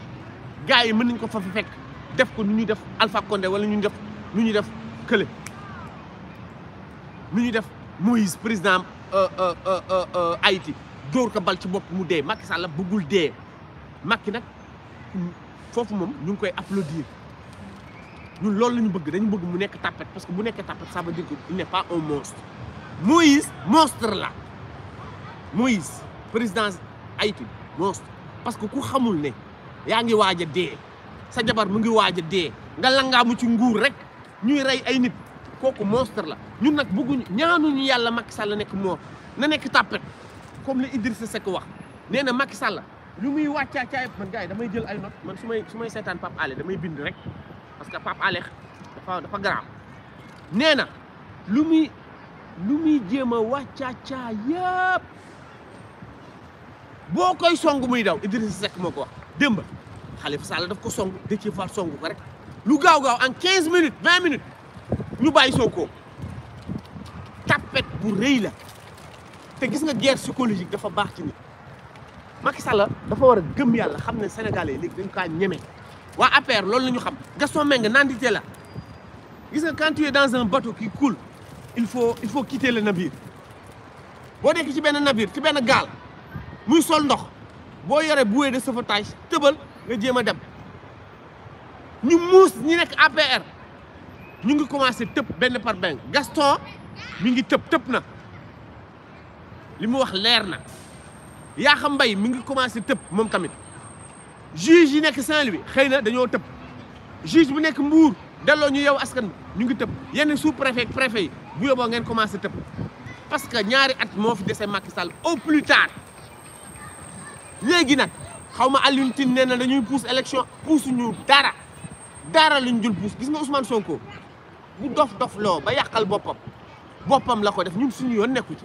S1: gars yi mën nañ ko fa fekk def ko nu ñuy def Alpha Condé wala ñu def nu ñuy def Kële nu ñuy def Moïse président euh, euh, euh, Haïti door ko bal ci bop mu dé Macky Sall bugul dé Macky nak fofu mom ñu koy applaudir ñun loolu la bëgg dañu bëgg mu nekk tapette parce que bu nekk tapette ça veut dire que il n'est pas un monstre Moïse monstre la Moïse président Haïti monstre parce que ku xamul né ya nga waja dé sa jabar mu ngi dé nga la nga mu ci nguur rek ñuy ray ay nit koku monstre la ñun bëggu ñaanu ñu yalla Macky Sall nekk mo na nekk tapet comme li Idrissa Seck wax nee na Macky lu muy wàccaa caay man gars yi damay jël ay notes man su may su may seetaan Pape ale damay bind rek parce que Pape Alé dafa dafa garaam nee na lu muy lu muy jéem a wàccaa caa boo koy songu muy daw Idrissa Seck moo ko wax démb Khalifa Sall daf ko song Déthié Fall song ko rek lu gaaw gaaw en 15 minutes 20 minutes ñu bàyyi Sonko tapet bu rëy la. te gis nga guerre psychologique dafa bax ci nit Macky Sall dafa wara a gëm yàlla xam sénégalais léegi dañ kaa ñëmé wa APR loolu la ñu xam Gaston Meng nandité la gis nga quand tu es dans un bateau qui coule il faut il faut quitter le navire bo nek ci benn navire ci benn gal muy sol ndox bo yoré bouée de sauvetage tebal nga jéem dem ñu mous ñi nek APR ñu ngi commencer tepp benn par benn Gaston mi ngi tepp tepp na. li mu wax leer na yaa xam mbay mi ngi commencé tëb moom tamit juge yi nekk Saint-Louis xëy na dañoo tëb juge bu nekk Mbour delloo ñu yow askan ñu ngi tëb yenn sous préfet préfet yi bu yóbboo ngeen commencé tëb parce que ñaari at moo fi dese Macky Sall au plus tard léegi nag xaw ma Alioune Tine nee na dañuy pousse élection pousse ñu dara dara lañ jul pousse gis nga Ousmane Sonko bu dof dof loo ba yàqal boppam boppam la ko def ñun suñu yoon nekku ci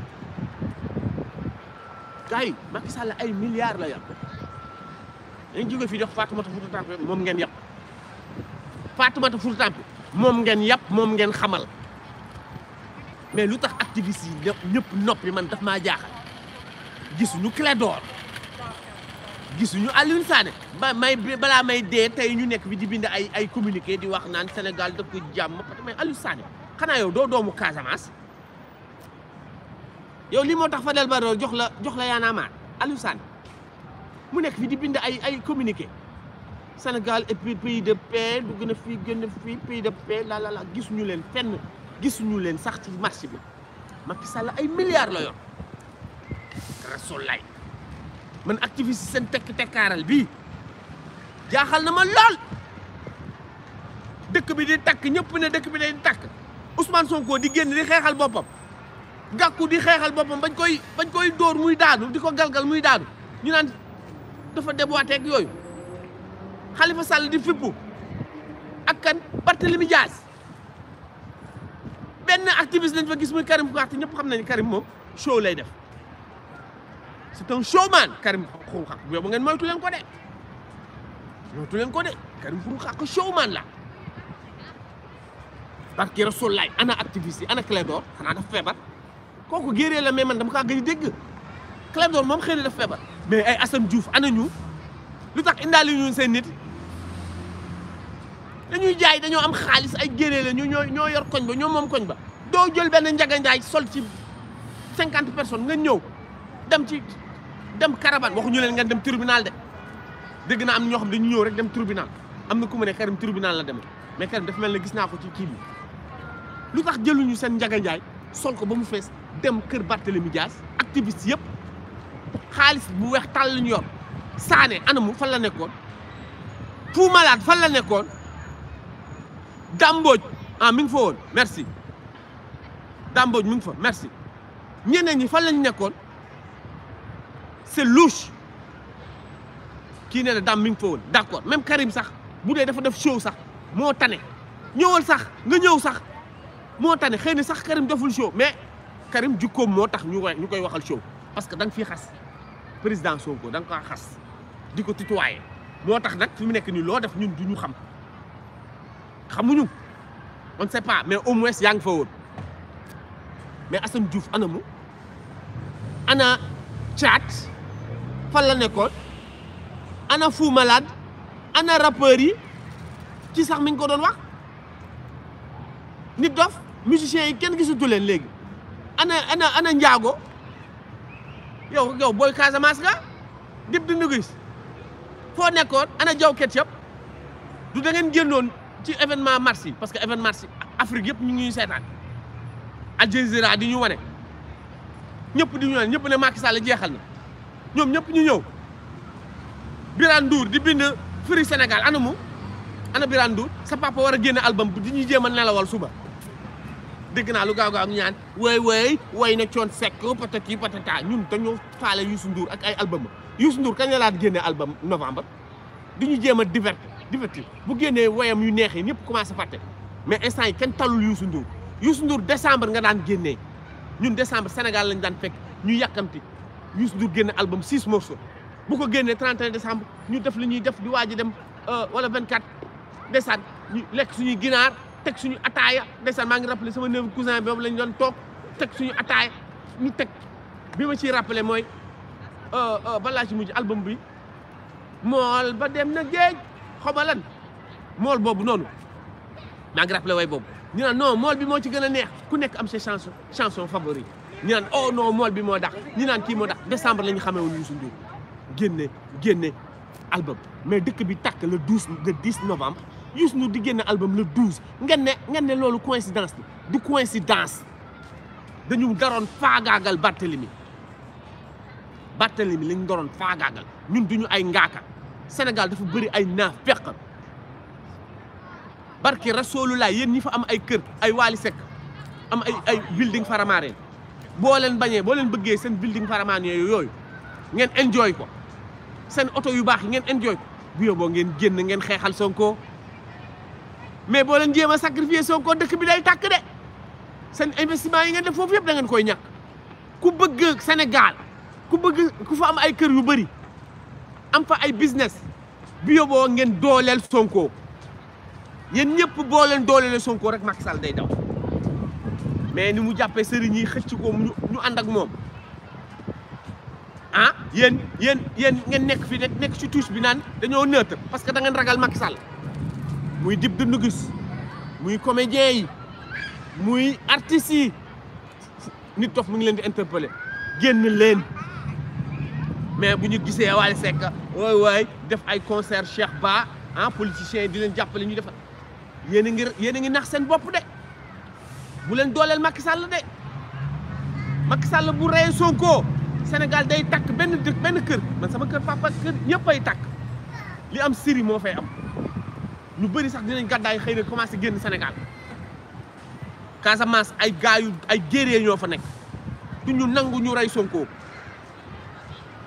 S1: gars yi Macky ay milliards la yàq dañ jóge fii jox Fatoumata Fouta Tampi moom ngeen yàpp Fatoumata Fouta Tampi moom ngeen yàpp moom ngeen xamal mais lu tax activiste yi ñëpp noppi man daf maa jaaxal gisuñu Clédor gisuñu Alioune Sané ba may balaa may dee tey ñu nekk bi di bind ay ay communiqué di wax naan Sénégal dëkk jàmm mais Alioune Sané xanaa yow doo doomu Casamance. yow lii moo tax Fadel Barro jox la jox la Y'en a marre Aliou mu nekk fi di bind ay ay communiqué Sénégal et puis pays de paix du gën a gën a fii pays de paix la la la gisuñu leen fenn gisuñu leen sax ci marché bi Macky Sall ay milliards la yoon yor rasulaay man activiste seen tekk tekkaaral bi jaaxal na ma lool dëkk bi di takk ñëpp ne dëkk bi day takk Ousmane Sonko di génn di xeexal boppam. gakku di xéxal bopam bañ koy bañ koy dóor muy daanu di galgal muy daanu ñu nan dafa ak yooyu Khalifa Sall di fippu ak kan Barthélemy Dias ben activiste lañ fa gis muy Karim Khouakhate ñep xam nañ Karim mom show lay def c'est un showman Karim Khouakhate boobu ngeen moytu len ko de moytu len ko de Karim Khouakhate showman la barki rasul lay ana activiste ana clé d'or ana dafa febar kooku géeree la mais man dama kaa gëj a dégg Clédor moom xëy na daf feebar mais ay Assane Diouf ana ñu lu tax indaale ñu seen nit dañuy jaay dañoo am xaalis ay géeree la ñu ñoo ñoo yor koñ ba ñoo moom koñ ba doo jël benn njaganjaay sol ci cinquante personnes nga ñëw dem ci dem caravane waxuñu leen ngeen dem tribunal de dégg naa am ñoo xam dañu ñëw rek dem tribunal am na ku ma ne Karim la demee mais Karim dafa mel ne gis naa ko ci kii bi lu tax jëluñu seen njaganjaay sol ko ba mu fees dem keur Barthélemy Dias activiste yëpp xaalis bu weex tàll la ñu yor Sané anamu fa la nekkoon Fou Malade fa la nekkoon Damboj ah mi ngi fa merci Damboj mi ngi fa merci ñeneen ñi fa la ñu c'est louche qui ne na dam mi ngi fa d'accord même Karim sax bu dee dafa def show sax mo tané ñëwal sax nga ñëw sax mo tané xëy sax Karim deful show mais. Karim jikkoom moo tax ñu koy ñu koy waxal show parce que danga nga fiy xas président Sonko da nga ko xas di ko tutoyé moo tax nag fi mu nekk nii loo def ñun du ñu xam xamuñu on ne sait pas mais au moins yaa ngi fa woon mais Assane Diouf ana mu ana Thiat fan la nekkoon ana Fou Malade ana rappeurs yi ci sax mi ngi ko doon wax nit dof musiciens yi kenn gisatu leen léegi. ana ana ana njaago yow yow booy Casamance nga dib di foo nekkoon ana jawket yëpp du da ngeen génnoon ci événement mars yi parce que événement mars yi yëpp ñu ñuy seetaan Algérie di ñu wane ñëpp di ñu wane ñëpp ne Macky Sall jeexal na ñoom ñëpp ñu ñëw Birane Ndour di bind Free senegal ana mu ana Birane Ndour sa papa war a génne album di ñu jéem a nelawal suba. dégg naa lu gaaw gaaw ñaan way way way na coon sekk patati patata ñun dañoo faale Youssou Ndour ak ay album Youssou Ndour kañ la laat génne album novembre di ñu jéem a divertir divertir bu génnee wayam yu neexee yi ñëpp commencé fàtte mais instant yi kenn talul Youssou Ndour Youssou Ndour décembre nga daan génnee ñun décembre Sénégal lañ daan fekk ñu yàkkamti Youssou Ndour génne album six morceaux bu ko génnee 31 décembre ñu def li ñuy def di waaj a dem euh, wala 24 décembre ñu lekk suñuy ginaar. suñu ngi rappelé sama neuf cousin boobu lañ doon tok teg suñu ataaya ñu rappelé euh, euh, ci mujj album bi mol ba dem na geej xobalan mol bobu ma ngi non mol bi mo ci gëna neex ku nekk am chanson chanson favori oh non mol bi mo dax ñu décembre mais le 12 le 10 novembre Youssou Ndour di génn album le 12 ngeen ne ngeen ne loolu coïncidence di du coïncidence dañu daroon faagaagal Barthélemy Barthélemy lañ daroon faagaagal ñun ñu ay ngaaka Sénégal dafa bëri ay naafeq barki Rasulullah yéen ñi fa am ay kër ay Waly Seck am ay ay building Faramareen boo leen bañee boo leen bëggee seen building Faramareen yooyu ngeen enjoy ko seen oto yu baax yi ngeen enjoy ko bu yóbboo ngeen génn ngeen xeexal Sonko mais booleen leen jéem a sacrifier Sonko dëkk bi day tàkk de seen investissement yi ngeen def foofu yëpp da koy ñàkk ku bëgg Sénégal ku bëgg ku fa am ay kër yu bëri am fa ay business bi yóbboo ngeen dooleel Sonko yéen ñëpp booleen leen dooleele Sonko rek Macky Sall day daw mais ni mu jàppee sëriñ yi xëcc ko ñu ñu ànd ak moom ah yen yéen yéen ngeen nekk fi nekk ci touche bi naan dañoo neutre parce que da ngeen ragal Macky Sall muy Dip Doundou Guiss muy comédien yi muy artistes yi nit dof mu ngi leen di interpellé génn leen mais bu ñu gisee Wally Seck waay waay def ay concert Cheikh Ba ah politiciens yi di leen jàppale ñu def yéen a ngi yéen a ngi nax seen bopp de bu leen dooleel Macky Sall de Macky Sall bu reyee Sonko Sénégal day takk benn dëkk benn kër man sama kër papa kër ñëpp ay takk li am Syrie moo fay am. lu bari sax dinañ gàddaay xëy na commencé génn Sénégal Casamance ay gaay yu ay guerrier ñoo fa nek du ñu nangu ñu ray Sonko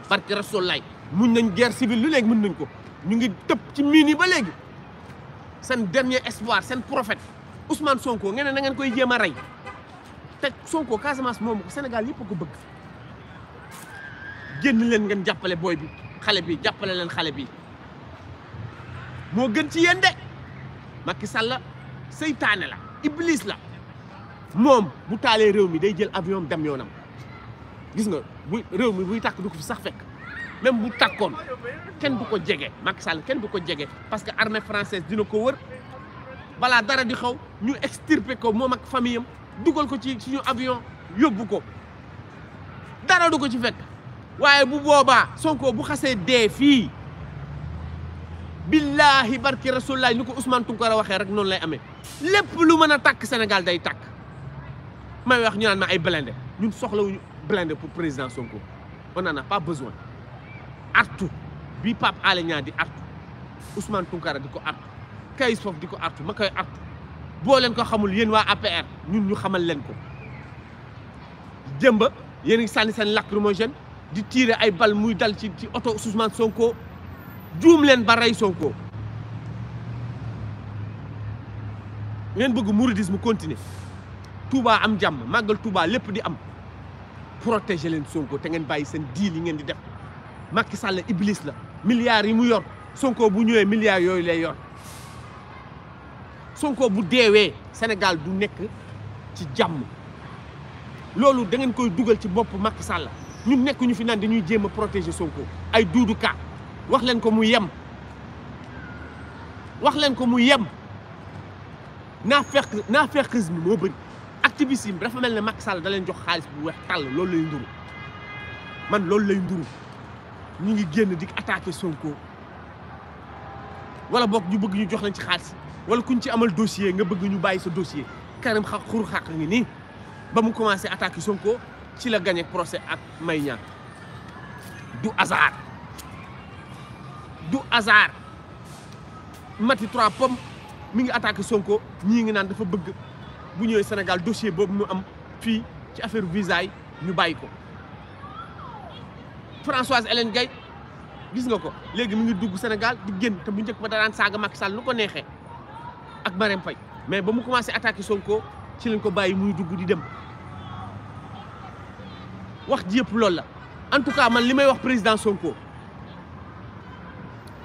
S1: parce que lay muñ nañ guerre civile lu leg muñ nañ ko ñu ngi tepp ci mini ba léegi sen dernier espoir sen prophète Ousmane Sonko ngeen ne na ngeen koy jema ray te Sonko Casamance mom Sénégal yépp ko bëgg genn leen ngeen jappalé boy bi xalé bi jappalé leen xalé bi mo gën ci yeen de Macky Sall seytaane la iblis la mom bu talé réew mi day jël avion dem yonam gis nga bu réew mi buy tàkk du ko fi sax fek même bu tàkkoon ken du ko jege Macky Sall kenn du ko jege parce que armée française dina ko wër balaa dara di xaw ñu extirper ko mom ak famille am dugal ko ci suñu avion yobbu ko dara du ko ci fek waye bu boba Sonko bu xasee dé fi billaahi barki rasulullaah ni ko Ousmane Tounkara waxee rek noonu lay amee lépp lu mën a tàkk Sénégal day tàkk may wax ñu naan ma ay blande ñun soxlawuñu blindé pour président Sonko on n'en a pas besoin artu bi Pape Alé Niang di artu Ousmane Tounkara di ko artu Kayz Fof di ko artu ma koy artu boo leen ko xamul yéen waa APR ñun ñu xamal leen ko jëmba yéen ngi sànni seen lacrymogène di tiire ay bal muy dal ci ci oto Ousmane Sonko juum leen ba rey Sonko ngeen bëgg mouridisme continuer Touba am jàmm màggal Touba lépp di am protéger leen Sonko te ngeen bàyyi seen diil yi ngeen di def Macky Sall iblis la milliards yi mu yor Sonko bu ñëwee milliards yooyu lay yor Sonko bu deewee senegal du nekk ci jàmm loolu da ngeen koy dugal ci bopp Macky Sall ñun nekk ñu fi naan dañuy jéem a protéger Sonko ay duudukaat. wax leen ko mu yem wax leen ko mu yem naa fekk naa fekkisme moo bëri activiste yi dafa mel ne Macky Sall da leen jox xaalis bu weex tàll loolu lay nduru man loolu lay nduru ñu ngi génn di attaqué Sonko wala boog ñu bëgg ñu jox leen ci xaalis wala kuñ ci amal dossier nga bëgg ñu bàyyi sa dossier Karim xa xur xàq ngi nii ba mu commencé attaqué Sonko ci la gagné procès ak May ñaan du hasard. du hasard Mati trois pommes mi ngi attaqué Sonko ñii ngi naan dafa bëgg bu ñëwee Sénégal dossier boobu mu am fii ci affaire visa yi ñu bàyyi ko. Françoise Hélène Gaye gis nga ko léegi mu ngi dugg Sénégal di génn te bu njëkk ba daan saaga Macky Sall lu ko neexee ak Marème Faye mais ba mu commencé attaqué Sonko ci lañ ko bàyyi muy dugg di dem wax ji yëpp loolu la en tout man li may wax président Sonko.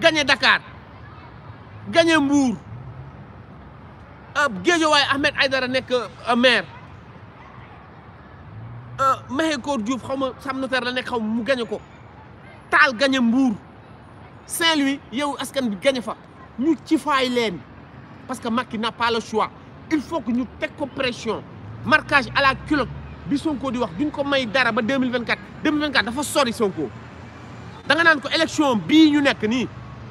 S1: gañe Dakar gañe Mbour Géejawaay Ahmed dara nekk euh, maire euh, Mahecor Diouf xaw xam Sam Notaire la nekk xaw mu gañe ko Taal gañe Mbour saint lui yow askan bi gañe fa ñu ci faay leen parce que Macky n'a pas le choix il faut que ñu teg ko pression marquage à la culotte bi Sonko di wax duñ ko may dara ba 2024 2024 dafa sori Sonko da nga naan ko élection bii ñu nekk nii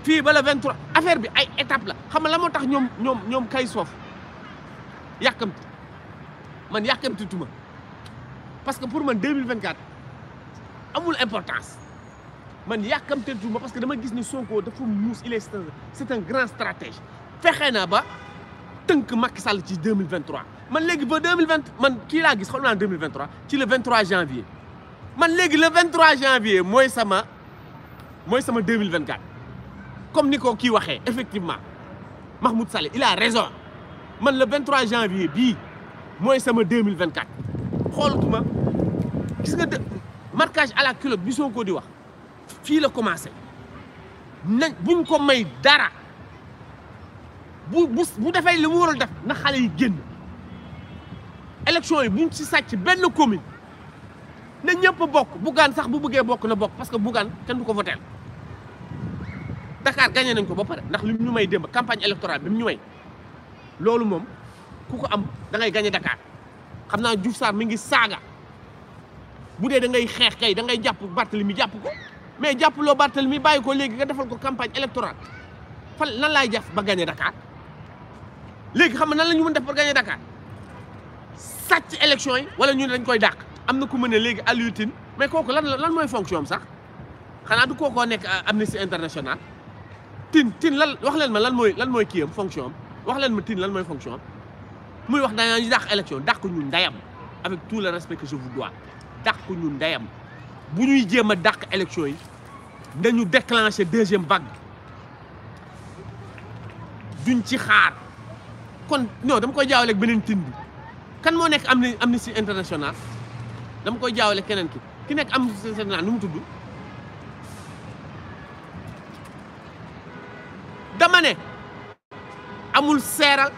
S1: fii bala 23 affaire bi ay étape la xam nga la moo tax ñom ñom ñoom kay sof yakam man yakam tuma parce que pour man 2024 amul importance man yakam tuma parce que dama gis ni Sonko dafa nous il est c'est un grand stratège fexena ba teunk Macky Sall ci 2023 man léegi ba 2020 man ki la gis xol na 2023 ci le 23 janvier man léegi le 23 janvier moy sama moy sama 2024 comme Nico, qui effectivement Mahmoud Saleh il a raison le 23 janvier bi, 2024 xoolatuma gis marquage à la culotte bi soo ko di wax commencé Si buñ ko dara bu bu bu defee se na commune na bok, sax bu a parce que le Dakar gagné nañ ko ba pare ndax mu ñu may démb campagne électorale bi mu ñu may loolu moom ku ko am da ngay gagné Dakar xam naa Diouf Sarr mi ngi saaga bu dee da ngay xeex kay da ngay jàpp Barthélemy jàpp ko mais jàppuloo Barthélemy bàyyi ko léegi nga defal ko campagne électorale fan nan laay jaf ba gagné Dakar léegi xam nga nan la ñu mën def ba gagné Dakar sàcc élection yi wala ñu dañ koy dàq am na ku mën ne léegi Alioune Tine mais kooku lan lan mooy fonction sax xanaa du kookoo nekk Amnesty International tin tin lan wax leen ma lan mooy lan mooy kii am fonction am wax leen ma tin lan mooy fonction am muy wax dañaa ñu dàq élection dàq ñu ndeyam avec tout le respect que je vous dois dàq ñu ndeyam bu ñuy jéem a dàq élection yi dañu déclencher deuxième vague duñ ci xaar kon non dama koy jaawale ak beneen tin bi kan moo nekk am ni Amnesty International dama koy jaawale keneen ki ki nekk Amnesty International nu mu tudd amul seeral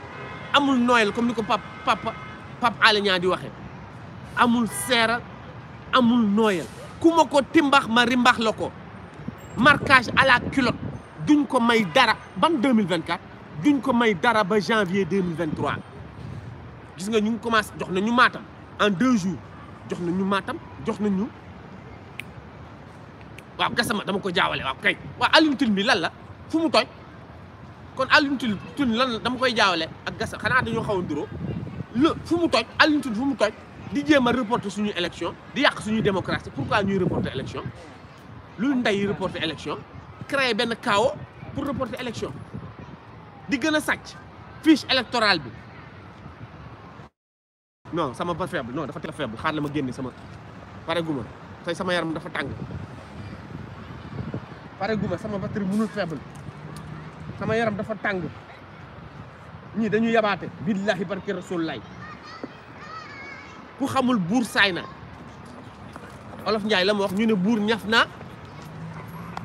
S1: amul Noël. comme niko ko pap papa pap Alé di waxe amul seeral amul Noël. ku ma ko timbax ma rimbax la marquage à la culotte duñ ko may dara ban 2024 duñ ko may dara ba janvier 2023 gis nga ñu commence jox nañu matam en deux jours jox nañu matam. jox nañu ñu waaw gasama dama ko jaawale waaw kay waaw Alioune Tine lan la fumu toy kon Alioune Tine Tine lan dama koy jaawale ak gasa xanaa dañoo xaw a nduroo lu fu mu toj Alioune Tine fu mu toj di jéem a reporter suñu election di yàq suñu démocratie pourquoi ñuy reporter élection lu ndey reporter élection créer benn chaos pour reporter élection di gën a sàcc fiche électorale bi non sama ba faible non dafa teel faible xaar la ma génne sama pare guma tey sama yaram dafa tàng pare guma sama batterie mënul faible sama yaram dafa tàng ñii dañu yabaate billahi barke rasulullaay ku xamul buur saay na olof njaay la ma wax ñu ne buur ñaf na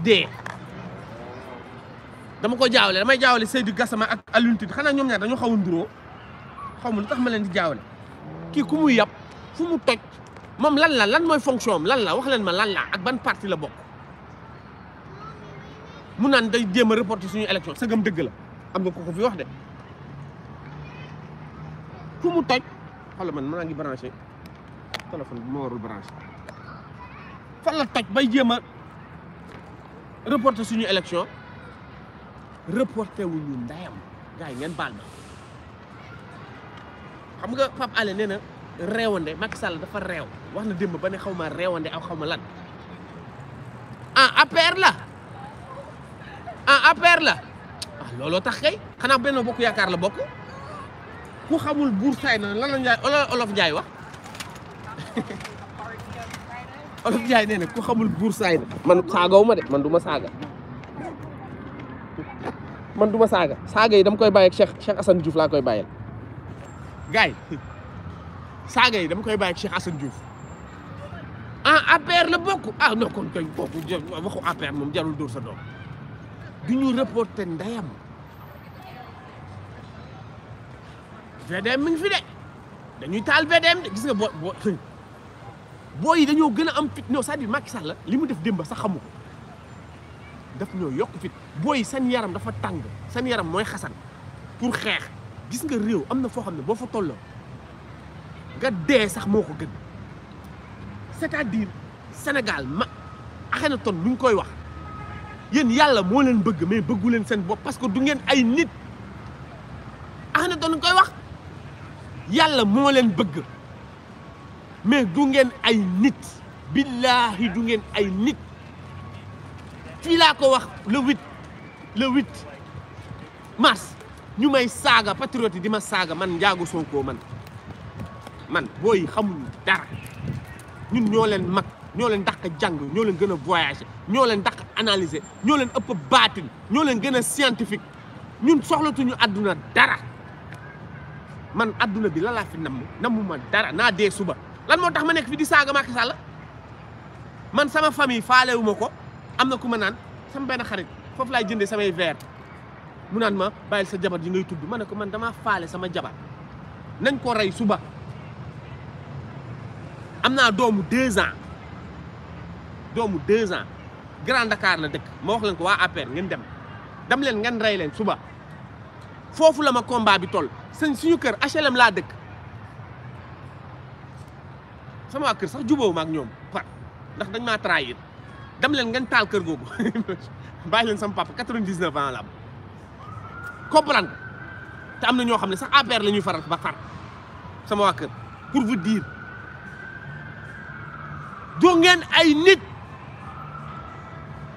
S1: dee dama ko jaawale damay jaawale Seydou Gassama ak Alioune Tine xanaa ñoom ñaar dañu xaw a nduroo xaw ma lu ma leen di jaawale kii ku muy yab fu mu toj moom lan la lan mooy fonction am lan la wax leen ma lan la ak ban parti la bokk mu naan day jéem a reporter suñu élection sëgam dëgg la am na ko ko fi wax de fu mu toj xala man maa ngi branché téléphone bi ma warul branché fan la toj bay jéem a reporter suñu élection reporter wu ñu ndayam gars yi ngeen baal ma xam nga Pape Alé nee na réewande Macky Sall dafa réew wax na démb ba ne xaw ma réewande aw xaw ma lan a ah, APR la ah la ah tax kay xanaa benn bokk yaakaar la bokk ku xamul buur saay na lan la Njaay olof Njaay wax olof Njaay nee na ku xamul buur saay na man wu ma de man du ma saaga man du ma saaga saaga yi dama koy bàyyi ak Cheikh Cheikh Assane laa koy bàyyil gars yi saaga yi dama koy bàyyi ak Cheikh Assane Diouf ah la bokk ah non kon koy bokk waxu APR moom jarul dóor sa doom du ñu reporté ndeyam VDM mi ngi fi de dañuy taal VDM de gis nga boo boo boo yi dañoo gën a am fit non c'est-à-dire Macky li mu def démb sax xamu ko daf ñoo yokk fit boo yi seen yaram dafa tàng sañ yaram mooy xasan pour xeex gis nga réew am na foo xam ne boo fa tolloo nga dee sax moo ko gën c'est-à-dire Sénégal ma na mu ngi koy wax. yéen yàlla moo leen bëgg mais bëgguleen seen bopp parce que du ngeen ay nit ana doon koy wax yàlla moo leen bëgg mais du ngeen ay nit billaahi du ngeen ay nit fii laa ko wax le huit le huit mars ñu may saaga patriote di ma saaga man njaagu Sonko man man booy xamuñu dara ñun ñoo leen mag ñoo leen dàq jàng ñoo leen gën a voyager ñoo leen dàq analyser ñoo leen ëpp baatin ñoo leen gën a scientifique ñun soxlatuñu àdduna dara man àdduna bi la laa fi namm nammuma dara naa dee suba lan moo tax ma nekk fi di saaga Macky Sall man sama famille faalewu ma ko am na ku ma naan sama benn xarit foofu laay jëndee samay verre mu naan ma bàyyil sa jabar ji ngay tudd ma ne ko man damaa faale sama jabar nañ ko rey suba am naa doomu deux ans doomu deux ans Grand Dakar la dëkk ma wax leen ko waa APR ngeen dem dem leen ngeen rey leen suba foofu la ma combat bi toll sëñ suñu kër HLM laa dëkk sama waa kër sax jubóo ma ak ñoom par ndax dañ maa trahir dem leen ngeen taal kër googu bàyyi leen sama papa 99 ans la am comprendre te am na ñoo xam ne sax APR la ñuy faral ba far sama waa kër pour vous doo ngeen ay nit.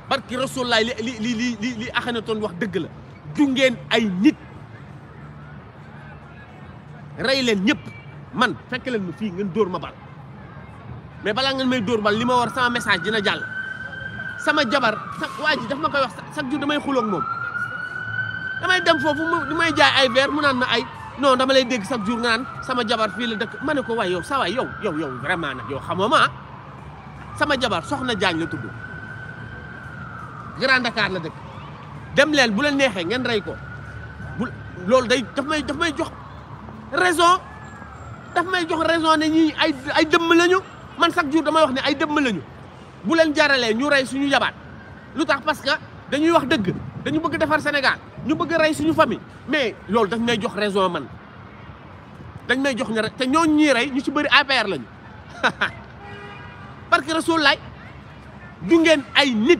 S1: barki rasulullah li li li li li Akhenaton wax dëgg la du ngeen ay nit rey leen ñëpp man fekk leen ma fii ngeen dóor ma bal mais balaa ngeen may dóor bal li war sama message dina jàll sama jabar sax waa ji daf ma koy wax chaque jour damay xuloog moom damay dem foofu du may jaay ay verre mu naan ma ay non dama lay dégg chaque jour nga sama jabar fii la dëkk ma ne ko waay yow saa waay yow yow yow vraiment nag yow xamoo ah. sama jabar soxna Jaañ la tudd Grand Dakar la dëkk demleel leen bu leen neexee ngeen rey ko bu loolu day daf may daf may jox raison daf may jox raison ne ñi ay ay dëmm lañu man chaque jour damay wax ne ay dëmm lañu bu leen jaralee ñu rey suñu yabaat lu tax parce que dañuy wax dëgg dañu bëgg defar Sénégal ñu bëgg rey suñu famille mais loolu daf may jox raison man dañ may jox ña te ñooñu ñuy rey ñu ci bëri APR lañu parce que Rasoul laay du ngeen ay nit.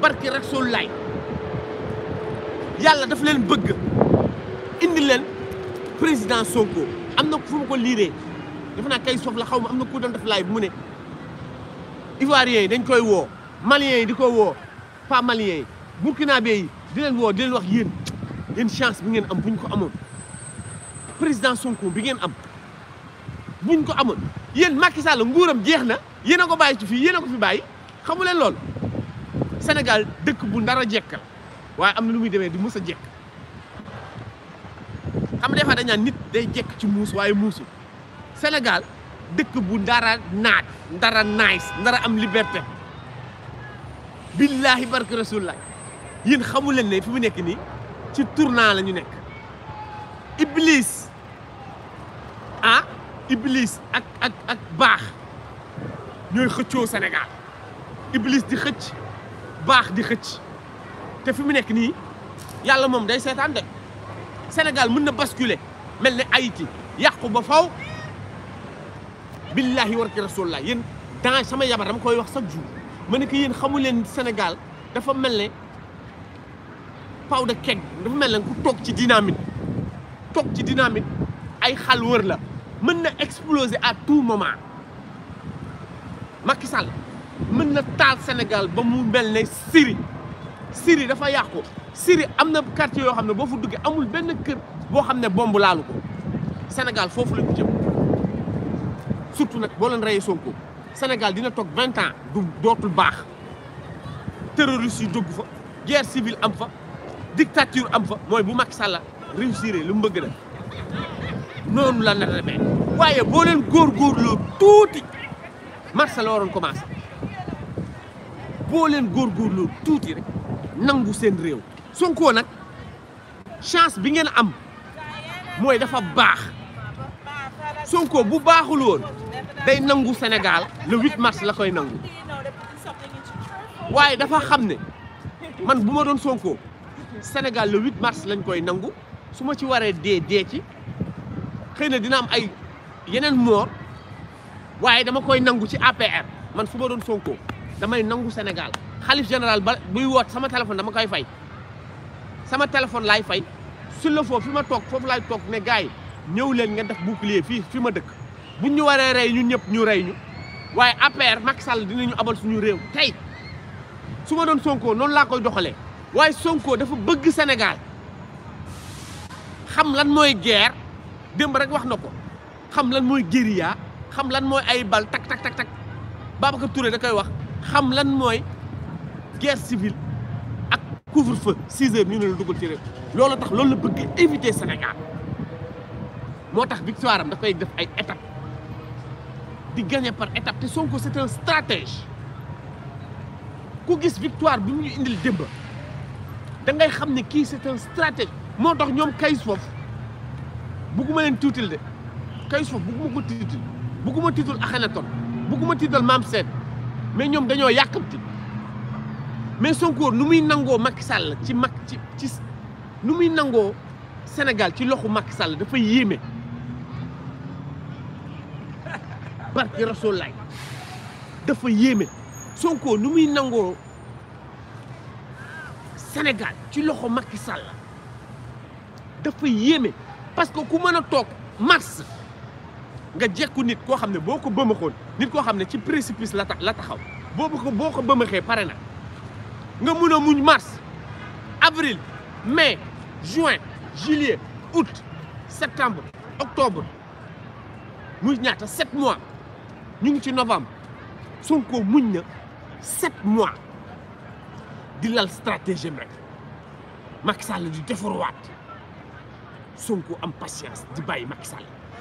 S1: barki Rasul laay yàlla daf leen bëgg indi leen président Sonko am na fu mu ko liiree dafa naa kay sof la xaw ma am na ku doon def laay mu ne Ivoiriens yi dañ koy woo Maliens yi di ko woo pas Maliens yi naa yi di leen woo di leen wax yéen yéen chance bi ngeen am buñ ko amoon président Sonko bi ngeen am bu ko amoon yéen Macky Sall nguuram jeex na yéen a ko bàyyi ci fii yéen a ko fi bàyyi xamu leen loolu. Sénégal dëkk bu ndara jekk la waaye am na lu muy demee di mus a jekk xam nga des fois nit day jekk ci muus waaye muusul Sénégal dëkk bu ndara naat ndara nice ndara am liberté billaahi barke rasulullah yéen xamu leen ne fi mu nekk nii ci tournant la ñu nekk ibliis a ah, iblis ak ak ak baax ñooy xëccoo Sénégal iblis di xëcc baax di xëcc te fi mu nekk nii yàlla moom day seetaan de Sénégal mën na basculer mel ne Haïti yàqu ba faw billahi war ki rasulullah yéen dans sama yabar dama koy wax chaque jour ma ne que yéen xamu leen Sénégal dafa mel ne paw de keg dafa mel ne ku toog ci dynamite toog ci dynamite ay xal wër la mën na exploser à tout moment Macky Sall mën na taal Sénégal ba mu mel ne Syrie Syrie dafa yàqu Syrie am na quartier yoo xam ne boo fa duggee amul benn kër boo xam ne bomb laalu ko Sénégal foofu la ñu jëm surtout nag boo leen reyee Sonko Sénégal dina toog vingt ans du dootul baax terroristes yu jóg fa guerre civile am fa dictature am fa mooy bu Macky Sall réussir lu mu bëgg def noonu la na demee waaye boo leen góor tuuti mars la waroon commencé boo leen góorlu tuuti rek nangu seen réew sonkoo nag chance bi ngeen am mooy dafa baax Sonko bu baaxul woon day nangu Sénégal le 8 mars la koy nangu waaye dafa xam ne man bu ma doon Sonko Sénégal le 8 mars lañ koy nangu su ma ci waree dee dee ci xëy na dina am ay yeneen moor waaye dama koy nangu ci APR man su ma doon Sonko damay nangu Sénégal xalif général ba buy woot sama téléphone dama koy fay sama téléphone laay fay su le foofu fi ma toog foofu laay toog ne gars yi ñëw leen nga def bouclier fii fi ma dëkk buñ ñu waree rey ñun ñëpp ñu rey ñu waaye APR Macky Sall dinañu abal suñu réew tey su ma doon Sonko noonu laa koy doxalee waaye Sonko dafa bëgg Sénégal xam lan mooy guerre démb rek wax na ko xam lan mooy guérilla xam lan mooy ay bal tak tak tak tak Babacar da koy wax xam lan mooy guerre civile ak couvre-feu 6 heures ñu ne la dugal ci réew loolu tax loolu la bëgg éviter Sénégal moo tax victoire am da koy def ay étapes di gagner par étape te Sonko c'est un stratège ku gis victoire bi mu ñu indil démb da ngay xam ne kii c'est un stratège moo tax ñoom kayis foofu bugguma leen tuutil de kayis foofu bugguma ko tiitil bugguma tiitul Akhenaton bugguma tiital Maam Sène mais ñoom dañoo yàkkamti mais Sonko nu muy nangoo Macky Sall ci mag ci nu muy nangoo Sénégal ci loxu Macky Sall dafa yéeme barki Rasulaay dafa yéeme Sonko nu muy nangoo Sénégal ci loxo Macky Sall dafa yéeme parce que ku mën a toog mars nga jekku nit ko nit précipice la taxaw mars avril mai juin juillet août septembre octobre muy ñaata 7 mois ñu ci novembre Sonko muñ na mois di lal stratégie rek Macky Sall am patience di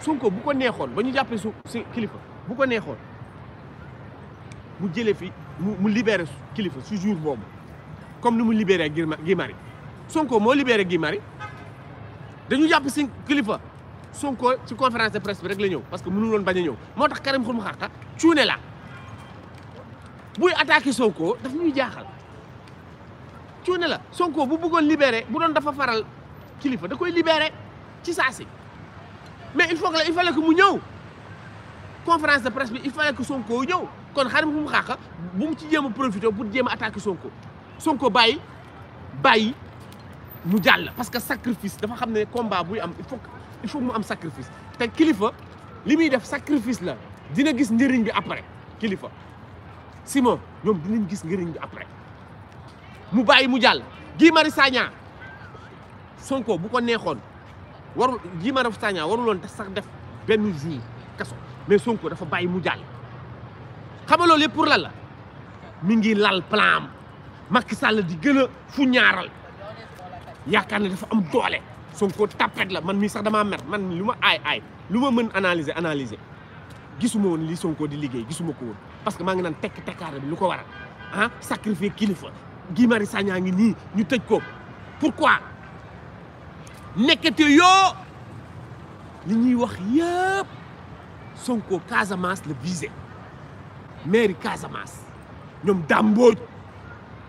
S1: Sonko bu ko neexone bañu jappé su kilifa bu ko neexone mu jëlee fi mu mu libéré kilifa su jour boobu comme ni mu libéré Guy Marius Sonko mo libéré Guy Marius dañu jàpp si kilifa Sonko ci conférence de presse bi rek la ñëw parce que mënu woon baña ñëw motax Karim Xrum Xax cuune la buy attaquer Sonko daf ñuy jaaxal cuune la Sonko bu bëggoon libéré bu doon dafa faral kilifa da koy libéré ci saasi mais il faut que il fallait que mu ñëw conférence de presse bi il fallait que Sonko ñëw kon xarit bu mu xaaxa bu mu ci jéem a profité pour jéem attaquer Sonko Sonko bàyyi bàyyi mu parce que sacrifice dafa xam ne combat buy am il faut il faut mu am sacrifice te kilifa li muy def sacrifice la dina gis njëriñ bi après kilifa Simon ñoom dinañ gis njëriñ bi après mu bàyyi mu jàll Guy Marius Sagna Sonko bu ko neexoon. warul ji ma def Saña waruloon sax def benn jour kaso mais Sonko dafa bàyyi mu jàll xam nga loolu yëpp pour lan la mi ngi lal plan am Macky Sall di gën a fu ñaaral yaakaar ne dafa am doole Sonko tapet la man mii sax damaa mer man lu ma ay ay lu ma mën analyser analyser gisuma woon li sonkoo di liggéey gisuma ko woon parce que maa ngi naan tekk tekkaare bi lu ko waral ah sacrifier kilifa Guy Marius ngi nii ñu tëj ko pourquoi. nekkete yoo li ñuy wax yëpp Sonko Casamance la visé mairie Casamance ñoom dàmbooj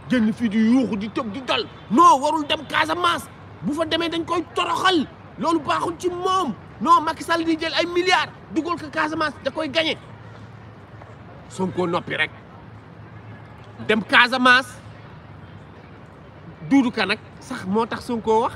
S1: jënn fii di yuuxu di tëb di dal non warul dem Casamance bu fa demee dañ koy toroxal loolu baaxul ci moom non Macky Sall di jël ay milliards duggool ko Casamance da koy gañe Sonko noppi rek dem Casamance duudu ka nag sax moo tax Sonko wax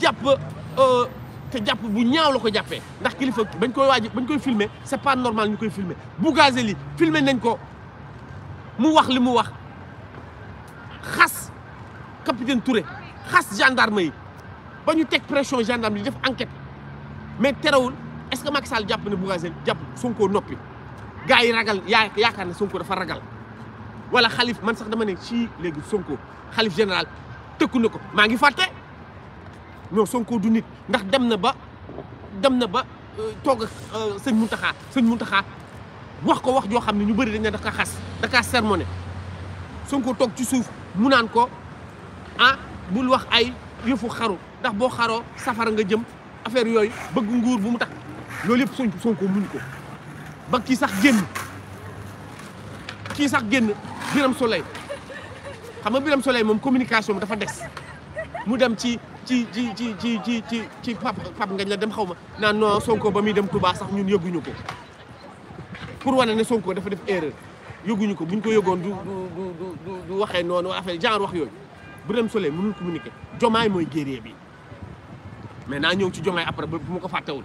S1: jàpp te euh, jàpp bu ñaaw la ko jàppee ndax kilifa bañ koy waaj bañ koy filmer c'est pas normal ñu koy filmer Bougazelli filmer nañ ko mu wax li mu wax xas capitaine Touré xas gendarme yi ba ñu teg pression gendarme yi def enquête mais terewul est-ce que Macky Sall jàpp ne Bougazelli jàpp Sonko noppi gars yi ragal yaa yaakaar ne Sonko dafa ragal wala xalif man sax dama ne ci léegi Sonko Khalif général tëkku na ko maa ngi fàtte. non Sonko du nit ndax dem na ba dem na ba euh, toog euh, seigne Mountakha seigne Mountakha wax ko wax jo xamni ñu bari dañ na da ka xass da ka sermoné Sonko tok ci souf mu nan ko ah bul wax ay yefu xaru ndax bo xaro safara nga jëm affaire yoy bëgg nguur bu mu tax loolu Sonko Sonko muñ ko ba ki sax genn ki sax genn biram Souleye xam nga biram Souleye mom communication dafa dess mu dem ci. ci ci ci ci ci ci ci pap pap ngañ la dem xaw ma naan non Sonko ba muy dem Touba sax ñun yëguñu ko pour wane ne Sonko dafa def erreur yëguñu ko buñ ko yëgoon du du du waxee noonu affaire genre wax yooyu bu dem soleil mënul communiquer jomaay mooy guerrier bi mais naa ñëw ci jomaay après ba bu mu ko fàttewul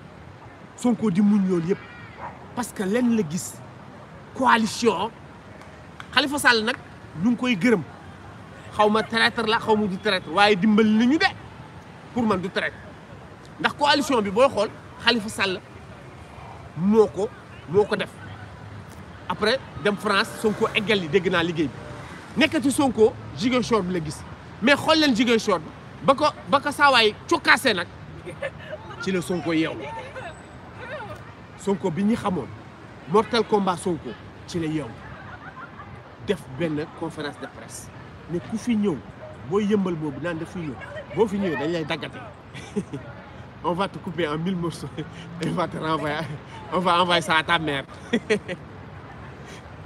S1: Sonko di muñ loolu yëpp parce que lenn la gis coalition Khalifa Sall nag ñu koy gërëm xaw ma traître la xaw ma du traître waaye dimbali nañu de pour man du ndax coalition bi booy Khalifa Sall Moko, Moko def après dem France Sonko eggal li dégg naa liggéey bi Sonko Jigen bi la gis mais quand le Jigen short, ba ko ba ko Tu cokkaase nak. ci le Sonko yeew Sonko bi hamon. mortel combat Sonko ci le yeew def ben conférence de presse ne ku boo yëmbal boobu naan daf fi boo fi ñëwee dañ lay daggate on va te couper en mille morceaux on va te renvoyer on va envoyer ça à ta mère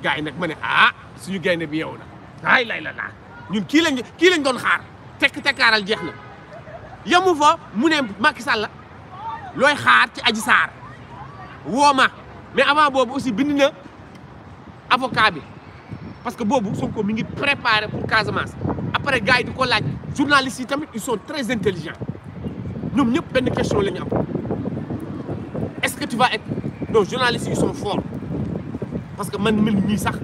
S1: gars yi nag ma ne ah suñu gaynde bi yow na ay lay la ñun kii lañ kii lañ doon xaar tekk tekkaaral jeex na yamu fa mu ne Macky Sall looy xaar ci Adji Sarr woo mais avant boobu aussi bind na avocat bi parce que boobu Sonko ko ngi préparé pour Casamance. après gars yi di ko journalistes tamit ils sont très intelligents ñoom ñëpp benn question la ñu am est-ce que tu vas être non journalistes ils sont forts parce que man mil ñii sax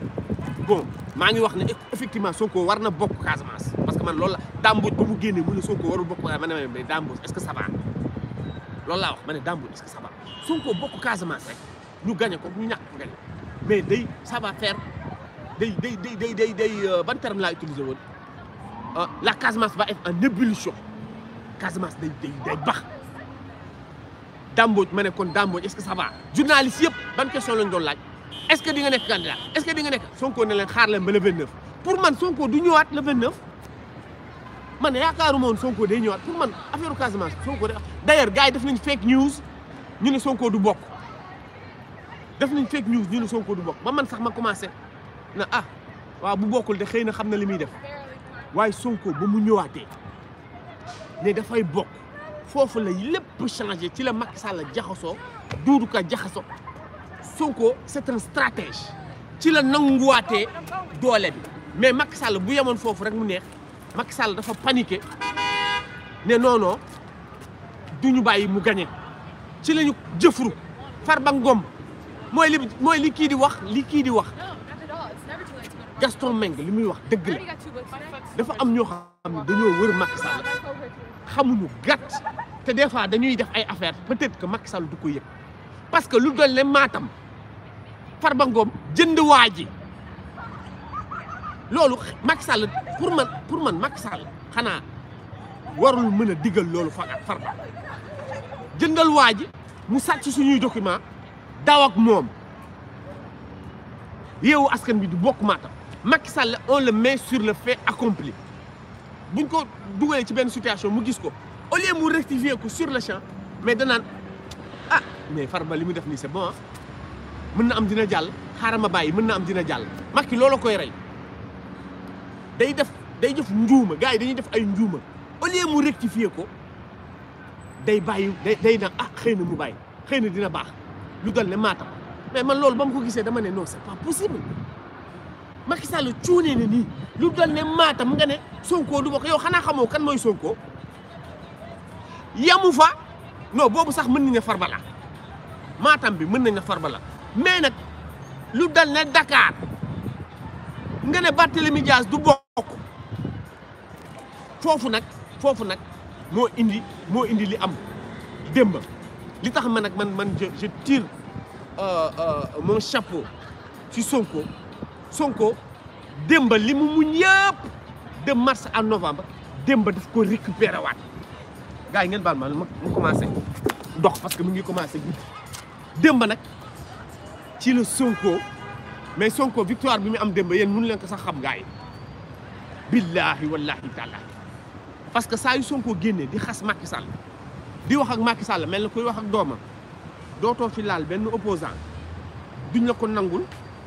S1: bon maa ngi wax ne effectivement Sonko war beaucoup bokk Casamance parce que man loolu la Dambou ba mu génnee mu ne Sonko warul bokk waaye ma ne mais Dambou est-ce que ça va loolu laa wax ma ne est-ce que ça va Sonko beaucoup Casamance rek ñu gagné ko ñu ñàkk ko mais day ça va faire day day day day day euh, ban terme laa utilisé woon. Hein? la Casamance va être en ébullition Casamance day day day bax Dambodj ma kon est-ce que ça va journaliste yëpp ban question lañ doon laaj est-ce que di nga nekk candidat est-ce que di nga nekk Sonko ne leen xaar le 29 pour man Sonko du ñëwaat le 29 man yaakaaruma woon Sonko day ñëwaat pour man affaire Casamance Sonko d'ailleurs gars yi def nañ fake news ñu ne Sonko du bokk def nañ fake news ñu ne Sonko du bokk ba man sax ma commencé na ah wa bu bokkul de xëy na xam na li def. waaye Sonko ba mu ñëwaatee ne dafay bokk foofu la lépp changé ci la Macky Sall jaxasoo Doudou Ka jaxasoo Sonko c'est un ci la nanguwaatee doole bi mais Macky Sall bu yemoon foofu rek mu neex Macky sàll dafa paniqué ne non non du ñu bàyyi mu gañe ci lañu ñu jëfru Farba Ngom mooy li mooy li kii di wax li kii di wax Gaston Meng li muy wax dëgg la dafa am ñoo xam ne dañoo wër Macky Sall xamuñu gàtt te des fois dañuy def ay affaire peut-être que Macky Sall du ko yëg parce que lu doon ne maatam Farba Ngom jënd waa loolu Macky Sall pour man pour man Macky Sall xanaa warul mën a diggal loolu fa Farba jëndal waa ji mu sàcc suñuy document daw ak moom yeewu askan bi du bokk maatam Macky on le met sur le fait accompli Si ko dugalee ci situation mu gis au lieu rectifier sur le champ mais ah mais Farba c'est bon mën na am dina jàll xaaral mën na am dina qui Macky loolu koy day def day dañuy def ay rectifier ko day day ah, na ah mu dina mais man loolu ba ko dama non c'est pas possible Macky Sall cuunee ne nii lu dal ne maatam nga ne Sonko du bokk yow xanaa xamoo kan mooy Sonko yamu fa non boobu sax mën nañ a Farba maatam bi mën nañ a Farba mais nag lu dal ne Dakar nga ne Barthélemy Dias du bokk foofu nag foofu nag moo indi moo indi li am démb li tax man nag man man je je tire euh, euh, mon chapeau ci Sonko. Sonko démba li mu muñ yëpp de mars à novembre démba daf ko récupéré waat gars yi ngeen baal ma mu commencé dox parce que mu ngi commencé guddi démba nag ci la Sonko mais Sonko victoire bi mu am démba yéen mënu leen ko sax xam gaay yi billaahi wallaahi taala parce que saa yu Sonko génnee di xas Macky Sall di wax ak Macky Sall mel la koy wax ak doomam dootoo fi laal benn opposant duñ la ko nangul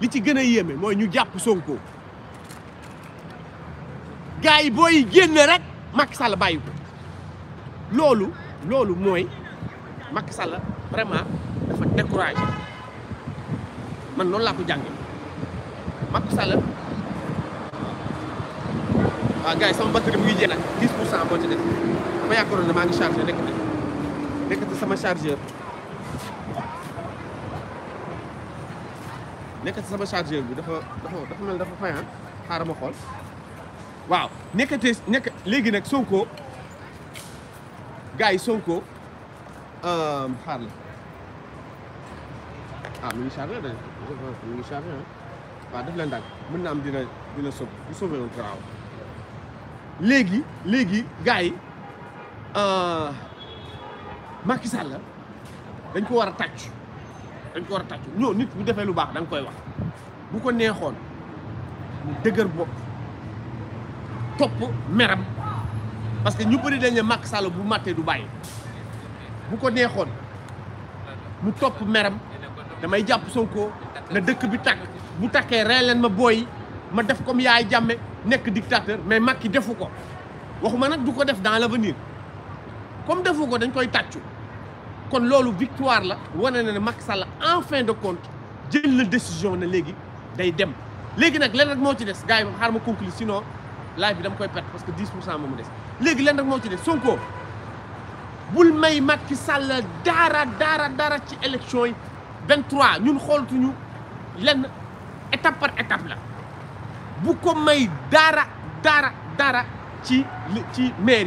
S1: li ci gën a yéeme mooy ñu jàpp Sonko gars yi booy génne rek Macky Sall bàyyi ko loolu loolu mooy Macky Sall vraiment dafa découragé man loolu laa ko jànge Macky Sall waaw gars yi sama batterie mu ngi jeex nag 10 pour cent boo dama yàakoroon ne maa ngi chargé nekk te nekk te sama chargeur nekkati sama chargeur bi dafa dafa dafa dafa fayaan ah. xaaral ma xool waaw nekkatee nekk léegi nag Sonko gars yi Sonko euh, xaar la ah mu ngi ah. waaw daf leen daal mën na am dina dina sob bu sobee woon garaaw léegi léegi gars yi euh, Macky Sall dañ ko war a tàcc dañ ko war a tàccu ñoo nit bu defee lu baax da koy wax bu ko neexoon mu dëgër bopp topp meram parce que ñu bëri dañ ne Macky bu màttee du bàyyi bu ko neexoon mu topp meram damay jàpp Sonko na dëkk bi tàkk bu takkee rey leen ma booy ma def comme yaay jàmme nekk dictateur mais Macky defu ko waxuma nag du ko def dans l'avenir comme defu ko dañ koy tàccu kon loolu victoire la wane na Macky Sall en fin de compte décision de day dem Je sinon live bi perdre parce que 10 pour cent moomu des léegi faire ci des Sonko bul may Sall dara dara élection 23 ñun étape par étape la bu ko may dara dara dara ci ci maire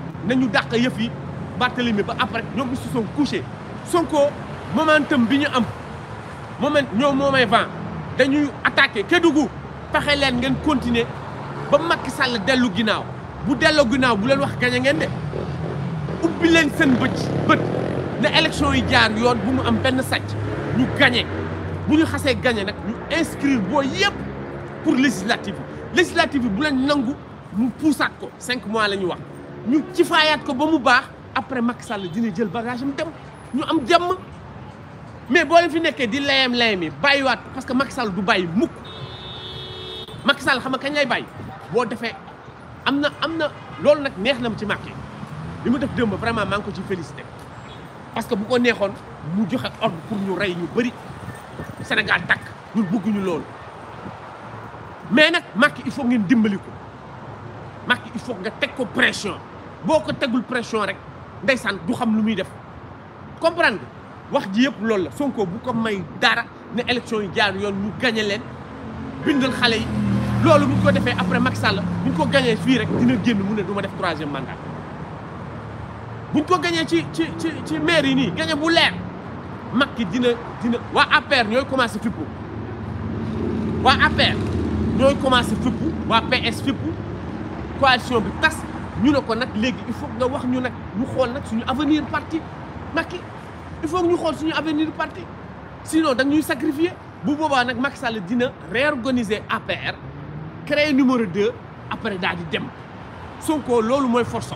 S1: nous avons fait après nous ils se sont couchés Sonko momentum bi ñu moment Nous dañuy nous ngeen continuer ba Macky Sall bu bu wax ngeen de ubbi leen seen avons fait na élections yi jaar yoon bu Nous am Nous nous inscrire pour législative législative nous bu nous cinq mois ñu ci faayaat ko bamu bax après Macky Sall dina jël bagage dem ñu am jàmm mais bo leen fi nekké di layam layam yi bàyyiwaat parce que Macky Sall du bàyyi mukk Macky Sall xam nga kañ lay bàyyi boo defee am na am na loolu neex na ci Macky limu def démb vraiment maa ko ci félicité parce que bu ko neexoon mu joxe ordre pour ñu ray ñu bëri Sénégal takk ñun bëgguñu lool mais nak Macky il faut ngeen dimbali Macky il faut nga tek ko pression vous tegul pression rek du xam lu def comprendre wax ji la Sonko bu ko may dara ne election yi jaar yoon ñu gagné len bindal xalé yi loolu bu ko defé après Macky Sall bu ko gagné fi rek dina ne duma def 3 troisième mandat ko gagné ci ci ci maire yi gagné Macky dina coalition ñu ne ko nag il faut nga wax ñu nag ñu xool nag suñu avenir parti Macky il faut ñu xool suñu avenir parti sinon da sacrifier bu boba nak Macky Sall dina réorganiser APR créer numéro 2 après da di dem Sonko lolu moy force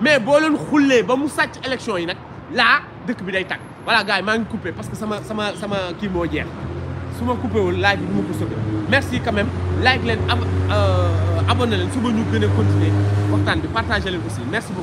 S1: mais bo leen xullee ba mu satch élection yi nak laa dëkk bi day tàkk voilà gars yi maa ngi couper parce que sama sama sama ki mo jeex suma couper coupé live bi du ko sauvé merci quand même like abonnez-vous, abonné vous suba ñu continuer waxtaan aussi merci beaucoup.